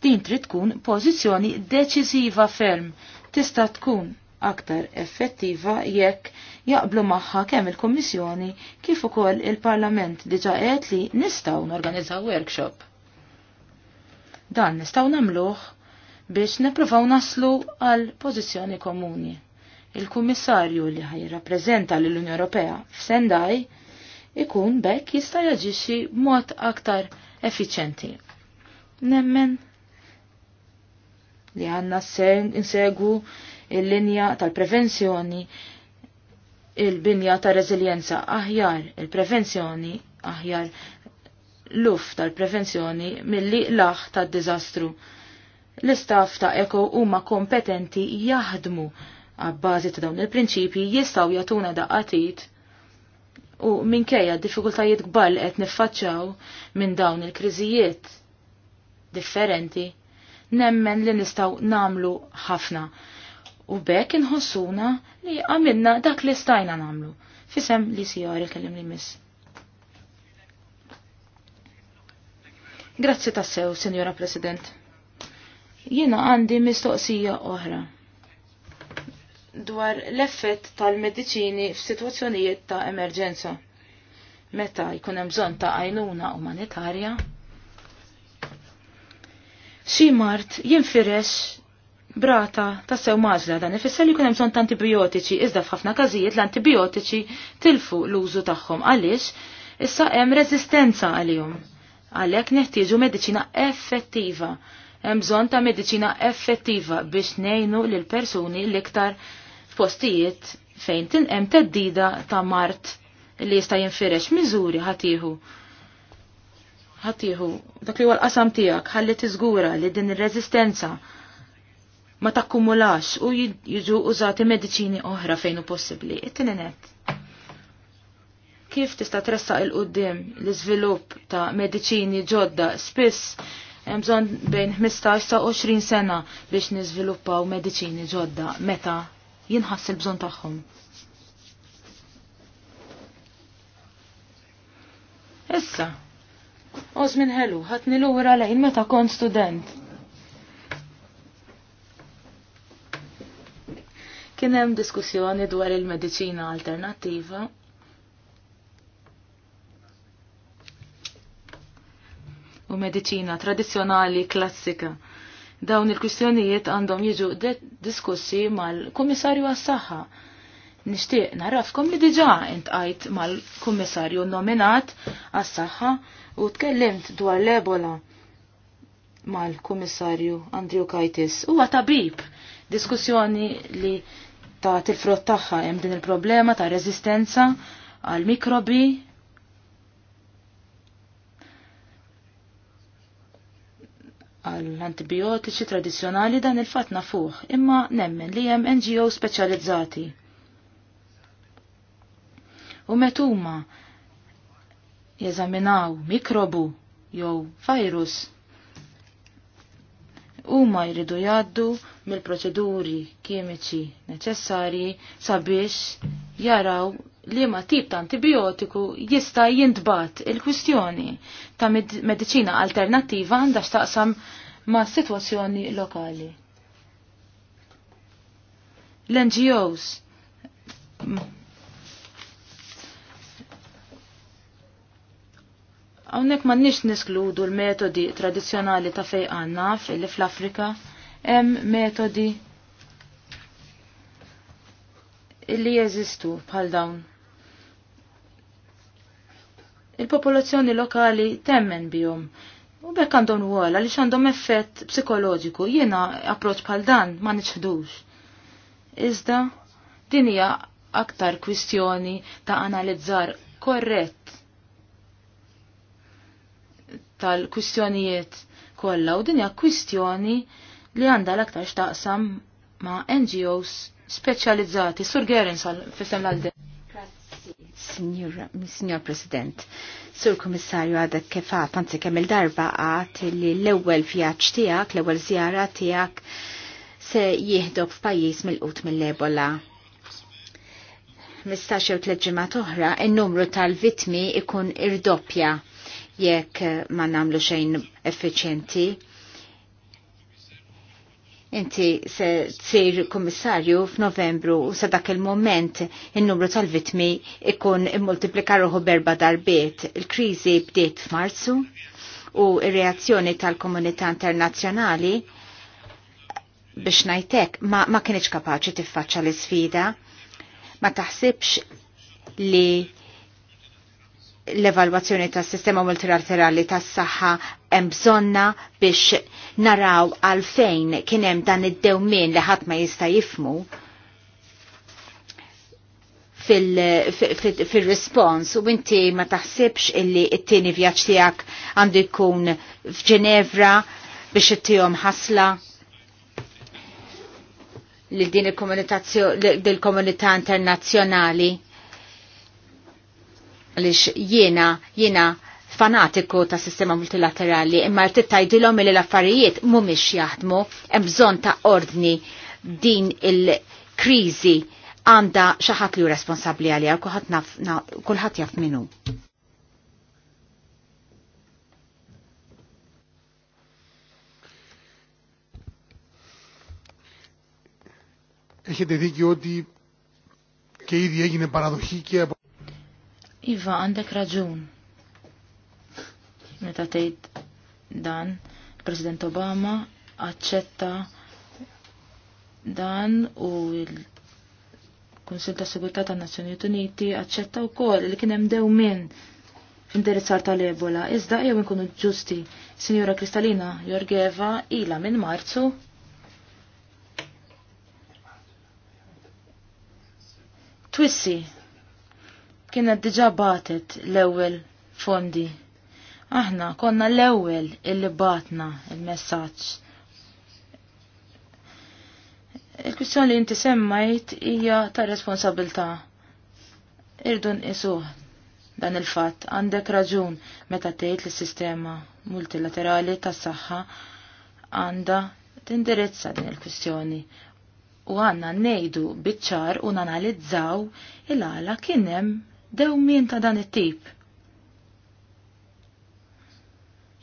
Din trid tkun pożizzjoni deċiżiva ferm tista' tkun aktar effettiva jekk jaqblu magħha kemm il-Kummissjoni kif ukoll il-Parlament diġa qed li nistgħu norganizzaw workshop. Dan nistgħu nagħmluh biex nippruvaw naslu għal pożizzjoni komuni. Il-Kummissarju li rappreżenta lill unjoni Ewropea f'Sendaj ikun bekk jista' jaġixxi b'mod aktar effiċenti. Nemmen li għanna insegu il-linja tal-prevenzjoni, il-binja ta' reżiljenza aħjar, il-prevenzjoni aħjar, luf tal-prevenzjoni milli laħ tad-diżastru. L-istaff ta' eko huma kompetenti jaħdmu għabbażi ta' dawn il-prinċipji jistaw jatuna daqqatit u minkejja diffikultajiet kbar li qed niffaċċaw minn dawn il-kriżijiet differenti, nemmen li nistaw namlu ħafna u bekk inħossuna li għamilna dak li stajna namlu. Fisem li sijar il-kellim li miss. Grazzi tassew, Senjora President. Jiena għandi mistoqsija oħra dwar l-effett tal-mediċini f'sitwazzjonijiet ta' emerġenza. Meta jkun hemm bżonn ta' għajnuna umanitarja, xi mart jinfirex brata ta' sew mażla dan ifisser li jkun hemm bżonn ta' antibiotiċi iżda f'ħafna każijiet l-antibiotiċi tilfu l-użu tagħhom għaliex issa hemm reżistenza għalihom. Għalhekk neħtieġu mediċina effettiva. Hemm bżonn ta' mediċina effettiva biex ngħinu lil persuni l-iktar postijiet fejn tinqem teddida ta' mart li jista' jinfirex miżuri ħatiħu. Ħatiħu, dak li huwa l-qasam tiegħek ħalli tiżgura li din ir-reżistenza ma takkumulax u jiġu użati mediċini oħra fejn hu possibbli. It-tinenet. Kif tista' tressaq il-qudiem l-iżvilupp ta' mediċini ġodda spiss hemm bżonn bejn 15 sa 20 sena biex niżviluppaw mediċini ġodda meta jinħass il-bżonn tagħhom. Issa, oż minn ħelu, ħatni lura lejn meta kont student Kien hemm diskussjoni dwar il-mediċina alternattiva. U mediċina tradizzjonali klassika. Dawn il-kwistjonijiet għandhom jiġu diskussi mal-Kummissarju għas-Saħħa. Nixtieq narafkom li diġà intqajt mal-Kummissarju nominat għas-Saħħa u tkellimt dwar l-Ebola mal-Kummissarju Andrew Kajtis. Huwa tabib diskussjoni li Ta' tifrot taħħa tagħha hemm din il-problema ta' rezistenza għal mikrobi għall antibiotiċi tradizzjonali dan il fat nafuħ, imma nemmen li hemm NGO speċjalizzati. U metuma jeżaminaw mikrobu jew virus huma jridu jgħaddu mill-proċeduri kimiċi neċessarji sabiex jaraw li ma tip ta' antibiotiku jista' jintbat il-kwistjoni ta' medicina alternattiva għandha x'taqsam ma' situazzjoni lokali. L-NGOs Hawnhekk m'għandniex niskludu l-metodi tradizzjonali ta' fejqan naf illi fl-Afrika hemm metodi illi jeżistu bħal dawn. Il-popolazzjoni lokali temmen bihom U bekk għandhom wala li għandhom effett psikoloġiku, jiena approċ bħal dan ma nitħdux. Iżda, din hija aktar kwistjoni ta' analizzar korrett tal-kwistjonijiet kollha u dinja kwistjoni li għandha l-aktar x'taqsam ma' NGOs speċjalizzati. Sur Gerin sal fissem l Signor, Signor President, Sur Komissarju għadek kefat, anzi kemm il-darba għat li l-ewwel vjaġġ tiegħek, l-ewwel zjara tiegħek se jihdob f'pajjiż mill-qut mill-Ebola. 15 tliet leġimat oħra, il numru tal-vitmi ikun irdoppja jekk ma namlu xejn effiċjenti. Inti se tsir komissarju f'Novembru u sa dak il-moment in-numru tal-vitmi ikun immultiplika ruħu berba darbiet. Il-kriżi bdiet f'Marzu u ir-reazzjoni tal-komunità internazzjonali biex najtek ma, ma kienieċ kapaċi tiffaċċa l-sfida. Ma taħsibx li l-evalwazzjoni tas sistema multilaterali tas saħħa hemm bżonna biex naraw għalfejn kien hemm dan id-dewmien li ħadd ma jista' jifmu fil-respons u inti ma taħsibx illi it-tieni vjaġġ tiegħek għandu jkun f'Ġenevra biex ittihom ħasla lil din il-komunità internazzjonali għalix jiena, jiena fanatiku ta' sistema multilaterali, imma rtit tajdilom li l-affarijiet mumiex jaħdmu, bżon ta' ordni din il-krizi għanda xaħat li u responsabli għalija, kullħat jaf minu. Έχετε δίκιο ότι και ήδη έγινε παραδοχή και από Iva, għandek raġun. Meta tgħid dan, il-President Obama aċċetta dan u l-Kunsil ta' Sigurtà tan Nazzjonijiet Uniti aċċetta wkoll li kien hemm dew minn f'indirizzar tal-Ebola. Iżda jew inkunu ġusti, Sinjora Kristalina Jorgeva ila minn Marzu Twissi kienet diġa batet l-ewwel fondi. Aħna konna l-ewwel illi batna il-messaġġ. Il-kwistjoni li inti semmajt hija ta' responsabilta. Irdu nqisuh dan il-fatt għandek raġun meta tgħid li s-sistema multilaterali tas-saħħa għandha tindirizza din il-kwistjoni u għanna nejdu biċċar u nanalizzaw il-għala kienem Dew min ta' dan it-tip.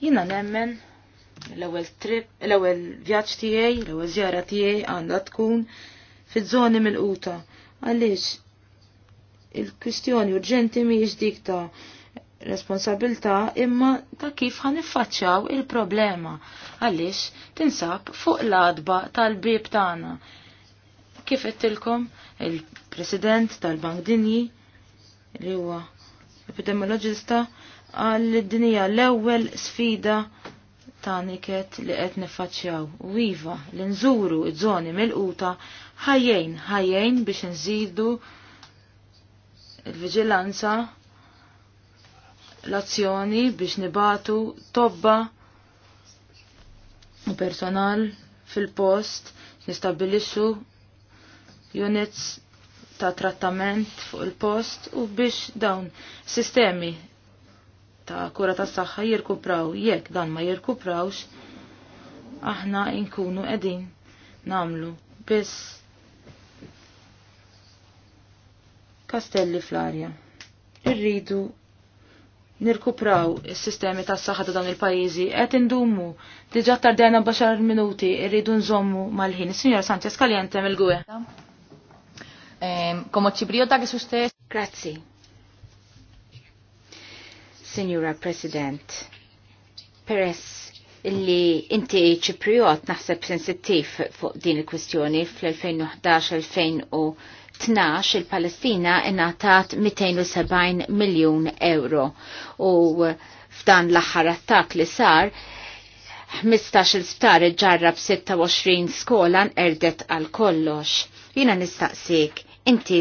Jina nemmen l-ewwel trip, l-ewwel vjaġġ tiegħi, l-ewwel żjara tiegħi għandha tkun fiż-żoni mill-quta. Għaliex il-kwistjoni urġenti mhijiex dik ta' responsabilta imma ta' kif ħaniffaċċjaw il-problema għaliex tinsab fuq l-adba tal-bib tagħna. Kif ettilkom il-President tal-Bank Dinji li huwa epidemiologista għal dinija l-ewwel sfida ta' niket li qed niffaċċjaw. U iva li nżuru ż-żoni mill-quta ħajjejn ħajjejn biex nżidu l-viġilanza l-azzjoni biex nibatu tobba u personal fil-post nistabilixu units ta' trattament fuq il-post u biex dawn sistemi ta' kura ta' saħħa jirkupraw jekk dan ma jirkuprawx aħna inkunu edin namlu biss kastelli fl-arja. Irridu nirkupraw is-sistemi tas saħħa ta' dawn il-pajjiżi qed indumu diġa' tardena baxar minuti irridu nżommu mal-ħin. Is-Sinjor Sanchez Kaliente mill-Gwe. Eh, como chipriota que es usted... Grazie. Signora President, peress illi inti ċipriot naħseb sensittiv fuq din il-kwestjoni fl-2011-2012 il-Palestina inatat 270 miljon euro u f'dan l-aħħar attak li sar 15 sptar ġarrab 26 skola erdet għal kollox. Jina nistaqsik, inti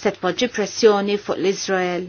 se tpoġġi pressjoni fuq l-Izrael.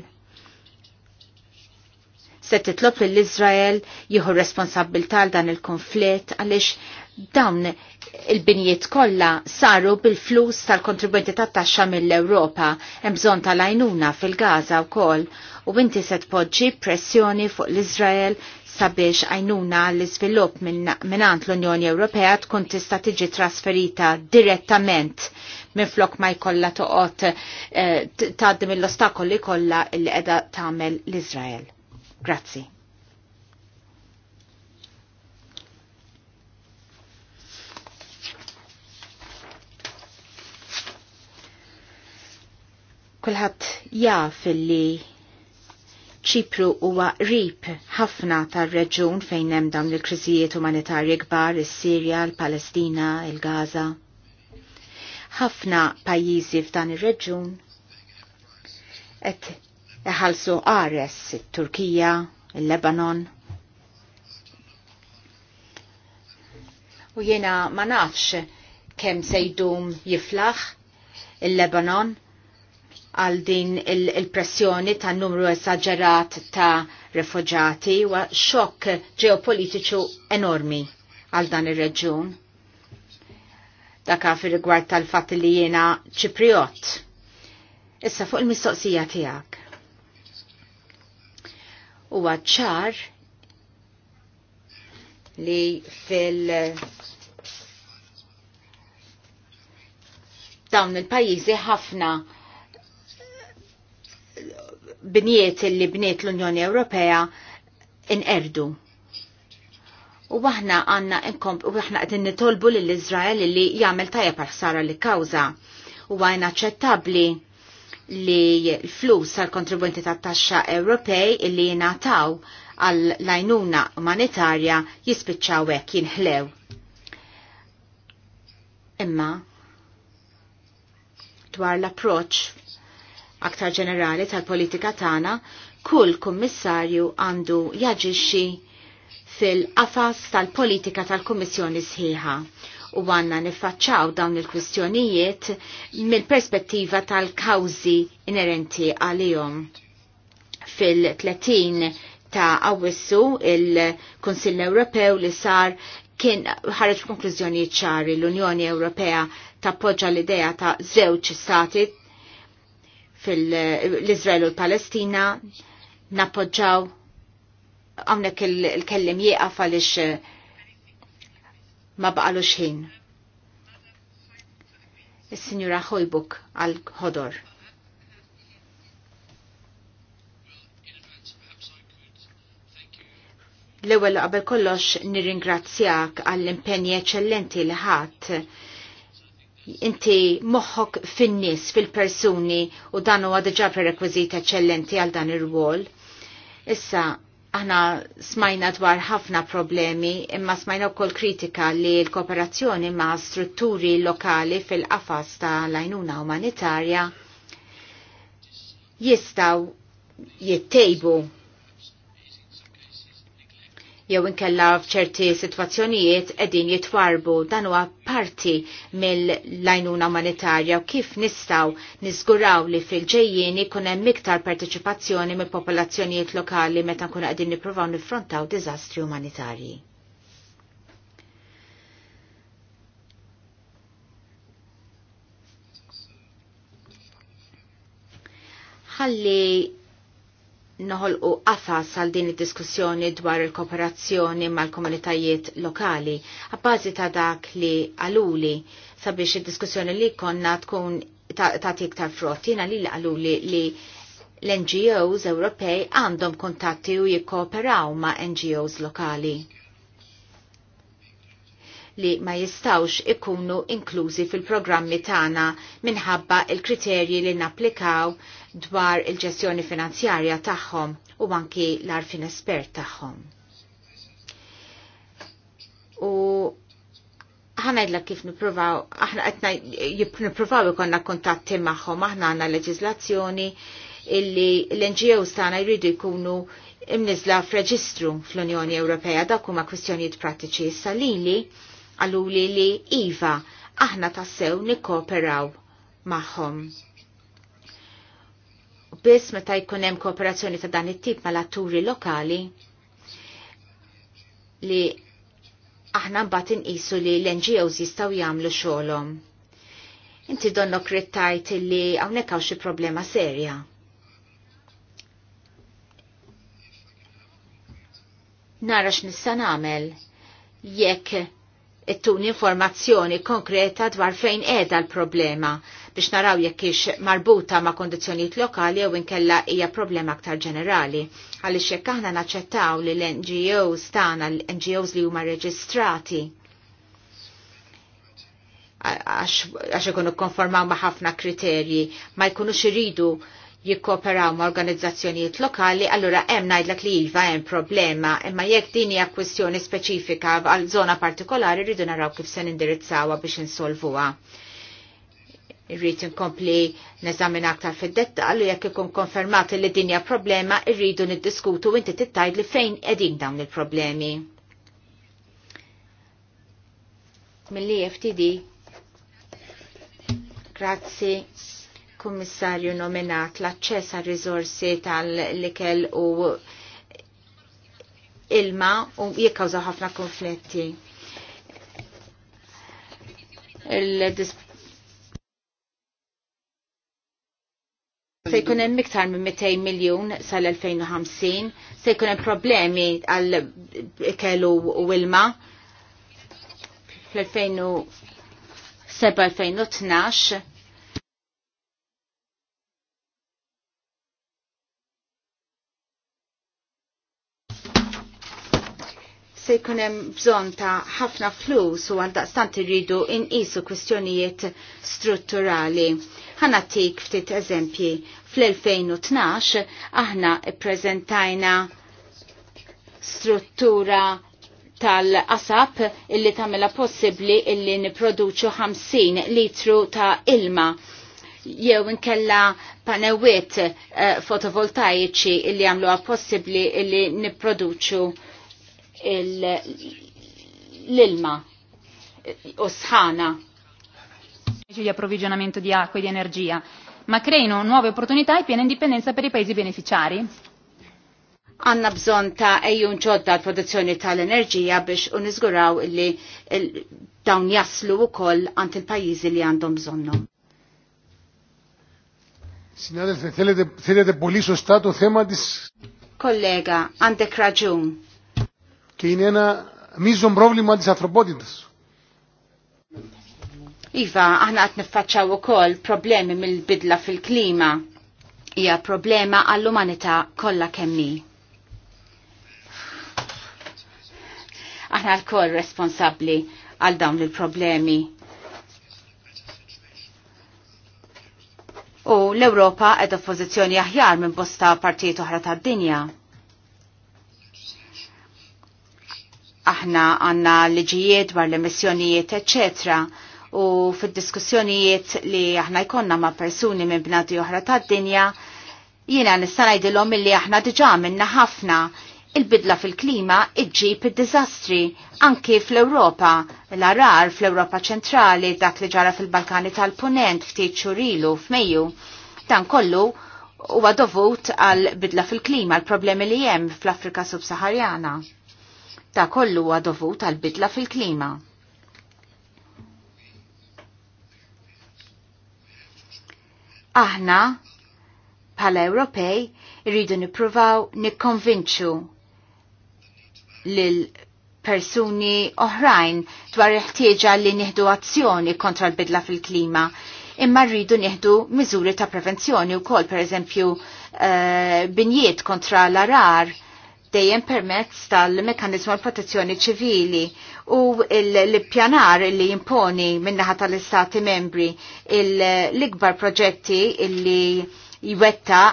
Se titlob l izrael jieħu responsabilta għal dan il-konflitt għaliex dawn il binijiet kollha saru bil-flus tal-kontribwenti tat-taxxa mill-Ewropa hemm bżonn tal-għajnuna fil-Gaza wkoll u inti se tpoġġi pressjoni fuq l izrael sabiex għajnuna l-iżvilupp minn l-Unjoni Ewropea tkun tista' tiġi trasferita direttament minflok ma jkollha toqgħod eh, tgħaddi mill-ostakoli kollha li edha tagħmel l-Iżrael. Grazzi. Kulħadd jaf li ċipru huwa rip ħafna tar-reġun fejn hemm dawn il-kriżijiet umanitarji kbar is-Sirja, il-Palestina, il-Gaza. il kriżijiet umanitarji kbar is sirja il palestina il gaza ħafna pajjiżi f'dan ir-reġjun qed iħallsu qares it-Turkija, il-Lebanon. U jiena ma nafx kemm se jdum jiflaħ il-Lebanon għal din il-pressjoni il ta' numru esagerat ta' refugjati wa xokk ġeopolitiċu enormi għal dan ir-reġjun daka fi rigward tal-fat li jiena ċipriot. Issa fuq il-mistoqsija tiegħek. Huwa ċar li fil- dawn il-pajjiżi ħafna bniet li bniet l-Unjoni Ewropea inqerdu U aħna għanna inkomp, u aħna għedin nitolbu l-Izrael li jgħamil tajja parħsara li kawza. U għajna ċettabli li l-flus tal kontribwenti ta' taxxa Ewropej li jnataw għal lajnuna umanitarja jispiċċaw hekk jinħlew. Imma dwar l-approċ aktar ġenerali tal-politika tagħna, kull kummissarju għandu jaġixxi fil-qafas tal-politika tal-Kommissjoni sħiħa u għanna nifacċaw dawn il-kwistjonijiet mill-perspettiva tal-kawzi inerenti għalihom. Fil-30 ta' Awwissu il-Konsill Ewropew li sar kien ħareġ konklużjoni ċari l-Unjoni Ewropea tappoġġa l-idea ta' żewġ stati fil-Izrael u l-Palestina nappoġġaw għamnek il-kellim jieqaf għalix eh, ma baqalu xħin. Il-Sinjura Hojbuk għal-ħodor. L-ewel qabel kollox nirringrazzjak għall impenni eccellenti li ħadd inti moħħok fin-nies fil-persuni u dan huwa diġà prerekwiżit eċċellenti għal dan ir-rwol. Issa Aħna smajna dwar ħafna problemi, imma smajna wkoll kritika li l-kooperazzjoni ma' strutturi lokali fil-qafas ta' lajnuna umanitarja jistaw jittejbu jew inkella f'ċerti sitwazzjonijiet qegħdin jitwarbu dan huwa parti mill-lajnuna umanitarja u kif nistgħu niżguraw li fil-ġejjieni jkun hemm iktar parteċipazzjoni mill popolazzjonijiet lokali meta nkunu qegħdin nippruvaw niffrontaw diżastri umanitarji. Ħalli noħolqu qafas għal din id-diskussjoni dwar il-kooperazzjoni mal-komunitajiet lokali, għabbażi ta' dak li għaluli sabiex id-diskussjoni li konna tkun ta' iktar frott. Jina li għaluli li l-NGOs Ewropej għandhom kontatti u jikkooperaw ma' NGOs lokali li ma jistawx ikunu inklużi fil-programmi tagħna minħabba il-kriterji li napplikaw dwar il-ġestjoni finanzjarja tagħhom u anki l-arfin espert tagħhom. U ħanajdla kif nipruvaw, aħna għetna niprovaw ikonna kontatti magħhom, aħna għandna leġizlazzjoni illi l-NGOs tagħna jridu jkunu imnizla f'reġistru fl-Unjoni Ewropea dak huma kwistjonijiet pratiċi salili lili għaluli li iva aħna tassew nikkooperaw magħhom biss meta jkun hemm kooperazzjoni ta' dan it-tip mal-atturi lokali li aħna mbagħad inqisu li l-NGOs jistgħu jagħmlu xogħolhom. Inti donnok rittajt li hawnhekk hawn xi problema serja. Nara x'nista' nagħmel jekk ittuni informazzjoni konkreta dwar fejn qiegħda l-problema biex naraw jekk ix marbuta ma' kondizjonijiet lokali jew inkella hija problema aktar ġenerali. Għaliex jekk aħna naċċettaw li l-NGOs tagħna l-NGOs li huma reġistrati għax ikunu konformaw ma' ħafna kriterji, ma jkunux iridu jikkooperaw ma' organizzazzjonijiet lokali, allura hemm ngħidlek li iva hemm problema, imma jekk din hija kwistjoni speċifika għal żona partikolari rridu naraw kif se nindirizzawha biex insolvuha irrid inkompli neżamina aktar fid-dettall u jekk ikun konfermati li dinja problema irridu niddiskutu inti tittajd li fejn qegħdin dawn il-problemi. Milli FTD. Grazzi kummissarju nominat l-aċċess għal riżorsi tal-likel u ilma u jikkawżaw ħafna konflitti il disp se jkun hemm iktar minn 200 miljun sal-2050, se jkun hemm problemi għal kellu u ilma. Fl-2007-2012 se jkun hemm bżonn ta' ħafna flus u għaldaqstant irridu isu kwistjonijiet strutturali. tik ftit eżempji fl-2012 aħna prezentajna struttura tal-qasab illi tagħmilha possibbli illi niproduċu 50 litru ta' ilma jew inkella panewiet eh, fotovoltaiċi illi għamluha possibbli illi nipproduċu l-ilma u sħana. Di approvvigionamento di acqua e di energia, ma creino nuove opportunità e piena indipendenza per i paesi beneficiari. Għanna bżon ta' ejjun ġodda l-produzzjoni tal-enerġija biex unizguraw li dawn jaslu u koll għant il-pajizi li għandhom bżonno. Sinjadef, telete bulli su statu thema dis. Kollega, għandek raġun και είναι ένα μείζον πρόβλημα της ανθρωπότητας. Iva, aħna għat nifacċaw u koll problemi mill-bidla fil-klima. Hija problema għall-umanità kollha kemmi. Aħna l-koll responsabli għal dawn il-problemi. U l-Ewropa edha pożizzjoni aħjar minn bosta partijiet oħra tad-dinja. aħna għanna liġijiet dwar l-emissjonijiet, eccetera u fil-diskussjonijiet li aħna jkonna ma' persuni minn bnadi oħra tad dinja, jiena nistanajdilhom illi aħna diġa minna ħafna il-bidla fil-klima iġġib id-dizastri anki fl-Europa, l-arar fl-Europa ċentrali dak li ġara fil-Balkani tal-Punent ftit xurilu f'Mejju. Dan kollu huwa dovut għal bidla fil-klima l-problemi li hemm fl-Afrika subsaharjana. Ta' kollu huwa dovut għal bidla fil-klima. Aħna bħala Ewropej rridu nippruvaw nikkonvinċu lil persuni oħrajn dwar iħtieġa li nieħdu azzjoni kontra l-bidla fil-klima imma rridu nieħdu miżuri ta' prevenzjoni u kol, per eżempju, uh, eh, binjiet kontra l-arar, dejjem permezz tal-mekanizmu għal protezzjoni ċivili u l-pjanar li jimponi minnaħa tal-istati membri l-ikbar proġetti li jwetta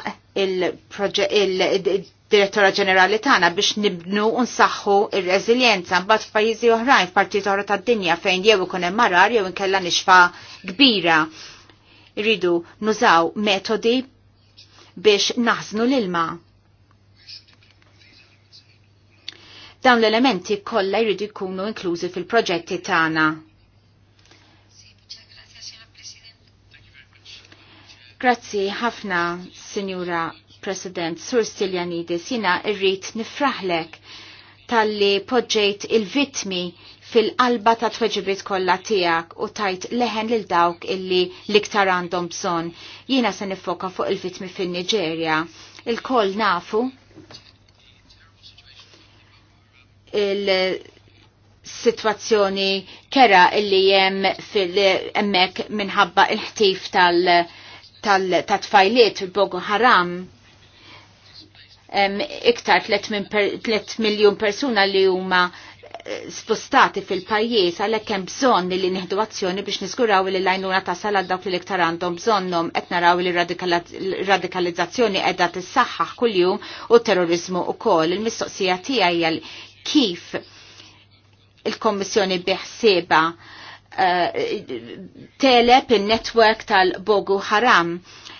il-direttora ġenerali tagħna biex nibnu unsaħħu ir-reżiljenza mbagħad f'pajjiżi oħrajn f'partit oħra tad-dinja fejn jew ikun hemm marar jew inkella nixfa kbira. Irridu nużaw metodi biex naħznu l-ilma Dawn l-elementi kollha jridu jkunu inklużi fil-proġetti tagħna. Grazzi ħafna, Sinjura President Sur Siljanidis, jina irrit nifraħlek tal-li podġejt il-vitmi fil-qalba ta' tweġibit kollha tiegħek u tajt leħen lil dawk illi liktar għandhom bżonn. Jiena se nifoka fuq il-vitmi fin-Niġerja. Il-koll nafu il-situazzjoni kera illi jem fil-emmek minħabba il-ħtif tal-tfajliet tal, il-Bogu Haram iktar 3 miljon persuna li huma eh, spostati fil-pajjiż għalhekk hemm bżonn li nieħdu azzjoni biex niskuraw li l-għajnuna tasal għal dawk li iktar għandhom bżonnhom qed naraw li radikalizzazzjoni qiegħda tissaħħaħ kuljum u terrorizmu wkoll. Il-mistoqsija tiegħi kif il-Kommissjoni biħseba eh, teleb il-network tal-Bogu Haram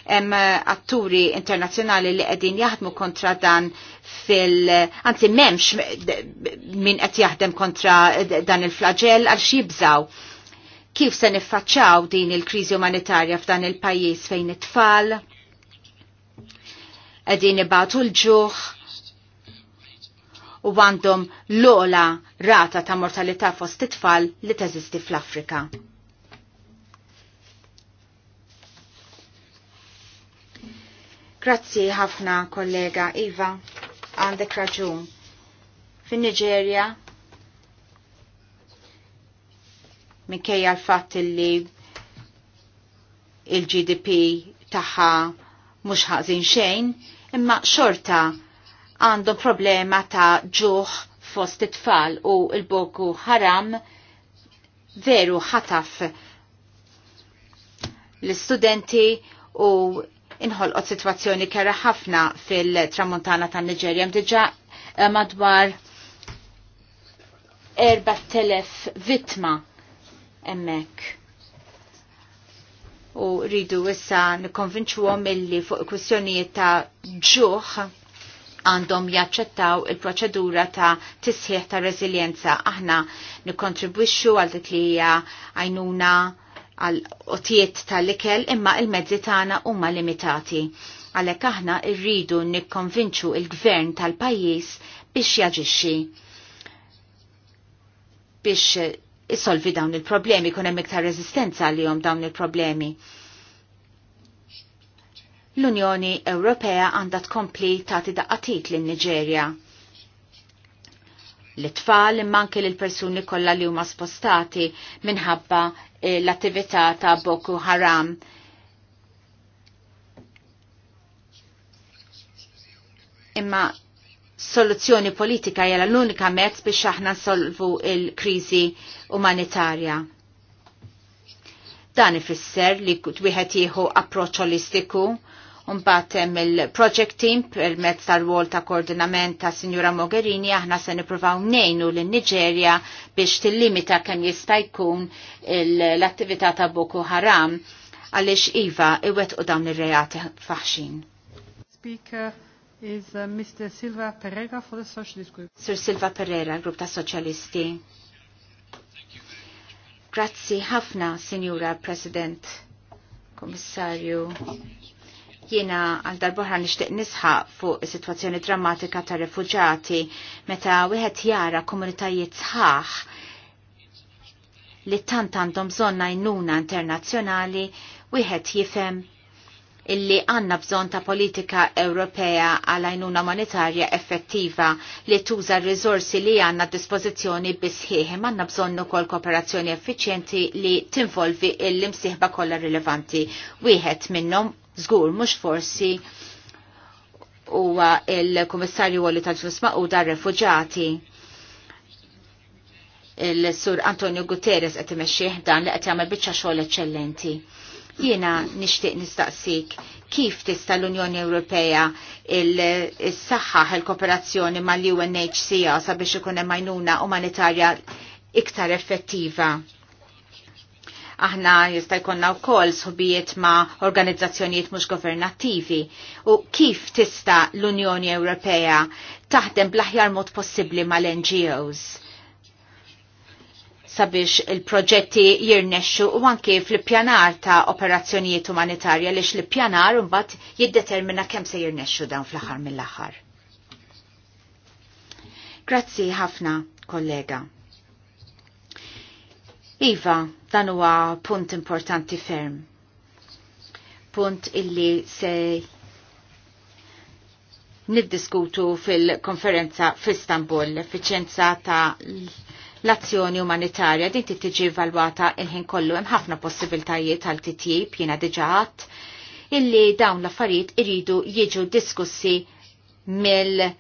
hemm eh, atturi internazzjonali li qegħdin jaħdmu kontra dan fil anzi m'hemmx min qed jaħdem kontra dan il-flagell għal jibżaw. Kif se niffaċċaw din il-kriżi umanitarja f'dan il-pajjiż fejn it-tfal? Qegħdin ibatu l-ġuħ, u għandhom l-ola rata ta' mortalità fost it-tfal li teżisti fl-Afrika. Grazzi ħafna kollega Iva, għandek raġun. Fin niġerja minkejja l-fatt li il-GDP taħħa mhux ħażin xejn, imma xorta għandhom problema ta' ġuħ fost it-tfal u il-boku haram veru ħataf l-studenti u inħolqot situazzjoni kera ħafna fil-tramontana ta' Nigeria mdiġa eh, madwar 4.000 vitma emmek. U rridu issa nikonvinċu għom illi fuq kwestjonijiet ta' ġuħ għandhom jaċċettaw il-proċedura ta' tisħiħ ta' reżiljenza. Aħna nikontribwixxu għal dik li hija għajnuna għal otiet tal-ikel imma il-mezzi tagħna huma limitati. Għalhekk aħna rridu nikkonvinċu il-gvern tal-pajjiż biex jaġixxi biex isolvi dawn il-problemi, kun hemm iktar reżistenza għalihom dawn il-problemi. il problemi L-Unjoni Ewropea għandha tkompli tagħti daqqatit lin niġerja L-tfal imma anke lill persuni kollha li huma spostati minħabba eh, l-attività ta' Boko Haram. Imma soluzzjoni politika jela l-unika mezz biex aħna nsolvu il-kriżi umanitarja. Dan ifisser li wieħed jieħu approċċ holistiku un hemm il-project team permezz tal-wol ta' koordinament ta' Signora Mogherini aħna se nippruvaw nejnu lin niġerja biex tillimita kemm jista' jkun l-attività ta' Boko Haram għaliex iva iwettqu dawn ir-reati faħxin. Speaker is uh, Mr. Silva Pereira for the Socialist Group. Sir Silva Pereira, grupp ta' Socialisti. Grazzi ħafna, Signora President, Komissarju. Jiena għal darbohra nishtiq nisħaq fuq is-sitwazzjoni drammatika ta' refugġati meta wieħed jara komunitajiet sħaħ li tant għandhom bżonn għajnuna internazzjonali wieħed jifhem illi għanna bżon ta' politika Ewropea għal għajnuna monetarja effettiva li tuża r-rizorsi li għanna dispozizjoni bisħieħ għanna bżon ukoll kooperazzjoni effiċjenti li tinvolvi l-imsieħba kollha rilevanti. Wieħed minnhom Zgur, mux forsi huwa il-Kummissarju għalli tal u dar refuġati il-Sur Antonio Guterres qed imexxih dan li qed jagħmel biċċa xogħol eċċellenti. Jiena nixtieq nistaqsik kif tista' l-Unjoni Ewropea il saxħa il-kooperazzjoni mal-UNHCR sabiex ikun hemm għajnuna umanitarja iktar effettiva Aħna jista' jkollna wkoll sħubijiet ma' organizzazzjonijiet mhux governattivi. U kif tista' l-Unjoni Ewropea taħdem bl-aħjar mod possibbli mal-NGOs? sabiex il-proġetti jirnexxu u anke fl-ippjanar ta' operazzjonijiet umanitarja lix l-ippjanar mbagħad jiddetermina kemm se jirnexxu dawn fl-aħħar mill-aħħar. Grazzi ħafna, kollega. Iva, dan huwa punt importanti ferm. Punt illi se niddiskutu fil-konferenza f'Istanbul l-effiċenza ta' l-azzjoni umanitarja din tiġi valwata il-ħin kollu hemm ħafna possibiltajiet għal titjib jiena diġaħat illi dawn l-affarijiet iridu jiġu diskussi mill-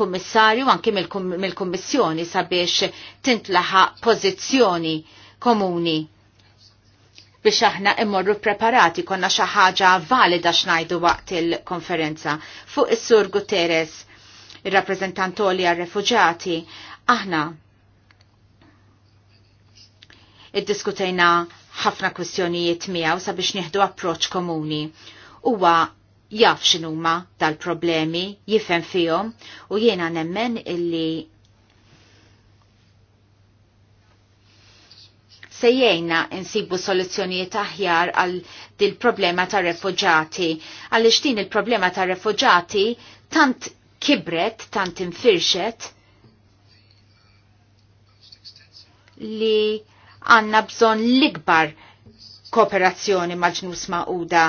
kummissarju anki mill-Kummissjoni sabiex tintlaħa pożizzjoni komuni biex aħna immorru preparati konna xi ħaġa valida xnajdu waqt il-konferenza. Fuq is-Sur Guterres, ir-rappreżentantoli għar-refuġati, aħna iddiskutejna ħafna kwistjonijiet miegħu sabiex nieħdu approċċ komuni. Huwa jaf x'inhuma tal-problemi, jifhem fihom u jiena nemmen illi sejjejna insibu soluzzjonijiet aħjar għal dil problema ta' refugġati. Għal din il-problema ta' refugġati tant kibret, tant infirxet li għanna bżon l-ikbar kooperazzjoni maġnus ma'uda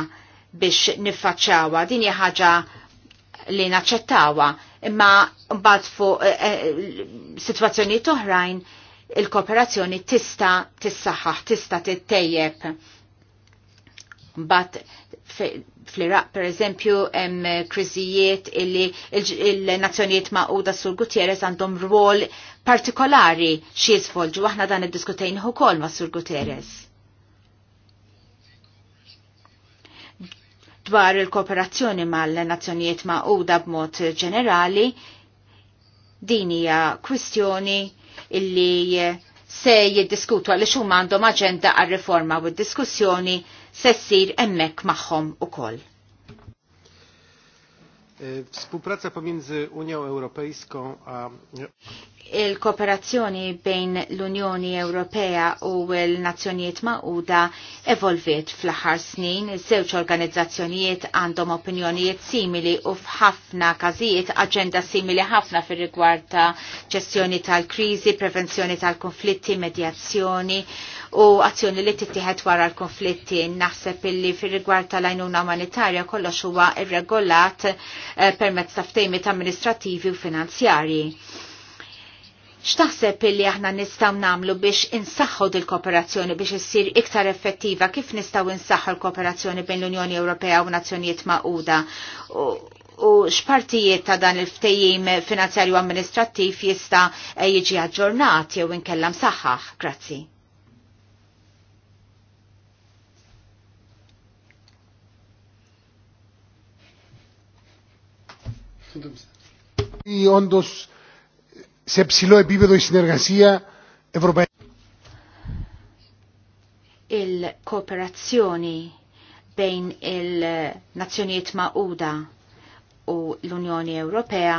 biex niffaċċawha. Din hija ħaġa li naċċettawha, imma mbagħad fuq eh, eh sitwazzjonijiet oħrajn il-kooperazzjoni tista' tissaħħaħ, tista' tittejjeb. Mbagħad fl-Iraq per eżempju hemm kriżijiet illi il-nazzjonijiet maquda sur Gutierrez għandhom rwol partikolari xi jisvolġu aħna dan id-diskutejn ukoll ma' Sur Gutierrez. dwar il-kooperazzjoni mal-Nazzjonijiet Magħquda b'mod ġenerali din hija kwistjoni illi se jiddiskutu għal xum għandhom aġenda għal riforma u d-diskussjoni se ssir hemmhekk magħhom ukoll. E, współpraca pomiędzy Unią Europejską a il-kooperazzjoni bejn l-Unjoni Ewropea u l-Nazzjonijiet Magħquda evolviet fl-aħħar snin. Iż-żewġ organizzazzjonijiet għandhom opinjonijiet simili u f'ħafna każijiet aġenda simili ħafna fir-rigward ta' ġestjoni tal-kriżi, prevenzjoni tal-konflitti, medjazzjoni u azzjoni li tittieħed wara l-konflitti. Naħseb illi fir-rigward tal-għajnuna umanitarja kollox huwa irregolat eh, permezz ta' ftejmiet amministrativi u finanzjarji X'taħseb illi aħna nistgħu nagħmlu biex insaħħu dil kooperazzjoni biex issir iktar effettiva kif nistgħu insaħħu l-kooperazzjoni bejn l-Unjoni Ewropea u Nazzjonijiet Maquda u, x'partijiet ta' dan il-ftejjim finanzjarju amministrattiv jista' jiġi aġġornat jew inkellam saħħaħ? Grazzi σε ψηλό επίπεδο η συνεργασία ευρωπαϊκή. Il-kooperazzjoni bejn il-nazzjonijiet ma'uda u l-Unjoni Ewropea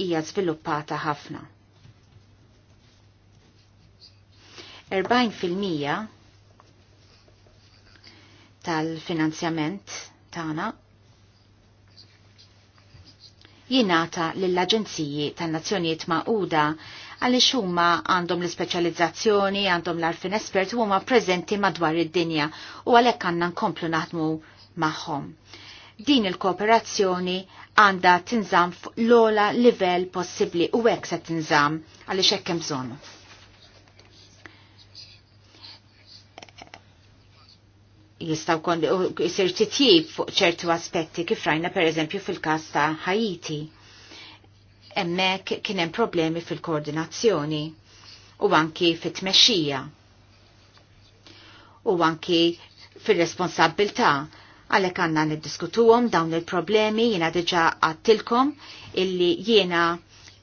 hija żviluppata ħafna. 40% tal-finanzjament tagħna jingħata lill-Aġenziji tan-Nazzjonijiet Magħquda għaliex huma għandhom l-ispeċjalizzazzjoni, għandhom l-arfin espert u huma preżenti madwar id-dinja u għalhekk għandna nkomplu naħdmu magħhom. Din il-kooperazzjoni għandha tinżamm fuq l-ola livell possibbli u hekk se tinżamm għaliex hekk hemm bżonn. jistaw kon jisir titjib fuq ċertu aspetti kif rajna per eżempju fil-kas ta' Haiti. Emmek kienem problemi fil-koordinazzjoni u anki fit-tmexxija u anki fil-responsabilta' għalek għanna niddiskutuhom dawn il-problemi jiena diġa għattilkom illi jiena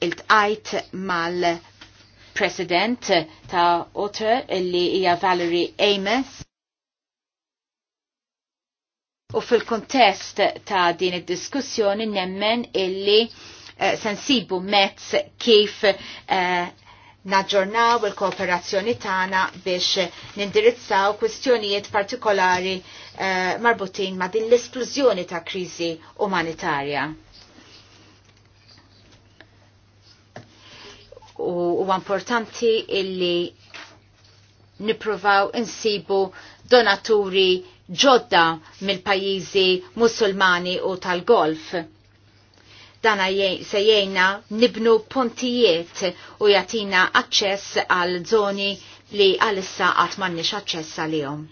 il-tqajt mal-president ta' Otter illi hija Valerie Ames U fil-kontest ta' din id-diskussjoni nemmen illi eh, sensibu mezz kif eh, naġġornaw il-kooperazzjoni tagħna biex nindirizzaw kwistjonijiet partikolari eh, marbutin ma' din l-esplużjoni ta' kriżi umanitarja. U huwa importanti illi nippruvaw insibu donaturi ġodda mill-pajjiżi musulmani u tal-golf. Dana se jgħinna nibnu pontijiet u jatina aċċess għal zoni li għalissa qatt m'għandniex aċċess għalihom.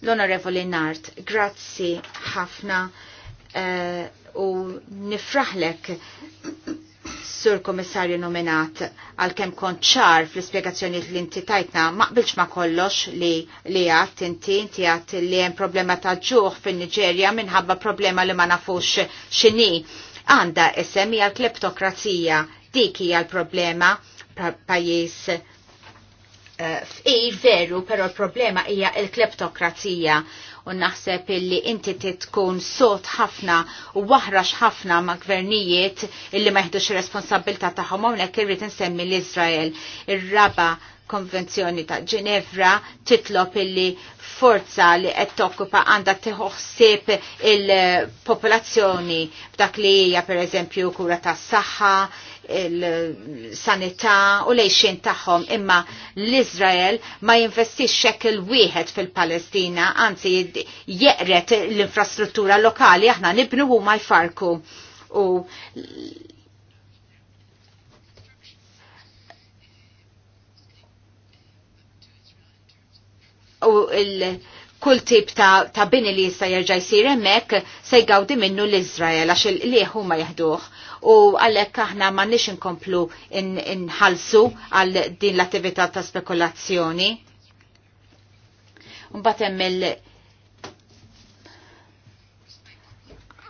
L-Onorevoli Nart, grazzi ħafna uh, u nifraħlek Sur Komissarju nominat għal kem konċar fl spiegazzjoni li inti tajtna maqbilx ma kollox li li għat inti inti għat li jem problema ta' ġuħ fin nigeria minħabba problema li ma nafux xini. Għanda esemi għal kleptokrazija dik hija l-problema pajis f'i eh, veru, pero l-problema hija il-kleptokrazija u naħseb illi inti tkun sot ħafna u waħrax ħafna ma' gvernijiet illi ma jħdux responsabilta taħħom hawnhekk irrid insemmi l-Iżrael ir-raba konvenzjoni ta' Ġenevra titlob illi forza li qed tokkupa għandha tiħoħsib il-popolazzjoni b'dak li hija pereżempju kura tas-saħħa, il-sanità u lejxin tagħhom imma l-Izrael ma jinvestix xekil wieħed fil-Palestina, anzi jeqret l-infrastruttura lokali aħna nibnu huma jfarku. U u il- kull tip ta', ta bini li jista' jerġa' jsir hemmhekk se jgawdi minnu l-Iżrael għax il lieħ huma jaħduh. U għalhekk aħna m'għandniex inkomplu inħallsu għal din l-attività ta' spekulazzjoni. Mbagħad hemm il-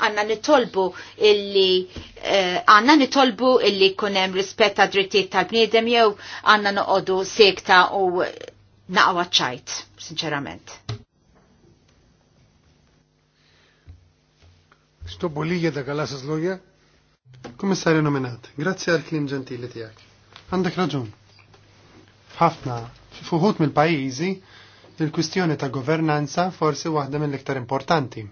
għanna nitolbu illi eh, għanna uh, nitolbu illi kunem rispetta drittijiet tal-bniedem jew għanna noqodu sekta u naqwa ċajt, sinċerament. Stobolija da għalas zloja? Komissarju nominat, grazzi għal klim ġentili tijak. Għandek raġun. F'ħafna, fuħut mill-pajizi, il-kwistjoni ta' governanza forsi waħda mill-iktar importanti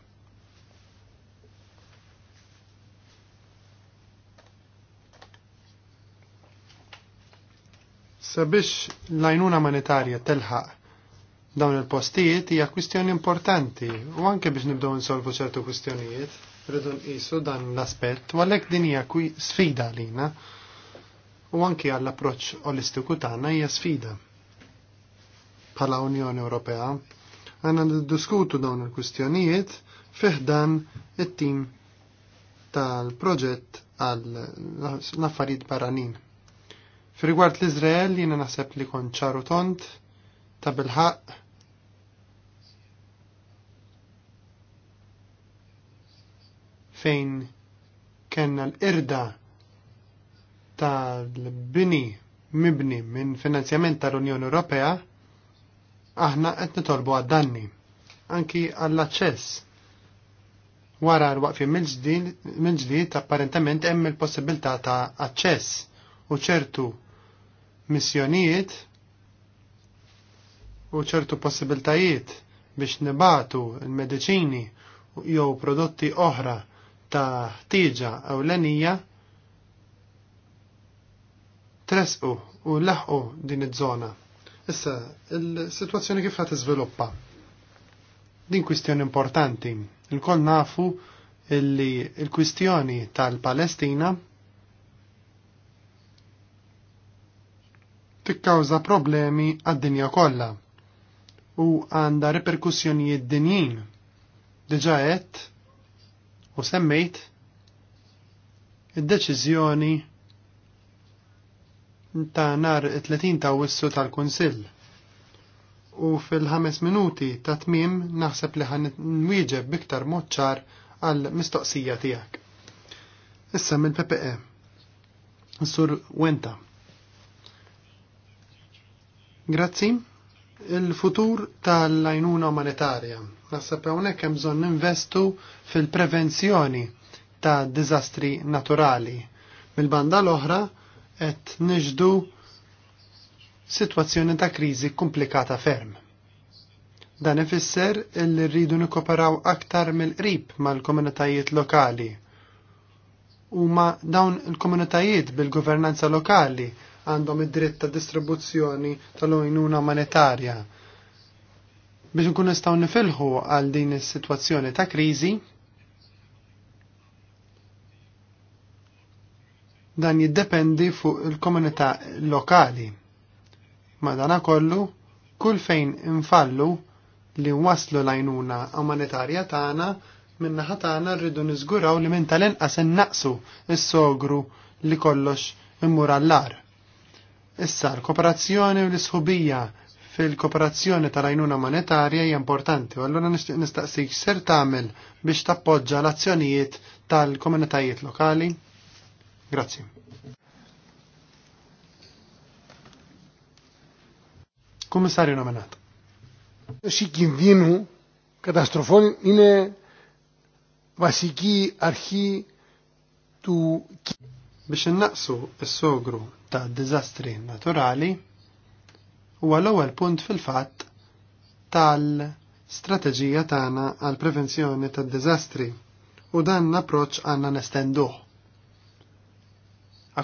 Sabiex l-għajnuna monetarja telħaq dawn il-postijiet hija kwistjoni importanti u anke biex nibdew insolvu ċertu kwistjonijiet rridu nqisu dan l-aspett u għalhekk din hija sfida għalina u anke għall-approċċ olistiku tagħna hija sfida bħala Unjoni Ewropea. Għanna niddiskutu dawn il-kwistjonijiet fiħdan it-tim tal-proġett għal l-affarijiet barranin. Fir-rigward l-Izrael jiena naħseb li kon ċaru tont ta' bilħaq fejn kena l-irda tal-bini mibni minn finanzjament tal-Unjoni Ewropea aħna qed nitolbu għad-danni anki għall-aċċess. Wara l-waqfi mill-ġdid apparentament hemm il-possibilità ta' aċċess u ċertu missjonijiet u ċertu possibiltajiet biex nibatu il-medicini jew prodotti oħra ta' ħtieġa lenija tresqu u laħqu din iż-żona. Issa, il-sitwazzjoni kif ħat iżviluppa? Din kwistjoni importanti. il kol nafu illi il-kwistjoni tal-Palestina tikkawza problemi għad-dinja kollha u għandha reperkussjonijiet dinjin. Diġa qed u semmejt id-deċiżjoni ta' nar 30 ta' wissu tal-Kunsill. U fil-5 minuti ta' tmim naħseb li ħan nwieġeb biktar moċċar għal mistoqsija tiegħek. Issa mill-PPE. Sur Wenta. Grazzi. Il-futur tal-lajnuna umanitarja. Nasab hawnhekk hemm bżonn investu fil-prevenzjoni ta' diżastri naturali. Mill-banda l-oħra qed niġdu situazzjoni ta' kriżi komplikata ferm. Dan ifisser illi rridu nikoperaw aktar mill-qrib mal-komunitajiet lokali. Huma dawn il-komunitajiet bil-governanza lokali għandhom id-dritt ta' distribuzzjoni tal-ojnuna monetarja. Biex nkun nistgħu nifilħu għal din is-sitwazzjoni ta' kriżi, dan jiddependi fuq il-komunità lokali. Madana kollu, kull fejn infallu li waslu lajnuna monetarja tagħna minna tagħna rridu niżguraw li minn tal-inqas innaqsu s-sogru li kollox immur għall-ar. Issa, l-kooperazzjoni u l-isħubija fil-kooperazzjoni tal ajnuna monetarja hija importanti, u allura nistaqsik ser tagħmel biex tappoġġa l-azzjonijiet tal-komunitajiet lokali? Grazzi. Kummissarju nominat. Xi kien katastrofon ine βασική arħi tu biex innaqsu s-sogru ta' dizastri naturali huwa l-ewwel punt fil-fatt tal-strateġija tagħna għal prevenzjoni tad dizastri u dan l-approċċ għandna nestenduh.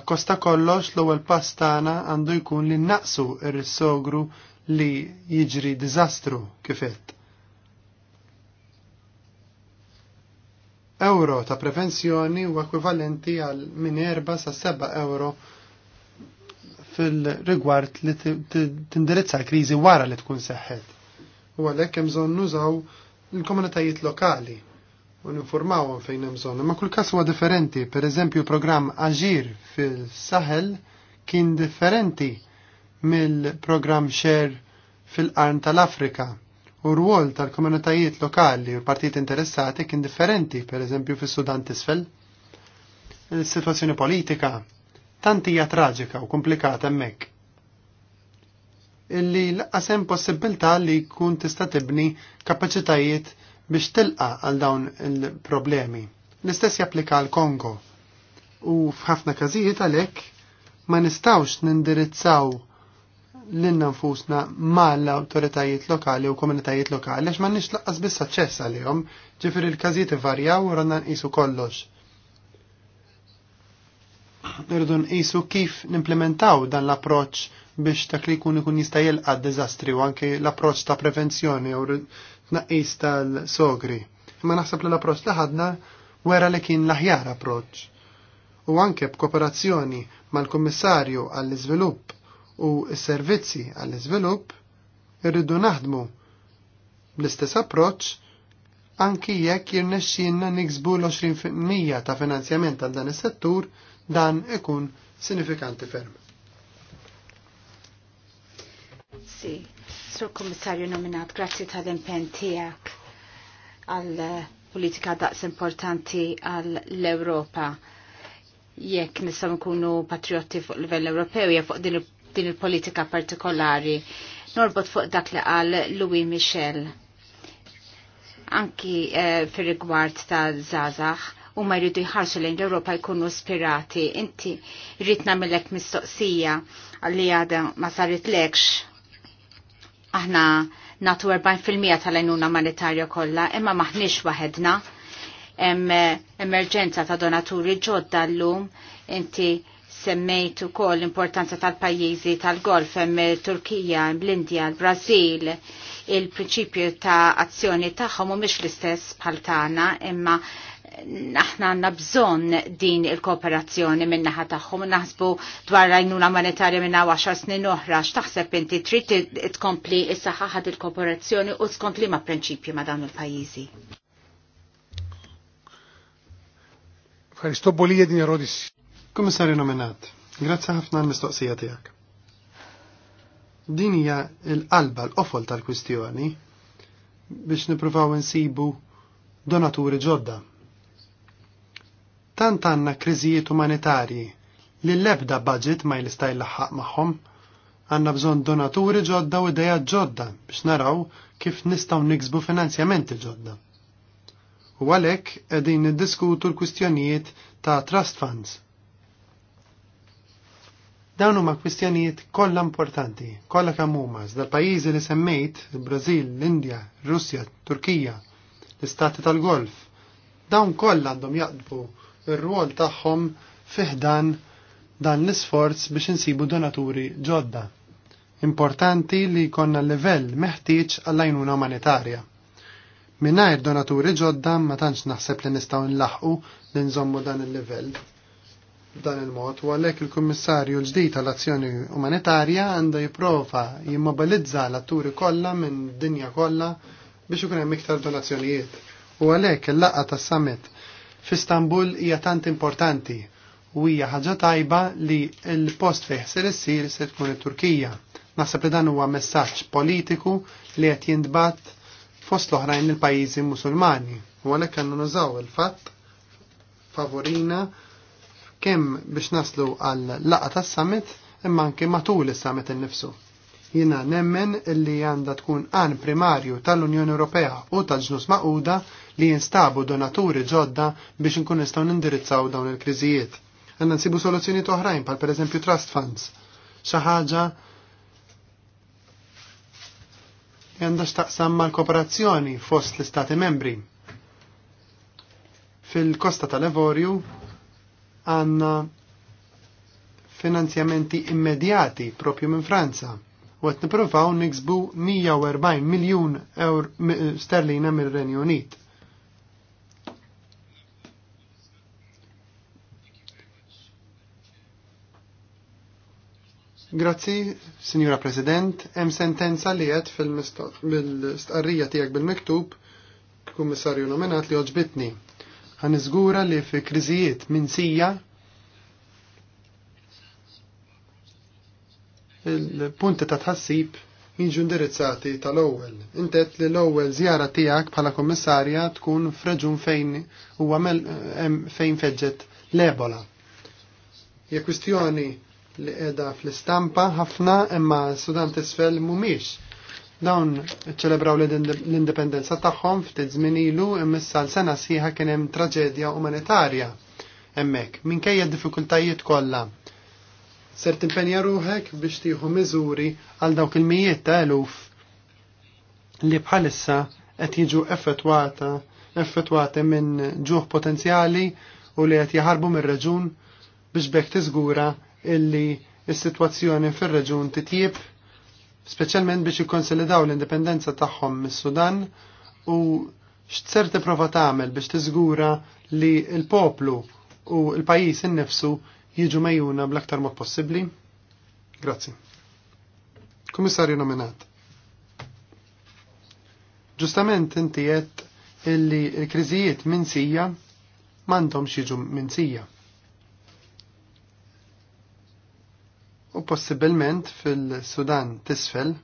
Akkosta kollox l-ewwel pass tagħna għandu jkun li naqsu r-sogru li jiġri diżastru kifett euro ta' prevenzjoni u ekvivalenti għal minn 4 sa' 7 euro fil-rigward li tindirizza l-krizi wara li tkun seħħet. U għalhekk hemm bżonn nużaw l-komunitajiet lokali u ninformawhom fejn hemm bżonn. Imma kull każ huwa differenti, pereżempju programm Aġir fil-Saħel kien differenti mill-programm Share fil arn tal-Afrika U rwol tal-komunitajiet lokali u partijiet interessati kien differenti, per eżempju fis-Sudan tisfel. Il-sitwazzjoni politika tantija traġika u komplikata hemmhekk. Illi l-qasem possibilità li jkun tista' tibni kapaċitajiet biex tilqa għal dawn il-problemi. L-istess japplika għal Kongo. U f'ħafna każijiet għalhekk ma nistawx nindirizzaw l-inna nfusna ma l-autoritajiet lokali u komunitajiet lokali, għax ma nix laqqas biss aċċess għalihom, ġifir il kazijiet varjaw u rannan nqisu kollox. Irridu nqisu kif nimplementaw dan l-approċ biex dak li jkun ikun jistajel għad diżastri u anke l-approċ ta' prevenzjoni u tnaqqis tal-sogri. Imma naħseb li l-approċ li ħadna wera li kien l-aħjar approċ. U anke b'kooperazzjoni mal-Kummissarju għall-Iżvilupp u s-servizzi għall-iżvilupp irridu naħdmu bl-istess approċċ anki jekk jirnexxinna niksbu l-20% ta' finanzjament għal dan is-settur dan ikun sinifikanti ferm. Si, sur kommissarju nominat, grazzi tal-impen tijak għal politika daqs importanti għal l-Europa jekk nistgħu nkunu patrioti fuq livell Ewropew jekk fuq din din il-politika partikolari. Norbot fuq dak li qal Louis Michel. Anki eh, fir rigward ta' Zazax u ma jridu jħarsu lejn l-Europa jkunu spirati. Inti rritna millek mistoqsija għalli għada ma sarit lekx. Aħna natu 40% tal-għajnuna monetarja kollha, imma maħniex waħedna. Em, eh, emerġenza ta' donaturi ġodda l-lum, inti semmejt ukoll l-importanza tal-pajjiżi tal-golf hemm il Turkija, l-Indja, l-Brażil, il-prinċipju ta' azzjoni tagħhom mhumiex l-istess bħal tagħna, imma aħna għandna bżonn din il-kooperazzjoni min-naħa tagħhom naħsbu dwar għajnuna monetarja minn hawn 10 snin oħra x'taħseb inti trid tkompli ħad il-kooperazzjoni u tkompli ma' prinċipju ma' dawn il-pajjiżi. Ħaristo bolija din Kummissarju nominat, grazzi ħafna l-mistoqsija tiegħek. Din hija l-qalba l-qofol tal-kwistjoni biex nippruvaw insibu donaturi ġodda. Tant għandna kriżijiet umanitarji li l-ebda budget ma l jlaħħaq magħhom, għandna bżonn donaturi ġodda u ideja ġodda biex naraw kif nistgħu niksbu finanzjamenti ġodda. U għalhekk qegħdin niddiskutu l-kwistjonijiet ta' trust funds Dawn huma kwistjonijiet kollha importanti, kollha kemm huma iżda pajjiżi li semmejt, il-Brażil, l-Indja, Russja, Turkija, l-Istati tal-Golf. Dawn kollha għandhom jaqdbu r ruol tagħhom fiħdan dan l-isforz biex insibu donaturi ġodda. Importanti li konna livell meħtieġ għall-għajnuna umanitarja. Minnajr donaturi ġodda ma tantx naħseb li nistgħu nlaħqu li nżommu dan il-livell b'dan il-mod u għalhekk il-Kummissarju l-ġdid tal-azzjoni umanitarja għandu jipprova jimmobilizza l-atturi kollha minn dinja kollha biex ikun hemm iktar donazzjonijiet. U għalhekk il-laqgħa tas-summit f'Istanbul hija tant importanti u hija ħaġa tajba li l-post fih ser issir se tkun it-Turkija. Naħseb li dan huwa messaġġ politiku li qed jintbagħat fost l-oħrajn il-pajjiżi Musulmani. U għalhekk għandu nużaw il-fatt favorina kemm biex naslu għal laqa tas-summit imma anke matul is-summit innifsu. Jiena nemmen illi għandha tkun għan primarju tal-Unjoni Ewropea u tal-ġnus maquda li jinstabu donaturi ġodda biex nkun nistgħu nindirizzaw dawn il-kriżijiet. Għandna nsibu soluzzjonijiet oħrajn bħal pereżempju trust funds. Xi ħaġa għandha x'taqsam mal-kooperazzjoni fost l-Istati membri. Fil-Kosta tal-Evorju għanna finanzjamenti immedjati propju minn Franza u għet niprofaw niksbu 140 miljon eur sterlina mill renju Unit. Grazzi, Signora President, hemm sentenza li għed fil-istqarrija tiegħek bil-miktub kummissarju nominat li oġbitni ħaniżgura li fi kriżijiet minsija il-punti ta' tħassib jinġu indirizzati tal-ewwel. Intet li l-ewwel żjara tiegħek bħala kummissarja tkun f'reġun fejn huwa fejn feġġet l-ebola. Hija kwistjoni li qiegħda fl-istampa ħafna imma Sudan t'isfel mhumiex Dawn ċelebraw l-indipendenza tagħhom ftit żmien ilu imissa l-sena sħiħa kien hemm traġedja umanitarja hemmhekk minkejja d-diffikultajiet kollha. Ser timpenja ruħek biex tieħu miżuri għal dawk il-mijiet ta' eluf li bħalissa qed jiġu effettwata effettwati minn ġuħ potenzjali u li qed jaħarbu mir-reġun biex bekk tiżgura illi s-sitwazzjoni fir-reġun titjib speċjalment biex jikkonsolidaw l-indipendenza tagħhom mis-Sudan u x'ser tipprova tagħmel biex tiżgura li l-poplu u l-pajjiż innifsu jiġu mejjuna bl-aktar mod possibbli? Grazzi. Kummissarju nominat. Ġustament inti qed illi l-kriżijiet minsija m'għandhomx jiġu minsija possibilment fil-Sudan tisfel.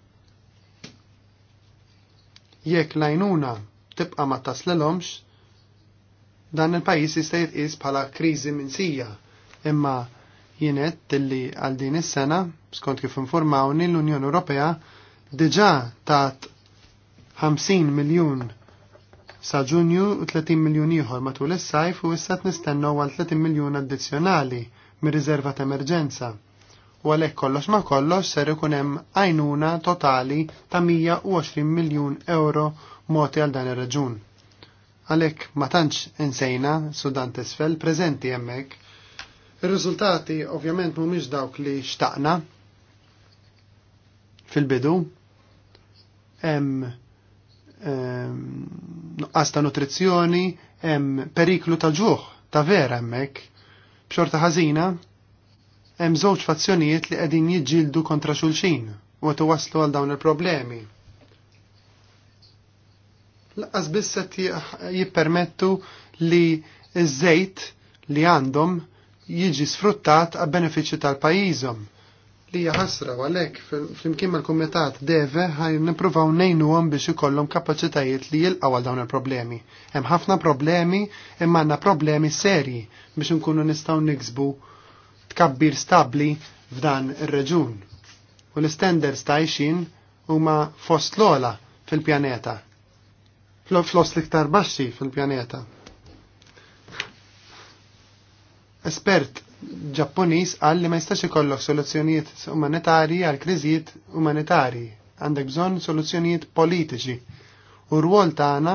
Jekk lajnuna tibqa ma taslelhomx, dan il-pajis jista' jitqis bħala kriżi minsija, imma jienet tilli għal din is-sena, skont kif informawni l-Unjoni Ewropea diġà tat 50 miljun sa Ġunju u 30 miljun ieħor matul is-sajf u issa nistennu għal 30 miljun addizzjonali mir-riserva ta' emerġenza u għalhekk kollox ma kollox ser ikun hemm għajnuna totali ta' 120 miljun euro moti għal dan ir-raġun. Għalhekk ma tantx insejna Sudan t'isfel preżenti hemmhekk. Ir-riżultati ovvjament mhumiex dawk li xtaqna fil-bidu hemm ehm, nuqqas ta' nutrizzjoni, hemm periklu ta' ġuħ ta' vera hemmhekk. B'xorta ħażina hemm żewġ fazzjonijiet li qegħdin jiġġieldu kontra xulxin u qed waslu għal dawn il-problemi. Laqqas biss qed jippermettu li ż-żejt li għandhom jiġi sfruttat għal benefiċċju tal-pajjiżhom. Li hija ħasra għalhekk flimkien mal-kumitat deve ħaj nippruvaw ngħinuhom biex ikollhom kapaċitajiet li jilqgħu għal dawn il-problemi. Hemm ħafna problemi imma għandna problemi serji biex inkunu nistgħu niksbu tkabbir stabli f'dan ir-reġun. U l-standards ta' ixin huma fost l-ola fil-pjaneta. Flos l-iktar baxxi fil-pjaneta. Espert Ġappuniż qal li ma jistax ikollok soluzzjonijiet umanitarji għal kriżijiet umanitarji. Għandek bżonn soluzzjonijiet politiċi. U rwol tagħna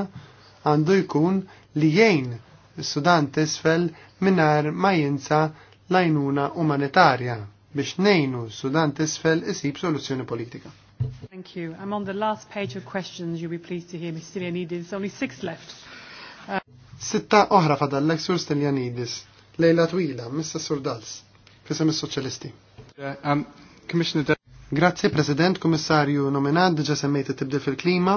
għandu jkun li jgħin is-Sudan tisfel mingħajr ma jinsa lajnuna umanitarja biex nejnu Sudan tisfel isib soluzzjoni politika. Thank you. I'm on the last page of questions. You'll be pleased to hear, Mr. Stylianidis. Only six left. Uh... Sitta oħra fadallek sur Stylianidis. Lejla twila, Mr. Surdals. Fisem il soċalisti uh, um, Grazie, President, Komissarju nominat, diġa semmejt tibdil fil-klima.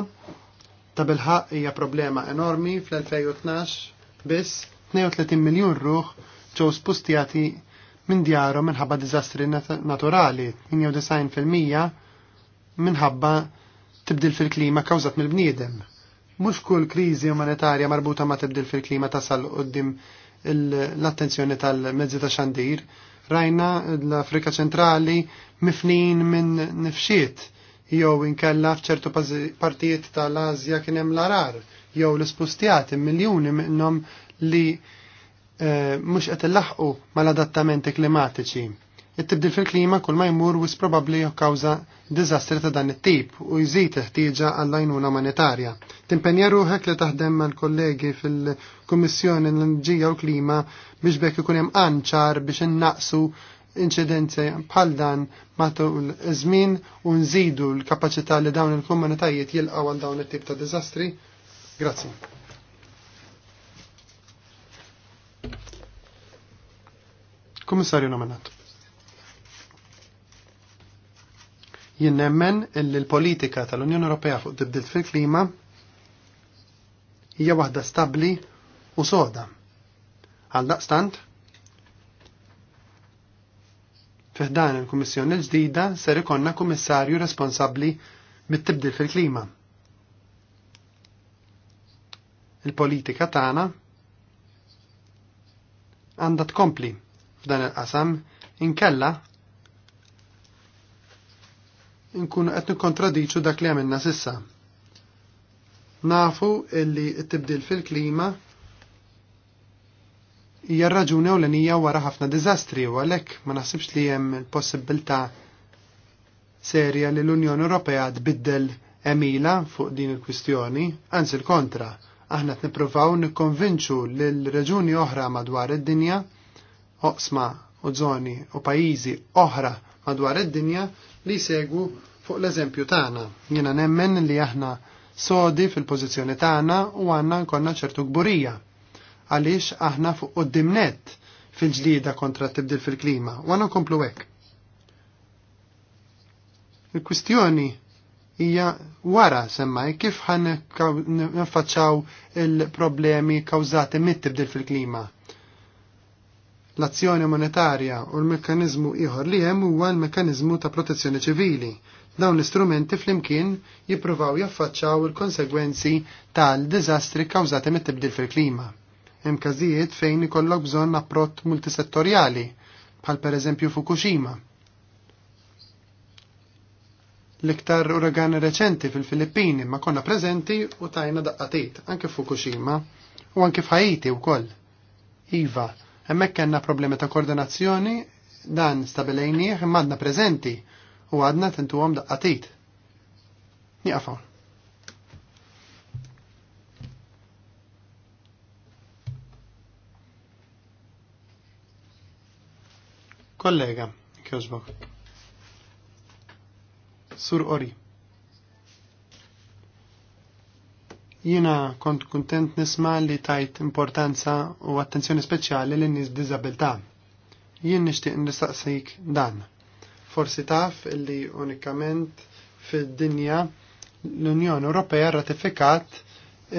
Ta' hija problema enormi fl-2012 biss 32 miljon ruħ ġew spustjati minn djarhom minħabba diżastri naturali, 98% minħabba tibdil fil-klima kawżat mill-bniedem. Mhux kull kriżi umanitarja marbuta ma tibdil fil-klima tasal qudiem l-attenzjoni tal-mezzi ta' xandir. Rajna l-Afrika ċentrali mifnin minn nifxiet jew inkella f'ċertu partijiet tal-Azja kien hemm l-arar jew l-ispustjati miljuni minnhom li Eh, mhux qed illaħqu mal-adattamenti klimatiċi. It-tibdil fil-klima kull ma jmur wis probabbli jokkawża diżastri ta' dan it-tip u jżid ħtieġa għall-għajnuna monetarja. Timpenja ruħek li taħdem mal-kollegi fil-Kummissjoni l-Enerġija u Klima biex bekk ikun hemm anċar biex innaqsu inċidenzi bħal dan matul iż-żmien u nżidu l-kapaċità li dawn il-komunitajiet jilqgħu għal dawn it-tip ta' diżastri? Grazzi. Kummissarju nominat. Jien nemmen illi l-politika tal-Unjoni Ewropea fuq tibdil fil-klima hija waħda stabbli u soda. Għal daqstant, fiħdan il-Kummissjoni l-ġdida ser ikonna kummissarju responsabbli mit-tibdil fil-klima. Il-politika tagħna għandha tkompli f'dan il-qasam, inkella nkunu qed nikkontradiċu dak li għamilna sissa. Nafu illi t-tibdil fil-klima hija raġuni ewlenija wara ħafna diżastri u għalhekk ma naħsibx li hemm il-possibilità serja li l-Unjoni Ewropea tbiddel emila fuq din il-kwistjoni, anzi l-kontra, aħna t-niprofaw nikkonvinċu l-reġuni oħra madwar id-dinja oqsma u zoni u pajizi oħra madwar id-dinja li segwu fuq l-eżempju tagħna. Jiena nemmen li aħna sodi fil-pożizzjoni tagħna u għandna nkollna ċertu gburija għaliex aħna fuq qoddimnet fil-ġlida kontra tibdil fil-klima u għandna nkomplu hekk. Il-kwistjoni hija wara semmaj kif ħan il-problemi kawżati mit-tibdil fil-klima L-azzjoni monetarja u l-mekkanizmu ieħor li hemm huwa l-mekkanizmu ta' protezzjoni ċivili. Dawn l-istrumenti flimkien jippruvaw jaffaċċaw il-konsegwenzi tal-diżastri kawżati mit-tibdil fil-klima. Hemm każijiet fejn ikollok bżonn apprott multisettorjali, bħal pereżempju Fukushima. L-iktar uragani reċenti fil-Filippini ma konna preżenti u tajna daqqatit, anke Fukushima u anke f'Haiti wkoll. Iva, Hemmhekk kena problemi ta' koordinazzjoni dan stabilejnieh imma għadna preżenti u għadna tentuhom daqqatit. Nieqafaw. Kollega, kjożbok. Sur Ori. Jiena kont kuntent nisma li tajt importanza u attenzjoni speċjali lin nies b'diżabilità. Jien nixtieq nistaqsik dan. Forsi taf li unikament fid-dinja l-Unjoni Ewropea ratifikat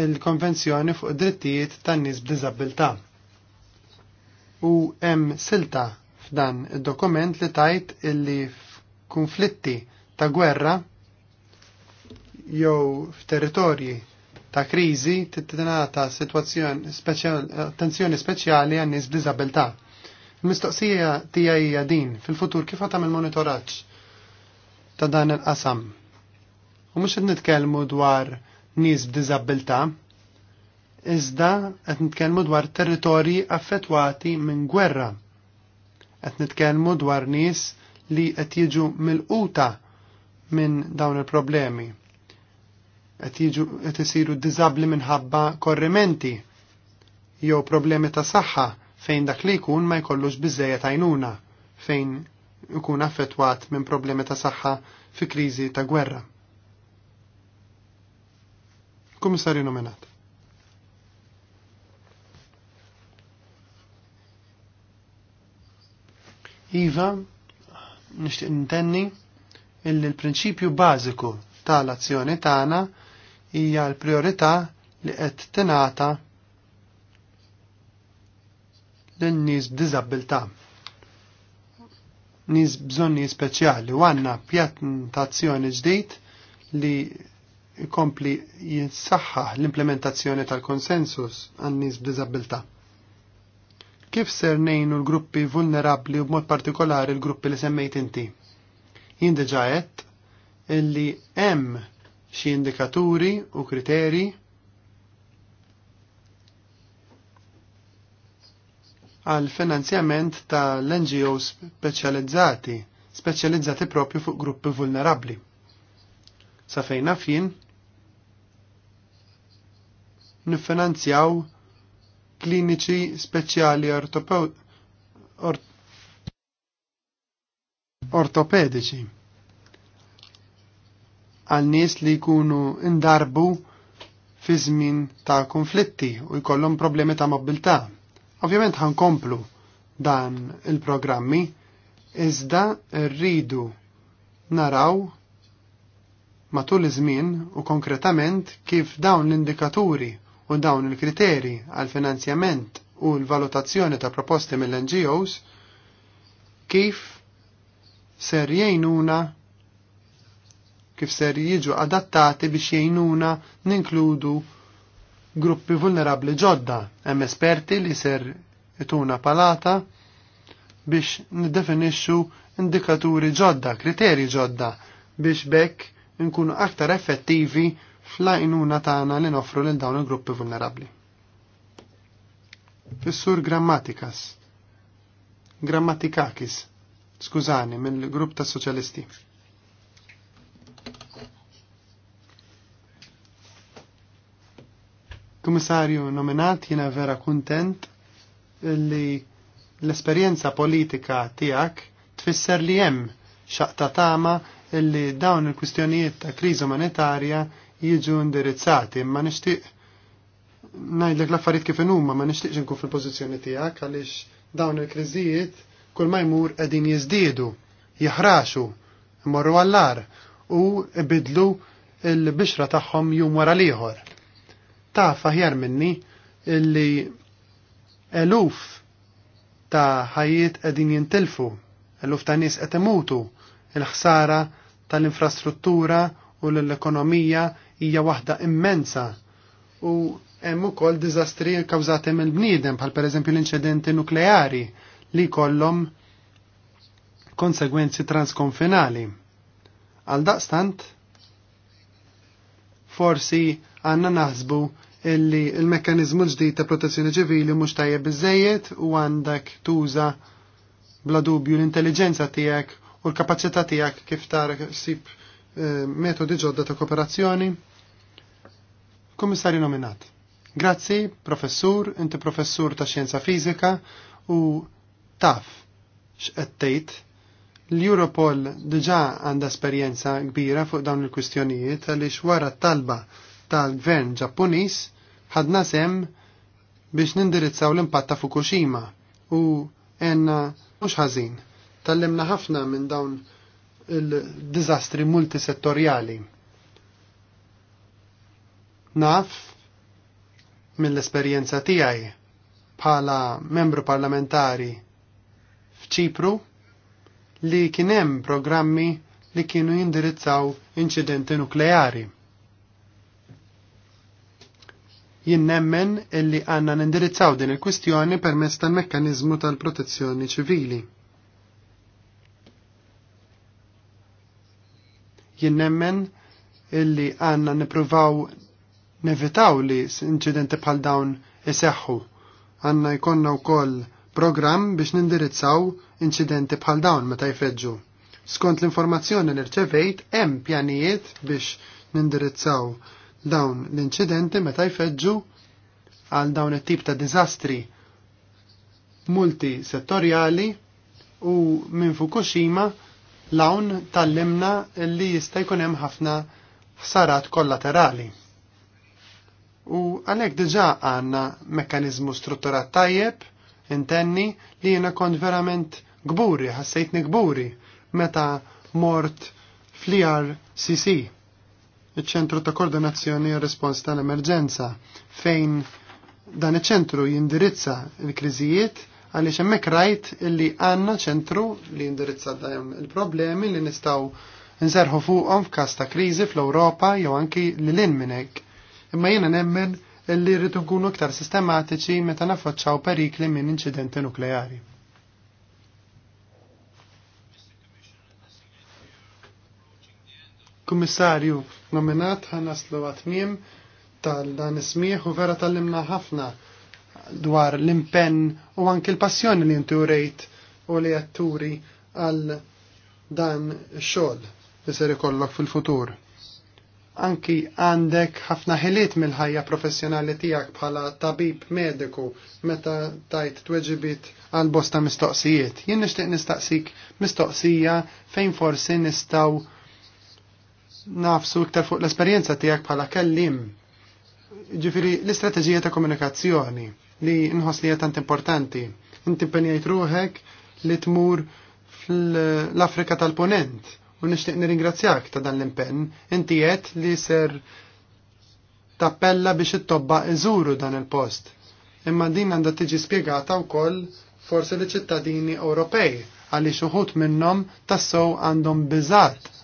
il-Konvenzjoni fuq drittijiet tan-nies b'diżabilità. U hemm silta f'dan id-dokument li tajt illi f'kunflitti ta' gwerra jew f'territorji ta' kriżi titinata situazzjoni attenzjoni speċjali għan nies b'diżabilità. Il-mistoqsija tiegħi hija din fil-futur kif għatam il-monitoraġġ ta' dan il-qasam. U mhux qed nitkelmu dwar nies b'diżabilità, iżda qed nitkellmu dwar territorji affettwati minn gwerra. Għed nitkellmu dwar nies li qed jiġu mill minn dawn il-problemi qed isiru diżabbli minħabba korrimenti jew problemi ta' saħħa fejn dak li jkun ma jkollux biżejjed għajnuna fejn ikun affettwat minn problemi ta' saħħa fi kriżi ta' gwerra. Kummissarju nominat. Iva, nixtieq intenni illi l-prinċipju bażiku tal-azzjoni tagħna ta hija l-priorità li qed tingħata lin nies b'diżabilità. Nies bżonni speċjali u għandna pjantazzjoni ġdid li jkompli jinsaħħaħ l-implementazzjoni tal-konsensus għan nies b'diżabilità kif ser nejnu l-gruppi vulnerabli u b'mod partikolari l-gruppi li semmejt inti? Jien deġa qed illi hemm xi indikaturi u kriteri għal finanzjament ta' l-NGO speċjalizzati, speċjalizzati propju fuq gruppi vulnerabli. Sa fejna fin, nifinanzjaw kliniċi speċjali ortopedici għal nies li jkunu indarbu fi żmien ta' konflitti u jkollhom problemi ta' mobilità. Ovvjament ħankomplu dan il-programmi iżda rridu naraw matul iż-żmien u konkretament kif dawn l-indikaturi u dawn il-kriteri għal finanzjament u l-valutazzjoni ta' proposti mill-NGOs kif ser jgħinuna kif ser jiġu adattati biex jgħinuna ninkludu gruppi vulnerabli ġodda, hemm esperti li ser ituna palata biex niddefinixxu indikaturi ġodda, kriteri ġodda biex bekk nkunu aktar effettivi fl-għajnuna tagħna li noffru lil dawn il-gruppi vulnerabli. Fissur grammatikas. Grammatikakis. Skużani, mill-grupp ta' soċjalisti. Kummissarju nominat jiena vera kuntent li l-esperjenza politika tiegħek tfisser li hemm xaqta tama illi dawn il-kwistjonijiet ta' kriżi monetarja jiġu indirizzati imma nixtieq ngħidlek l-affarijiet kif huma ma nixtieqx inkun fil-pożizzjoni tiegħek għaliex dawn il-kriżijiet kull ma jmur qegħdin jiżdiedu, jeħraxu, imorru għallar u ibidlu il-bixra tagħhom jum wara l Ta' aħjar minni illi eluf ta' ħajiet qegħdin jintilfu, eluf ta' nies qed imutu, il-ħsara tal-infrastruttura u l-ekonomija hija waħda immensa u hemm ukoll diżastri kkawżati mill-bniedem bħal pereżempju l-inċidenti nukleari li kollhom konsegwenzi transkonfinali. Għal daqstant, forsi għanna naħsbu illi il-mekkanizmu ġdid ta' protezzjoni ċivili mhux tajjeb biżejjed u għandek tuża bla dubju l-intelligenza tiegħek u l-kapaċità tiegħek kif tara sib eh, metodi ġodda ta' kooperazzjoni. Kummissarju nominat. Grazzi, professur, inti professur ta' xjenza fiżika u taf x'qed tgħid l-Europol diġà għandha esperjenza kbira fuq dawn il-kwistjonijiet għaliex wara t-talba tal-gvern Ġappuniż ħadna sem biex nindirizzaw l-impatt ta' Fukushima u għenna mhux ħażin. Tallimna ħafna minn dawn il diżastri multisettorjali. Naf mill-esperjenza tiegħi bħala membru parlamentari f'Ċipru li kien hemm programmi li kienu jindirizzaw inċidenti nukleari jien nemmen illi għanna nindirizzaw din il-kwistjoni permezz tal-mekkanizmu tal-protezzjoni ċivili. Jien nemmen illi għanna nipruvaw nevitaw li incidenti bħal dawn iseħħu. Għanna jkonna wkoll program biex nindirizzaw incidenti bħal dawn meta jfeġġu. Skont l-informazzjoni li rċevejt, hemm pjanijiet biex nindirizzaw dawn l-inċidenti meta jfeġġu għal dawn it-tip ta' diżastri multisettorjali u minn Fukushima l-awn tal-limna li jista' jkun hemm ħafna ħsarat kollaterali. U għalhekk diġà għandna mekkaniżmu strutturat tajjeb intenni li jiena kont verament gburi, ħassejtni gburi meta mort fl-IRCC iċ-ċentru ta' koordinazzjoni u respons tal-emerġenza fejn dan iċ-ċentru jindirizza l-kriżijiet għaliex hemmhekk rajt illi għandna ċentru li jindirizza dajem il-problemi li nistgħu nżerħu fuqhom f'każ ta' kriżi fl-Ewropa jew anki lilin minn hekk. Imma jiena nemmen illi rridu nkunu iktar sistematiċi meta nafaċċaw perikli minn inċidenti nukleari. kummissarju nominat ħanaslu għatmiem tal-dan ismiħ u vera tal-limna ħafna dwar l-impenn u anke l-passjoni li inti rejt u li jatturi għal dan xogħol li ser ikollok fil-futur. Anki għandek ħafna ħiliet mill-ħajja professjonali tiegħek bħala tabib mediku meta tajt tweġibit għal bosta mistoqsijiet. Jien nixtieq nistaqsik mistoqsija fejn forsi nistgħu nafsu iktar fuq l esperienza tiegħek bħala kellim. Ġifiri, l-istrateġija ta' komunikazzjoni li nħoss li jatant tant importanti. Inti penjajt ruħek li tmur fl-Afrika tal-Ponent u nixtieq nirringrazzjak ta' dan l-impenn. Inti qed li ser tappella biex it-tobba iżuru dan il-post. Imma din għandha tiġi spjegata wkoll forsi li ċittadini Ewropej għaliex xuħut minnhom tassew għandhom bizzat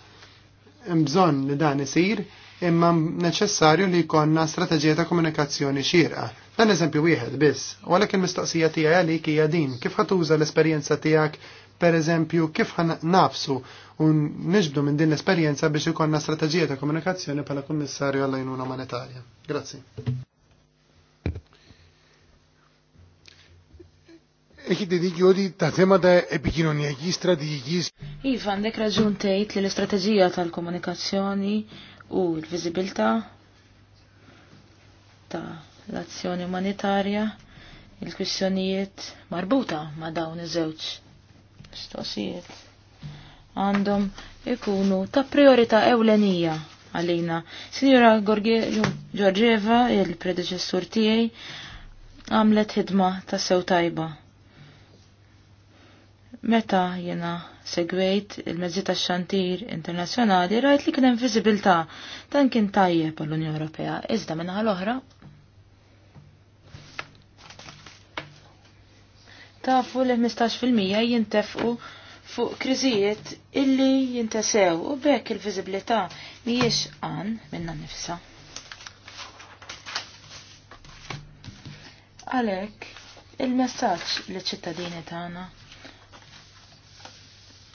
bżonn li dan isir imma neċessarju li jkollna strateġija ta' komunikazzjoni xirqa. Dan eżempju wieħed biss, u għalhekk il-mistoqsija tiegħi għalik hija din kif ħatuża l-esperjenza tiegħek per eżempju kif ħan nafsu u niġbdu minn din l-esperjenza biex ikonna strateġija ta' komunikazzjoni bħala kummissarju għall-għajnuna monetarja. Grazzi. Έχετε δίκιο ότι τα θέματα επικοινωνιακής στρατηγικής... Iva, għandek raġun tgħid li l-istrateġija tal-komunikazzjoni u l-viżibilità ta' l-azzjoni umanitarja il-kwistjonijiet marbuta ma' dawn iż-żewġ mistoqsijiet għandhom ikunu ta' priorità ewlenija għalina. Sinjura Gorgieva, il-predeċessur tiegħi, għamlet ħidma ta' sew tajba Meta jena segwejt il-mezzi xantir internazzjonali rajt li kienem viżibilità dan kien tajjeb għall-Unjoni Ewropea iżda minnaħa l-oħra. Tafu li 15% jintefqu fuq kriżijiet illi jintesew u bekk il-viżibilità mhijiex għan minna nifsa. Għalhekk il-messaġġ li ċittadini tagħna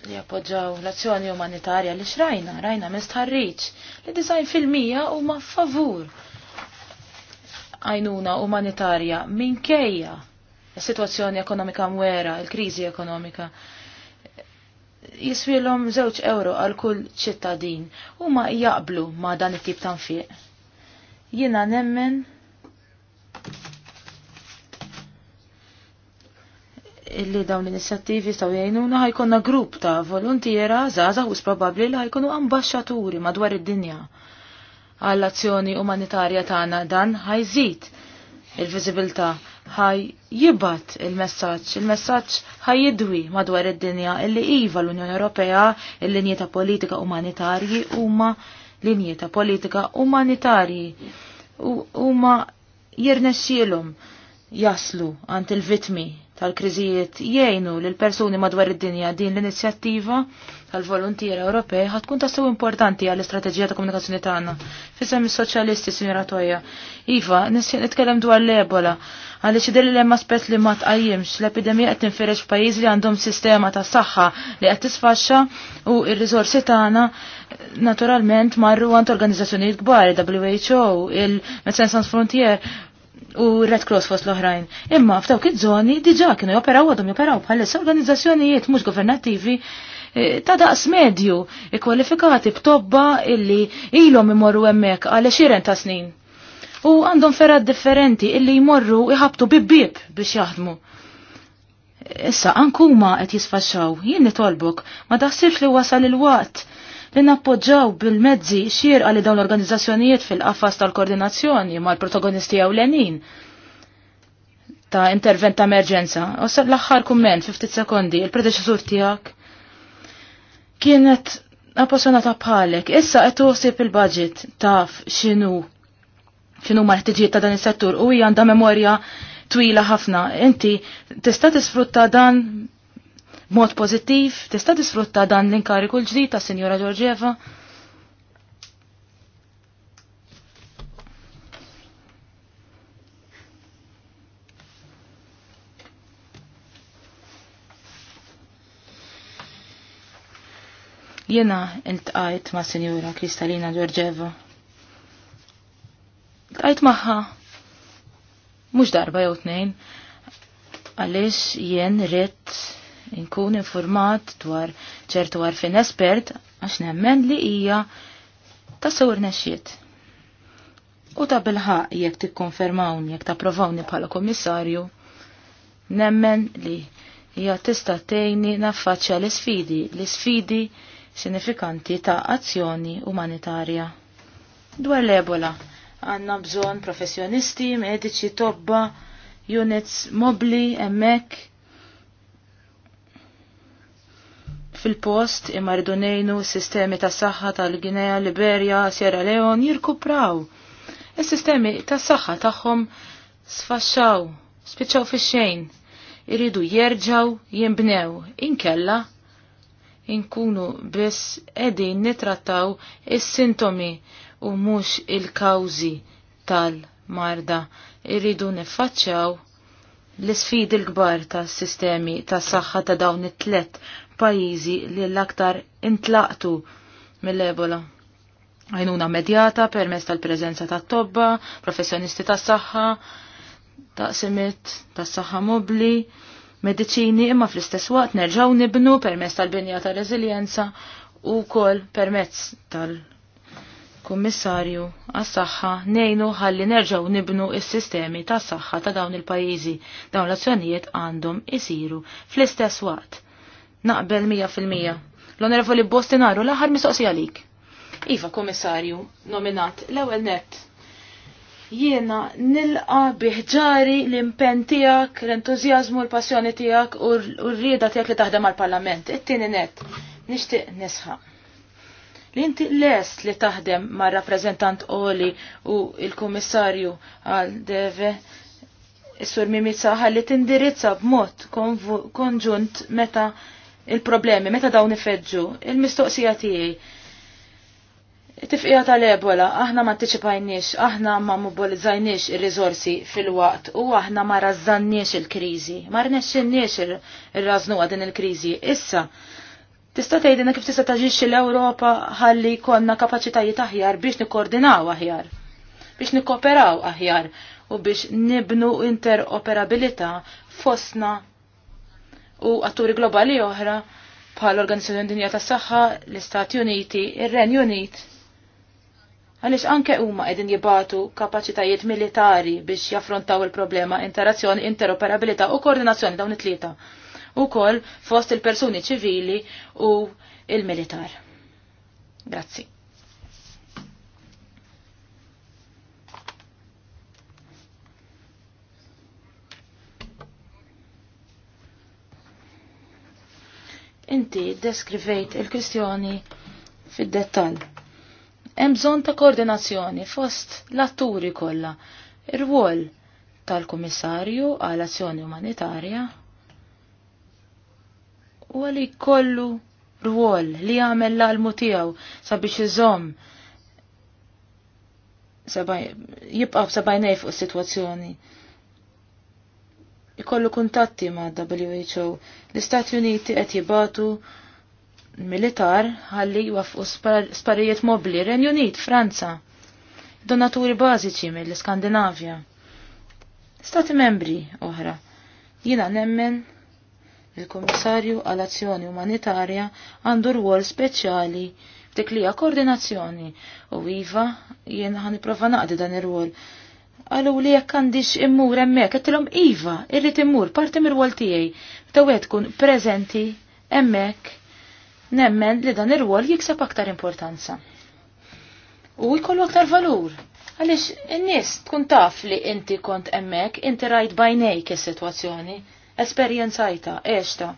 li appoġġaw l-azzjoni umanitarja li xrajna, rajna mistħarriċ li dizajn fil-mija u ma favur għajnuna umanitarja minkejja il-situazzjoni ekonomika mwera, il-krizi ekonomika. jiswilom żewġ euro għal kull ċittadin u ma jaqblu ma dan it-tip tanfiq. Jina Jiena nemmen illi dawn l-inizjattivi staw jgħinuna ħajkonna grupp ta' volontiera zaza u probabli li ħajkunu ambasċaturi madwar id-dinja. Għall-azzjoni umanitarja tagħna dan ħajżid il-viżibilità ħaj jibat il-messaġġ, il-messaġġ ħaj jidwi madwar id-dinja illi iva l-Unjoni Ewropea il-linji ta' politika umanitarji huma linji ta' politika umanitarji huma jirnexxielhom jaslu għand il-vitmi tal-kriżijiet jgħinu lil persuni madwar id-dinja din l-inizjattiva tal-volontier Ewropej ħad tkun tassew importanti għall istrateġija ta' komunikazzjoni tagħna. Fisem is-soċjalisti, Sinjora Toja. Iva, nitkellem dwar l-Ebola għaliex idher li hemm aspett li ma tqajjimx l-epidemija qed tinferex f'pajjiż li għandhom sistema ta' saħħa li qed tisfaxxa u r-riżorsi tagħna naturalment marru għand organizzazzjonijiet kbar, WHO, il-Medecins Sans Frontier u Red Cross fost l-oħrajn. Imma f'dawk iż-żoni diġà kienu joperaw għadhom joperaw bħalissa organizzazzjonijiet mhux governattivi eh, ta' daqs medju ikkwalifikati b'tobba illi ilhom imorru hemmhekk għal xiren ta' snin. U għandhom ferat differenti illi jmorru iħabtu bibbieb biex jaħdmu. Issa ankuma qed jisfaxxaw, jien nitolbok, ma taħsibx li wasal il-waqt li nappoġġaw bil-mezzi xierqa li dawn l-organizzazzjonijiet fil-qafas tal-koordinazzjoni mal-protagonisti ewlenin ta' intervent ta' emerġenza. Ossa l-axħar kumment, 50 sekondi, il-predeċessur tijak kienet ta' bħalek, issa qed toħsib il-budget taf xinu xinu ma' ħtiġijiet ta' dan is-settur u hija għandha memorja twila ħafna. Inti tista' tisfrutta dan mod pozittiv tista' disfrutta dan l-inkariku l-ġdid ta' Sinjora Giorgieva. Jena intqajt ma' Sinjora Kristalina Giorgieva. Intqajt maħħa mhux darba jew tnejn għaliex jien ritt nkun informat dwar ċertu għarfin espert għax nemmen li hija ta' sewr nexxiet. U ta' bilħaq jekk tikkonfermawn jekk ta' provawni bħala komissarju, nemmen li hija tista' tgħinni naffaċċja l-isfidi, l-isfidi sinifikanti ta' azzjoni umanitarja. Dwar l-ebola, għanna bżon professjonisti, medici tobba, units mobli, emmek, fil-post imma rridu s-sistemi tas saħħa tal-Ginea, Liberja, Sierra Leone jirkupraw. Is-sistemi tas saħħa tagħhom sfaxxaw, spiċċaw fix-xejn, iridu jerġgħu jinbnew inkella inkunu biss qegħdin nitrattaw is-sintomi u mhux il-kawżi tal-marda. Irridu niffaċċjaw l-isfidi l-kbar tas sistemi tas saħħa ta' dawn it-tlet pajizi li l-aktar intlaqtu mill-ebola. Għajnuna medjata permess tal-prezenza ta' tobba, professjonisti ta' saħħa, ta' simit, ta' saħħa mobli, medicini imma fl-istess waqt nerġaw nibnu permess tal-binja ta' rezilienza u kol permezz tal-kummissarju għas-saħħa nejnu ħalli nerġaw nibnu is-sistemi ta' saħħa ta' dawn il-pajjiżi. Dawn l-azzjonijiet għandhom isiru fl-istess waqt Naqbel 100%. L-onorevoli Bosti naru l-aħħar mistoqsi għalik. Iva, komissarju, nominat l-ewwel net. Jiena nilqa biħġari l-impen tiegħek, l-entużjażmu, l-passjoni tiegħek u r-rieda tiegħek li taħdem mal-Parlament. It-tieni net nixtieq nisħaq li inti lest li taħdem mar rappresentant Oli u il-Kummissarju għal Deve is-Sur Mimica li tindirizza b'mod konġunt meta il-problemi meta dawn ifeġġu, il-mistoqsija tiegħi. Tifqija tal-ebola, aħna ma anticipajniex, aħna ma mobilizajniex il-rizorsi fil-waqt u aħna ma razzanniex il-krizi, ma rnexxinniex il-raznuqa din il-krizi. Issa, tista' tgħidilna kif tista' taġix l-Ewropa ħalli konna kapaċitajiet aħjar biex nikkoordinaw aħjar, biex nikkoperaw aħjar u biex nibnu interoperabilità fosna u atturi globali oħra bħal organizzazzjoni Dinja tas saħħa l-Istati Uniti, ir-Renju Unit. Għaliex anke huma qegħdin jibatu kapaċitajiet militari biex jaffrontaw il-problema interazzjoni, interoperabilità u koordinazzjoni dawn it-tlieta. Ukoll fost il-persuni ċivili u il-militar. Grazzi. inti deskrivejt il-kwistjoni fid-dettall. Hemm bżonn ta' koordinazzjoni fost l-atturi kollha, ir-rwol tal-Kummissarju għal azzjoni umanitarja u għalli kollu rwol li għamel l-almu tiegħu sabiex iżomm jibqaw b'sabajnej fuq is-sitwazzjoni ikollu kuntatti ma' WHO. L-Istati Uniti qed jibatu militar ħalli jwafqu sparijiet mobli Renju Unit, Franza, donaturi bażiċi mill-Skandinavja. Stati membri oħra. Jina nemmen il-Komissarju għal Azzjoni Umanitarja għandu rwol speċjali f'dik li koordinazzjoni u iva jien ħan naqdi dan ir-rwol Għallu li jekk għandix immur emmek, għattilom Iva, irrit immur, parti mir-wol tijaj, tawet kun prezenti emmek, nemmen li dan ir-wol jiksab aktar importanza. U jkollu aktar valur. Għalix, n-nis tkun taf li inti kont emmek, inti rajt bajnej is-situazzjoni, esperienzajta, eċta.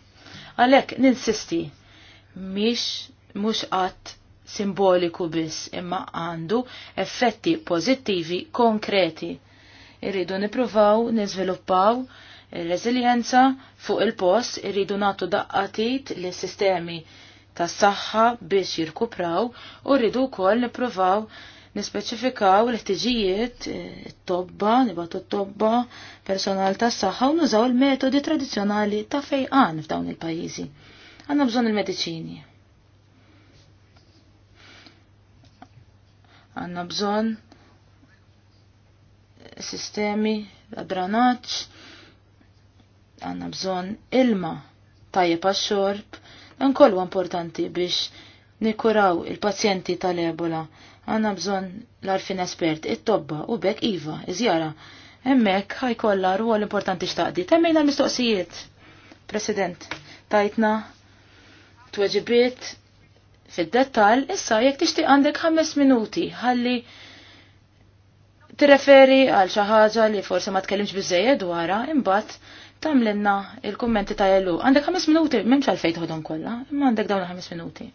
Għalek, ninsisti, miex mux għat simboliku biss imma għandu effetti pozittivi konkreti. Irridu nipruvaw, niżviluppaw il-reżiljenza fuq il-post, irridu natu daqqatit li sistemi tas saħħa biex jirkupraw u rridu wkoll nippruvaw nispeċifikaw l-ħtiġijiet eh, it tobba nibatu t-tobba, personal tas saħħa u nużaw il-metodi tradizzjonali ta' fejqan f'dawn il-pajjiżi. Għandna bżonn il-mediċini. Għanna bżon sistemi ta' dranaġġ, għanna bżon ilma tajjeb għax-xorb, dan kollu importanti biex nikuraw il-pazjenti tal-ebola. Għanna bżon l-arfin espert, it-tobba u bekk iva, iżjara. Emmek ħajkolla ruħol importanti xtaqdi. Temmejna l-mistoqsijiet. President, tajtna, tweġibiet, fid-dettal, issa jekk tixtieq għandek ħames minuti ħalli tirreferi għal xi ħaġa li forsi ma tkellimx biżejjed dwarha, imbagħad tagħmlilna il-kummenti ta' jellu. Għandek ħames minuti, m'hemmx għalfejn tħodhom kollha, imma għandek dawn ħames minuti.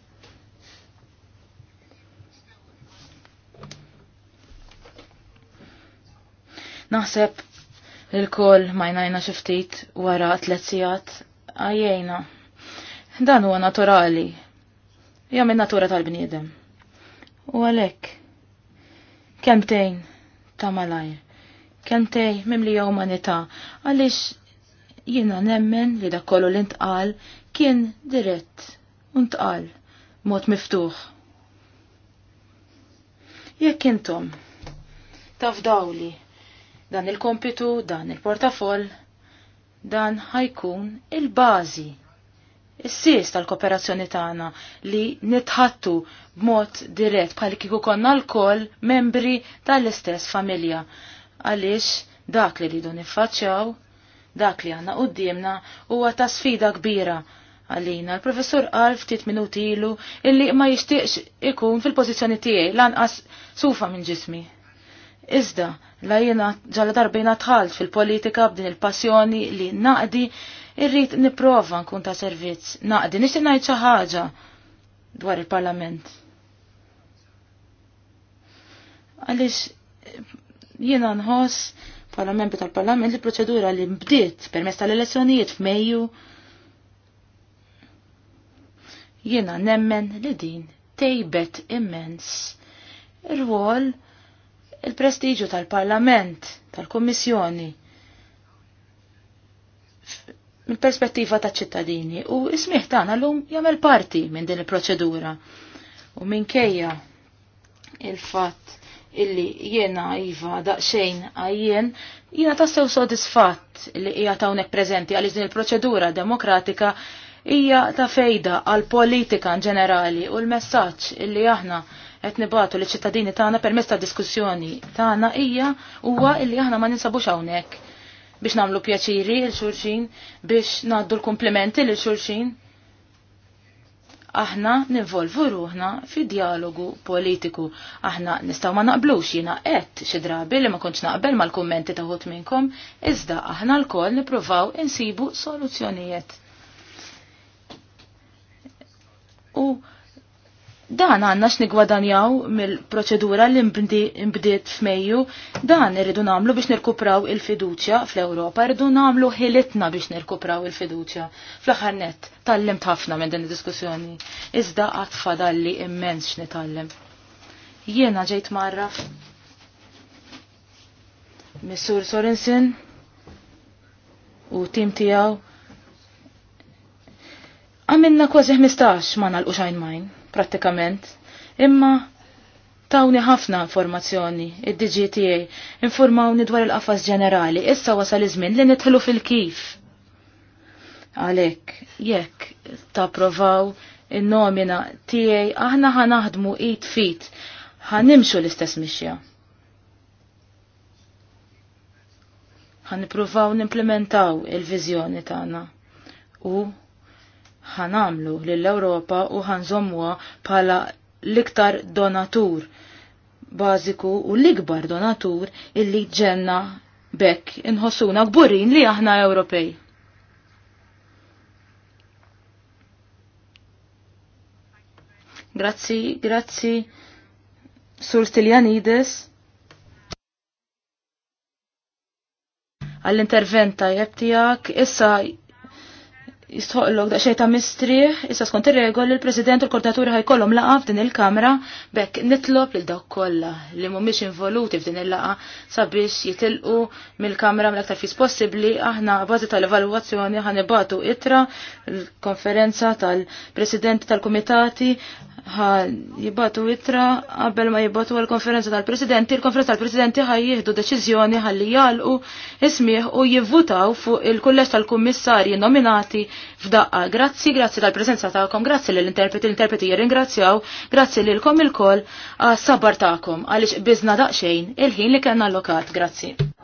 Naħseb il-kol majnajna xiftit wara tlet sijat għajjena. Dan huwa naturali Ja minn natura tal-bniedem. U għalhekk kemtejn ta' malajr, kemtejn mimlija manita, għaliex jiena nemmen li dak kollu li ntqal kien dirett u ntqal mod miftuħ. Jekk intom taf dawli dan il-kompitu, dan il-portafoll, dan ħajkun il-bażi is-sis tal-kooperazzjoni tagħna li nitħattu b'mod dirett bħal kieku konna l membri tal-istess familja. Għaliex dak li rridu niffaċċjaw, dak li għandna qudiemna huwa ta' sfida kbira għalina. Il-professur qal ftit minuti ilu illi ma jixtiex ikun fil-pożizzjoni tiegħi lanqas sufa minn ġismi. Iżda, la jiena ġalla darbina tħalt fil-politika b'din il-passjoni li naqdi irrid nipprova nkun ta' servizz. Naqdi, nixtieq ngħid xi ħaġa dwar il-Parlament. Għaliex jiena nħoss bħala membri tal-Parlament li proċedura li mbdiet permezz tal-elezzjonijiet f'Mejju jiena nemmen li din tejbet immens ir-rwol il-prestiġu tal-Parlament, tal-Kommissjoni, tal parlament tal kommissjoni tal mill-perspettiva ta' ċittadini u ismiħ tagħna llum jagħmel parti minn din il-proċedura. U minkejja il-fatt illi jiena iva daqsxejn għajjen, jiena tassew sodisfatt li hija unek preżenti għaliex din il-proċedura demokratika hija ta' fejda għal politika in ġenerali u l-messaġġ illi aħna qed nibatu li ċittadini tagħna permezz ta' diskussjoni tagħna hija huwa illi aħna ma ninsabux hawnhekk biex namlu pjaċiri il-xurxin, biex naddu l-komplimenti l xurxin Aħna nivolvu ruħna fi dialogu politiku. Aħna nistaw ma naqblux jina qed xi drabi li ma kontx naqbel mal-kummenti taħut minnkom, iżda aħna l kol nipruvaw insibu soluzzjonijiet. U Dan għanna x'nigwadanjaw mill-proċedura li mbdiet f'Mejju, dan irridu namlu biex nirkupraw il-fiduċja fl-Ewropa, irridu namlu ħilitna biex nirkupraw il-fiduċja. Fl-aħħar nett tallimt ħafna minn din id-diskussjoni, iżda qatt fadalli immens x'nitallem. Jiena ġejt marra Missur Sorensen u tim tiegħu għamilna kważi 15 ma nalqu xajn majn prattikament. Imma tawni ħafna informazzjoni, id-DGTA, informawni dwar il-qafas ġenerali, issa wasal iż-żmien li nidħlu fil-kif. Għalek, jekk provaw il nomina tiegħi aħna ħanaħdmu id fit, ħanimxu l-istess mixja. ħanipruvaw nimplementaw il-viżjoni tagħna u ħanamlu lill-Ewropa u ħanżommuha bħala l-iktar donatur bażiku u l-ikbar donatur illi ġenna bekk inħossuna gburin li aħna Ewropej. Grazzi, grazzi, Sur Stiljanides. Għall-intervent tajjeb tiegħek issa jistħoqlok daqxej ta' Mistri, issa skont ir-regoli l-President u l-Kordaturi ħajkollhom laqa f'din il-Kamra bekk nitlob lil dawk kollha li mhumiex involuti f'din il-laqa sabiex jitilqu mill-Kamra mill-aktar fis possibbli aħna bażi tal-evalwazzjoni ħanibatu itra l-konferenza tal-President tal-Kumitati ħa jibbatu itra qabel ma jibbatu għal-konferenza tal-presidenti, il-konferenza tal-presidenti ħa jihdu deċizjoni ħalli jalqu ismiħ u jivvutaw fuq il-kulleġġ tal-kummissarji nominati f'daqqa. Grazzi, grazzi tal-prezenza ta'kom, grazzi l-interpreti, l-interpreti jirringrazzjaw, grazzi lilkom il kol għas-sabar ta'kom għaliex bizna daqxejn il-ħin li kena allokat. Grazzi.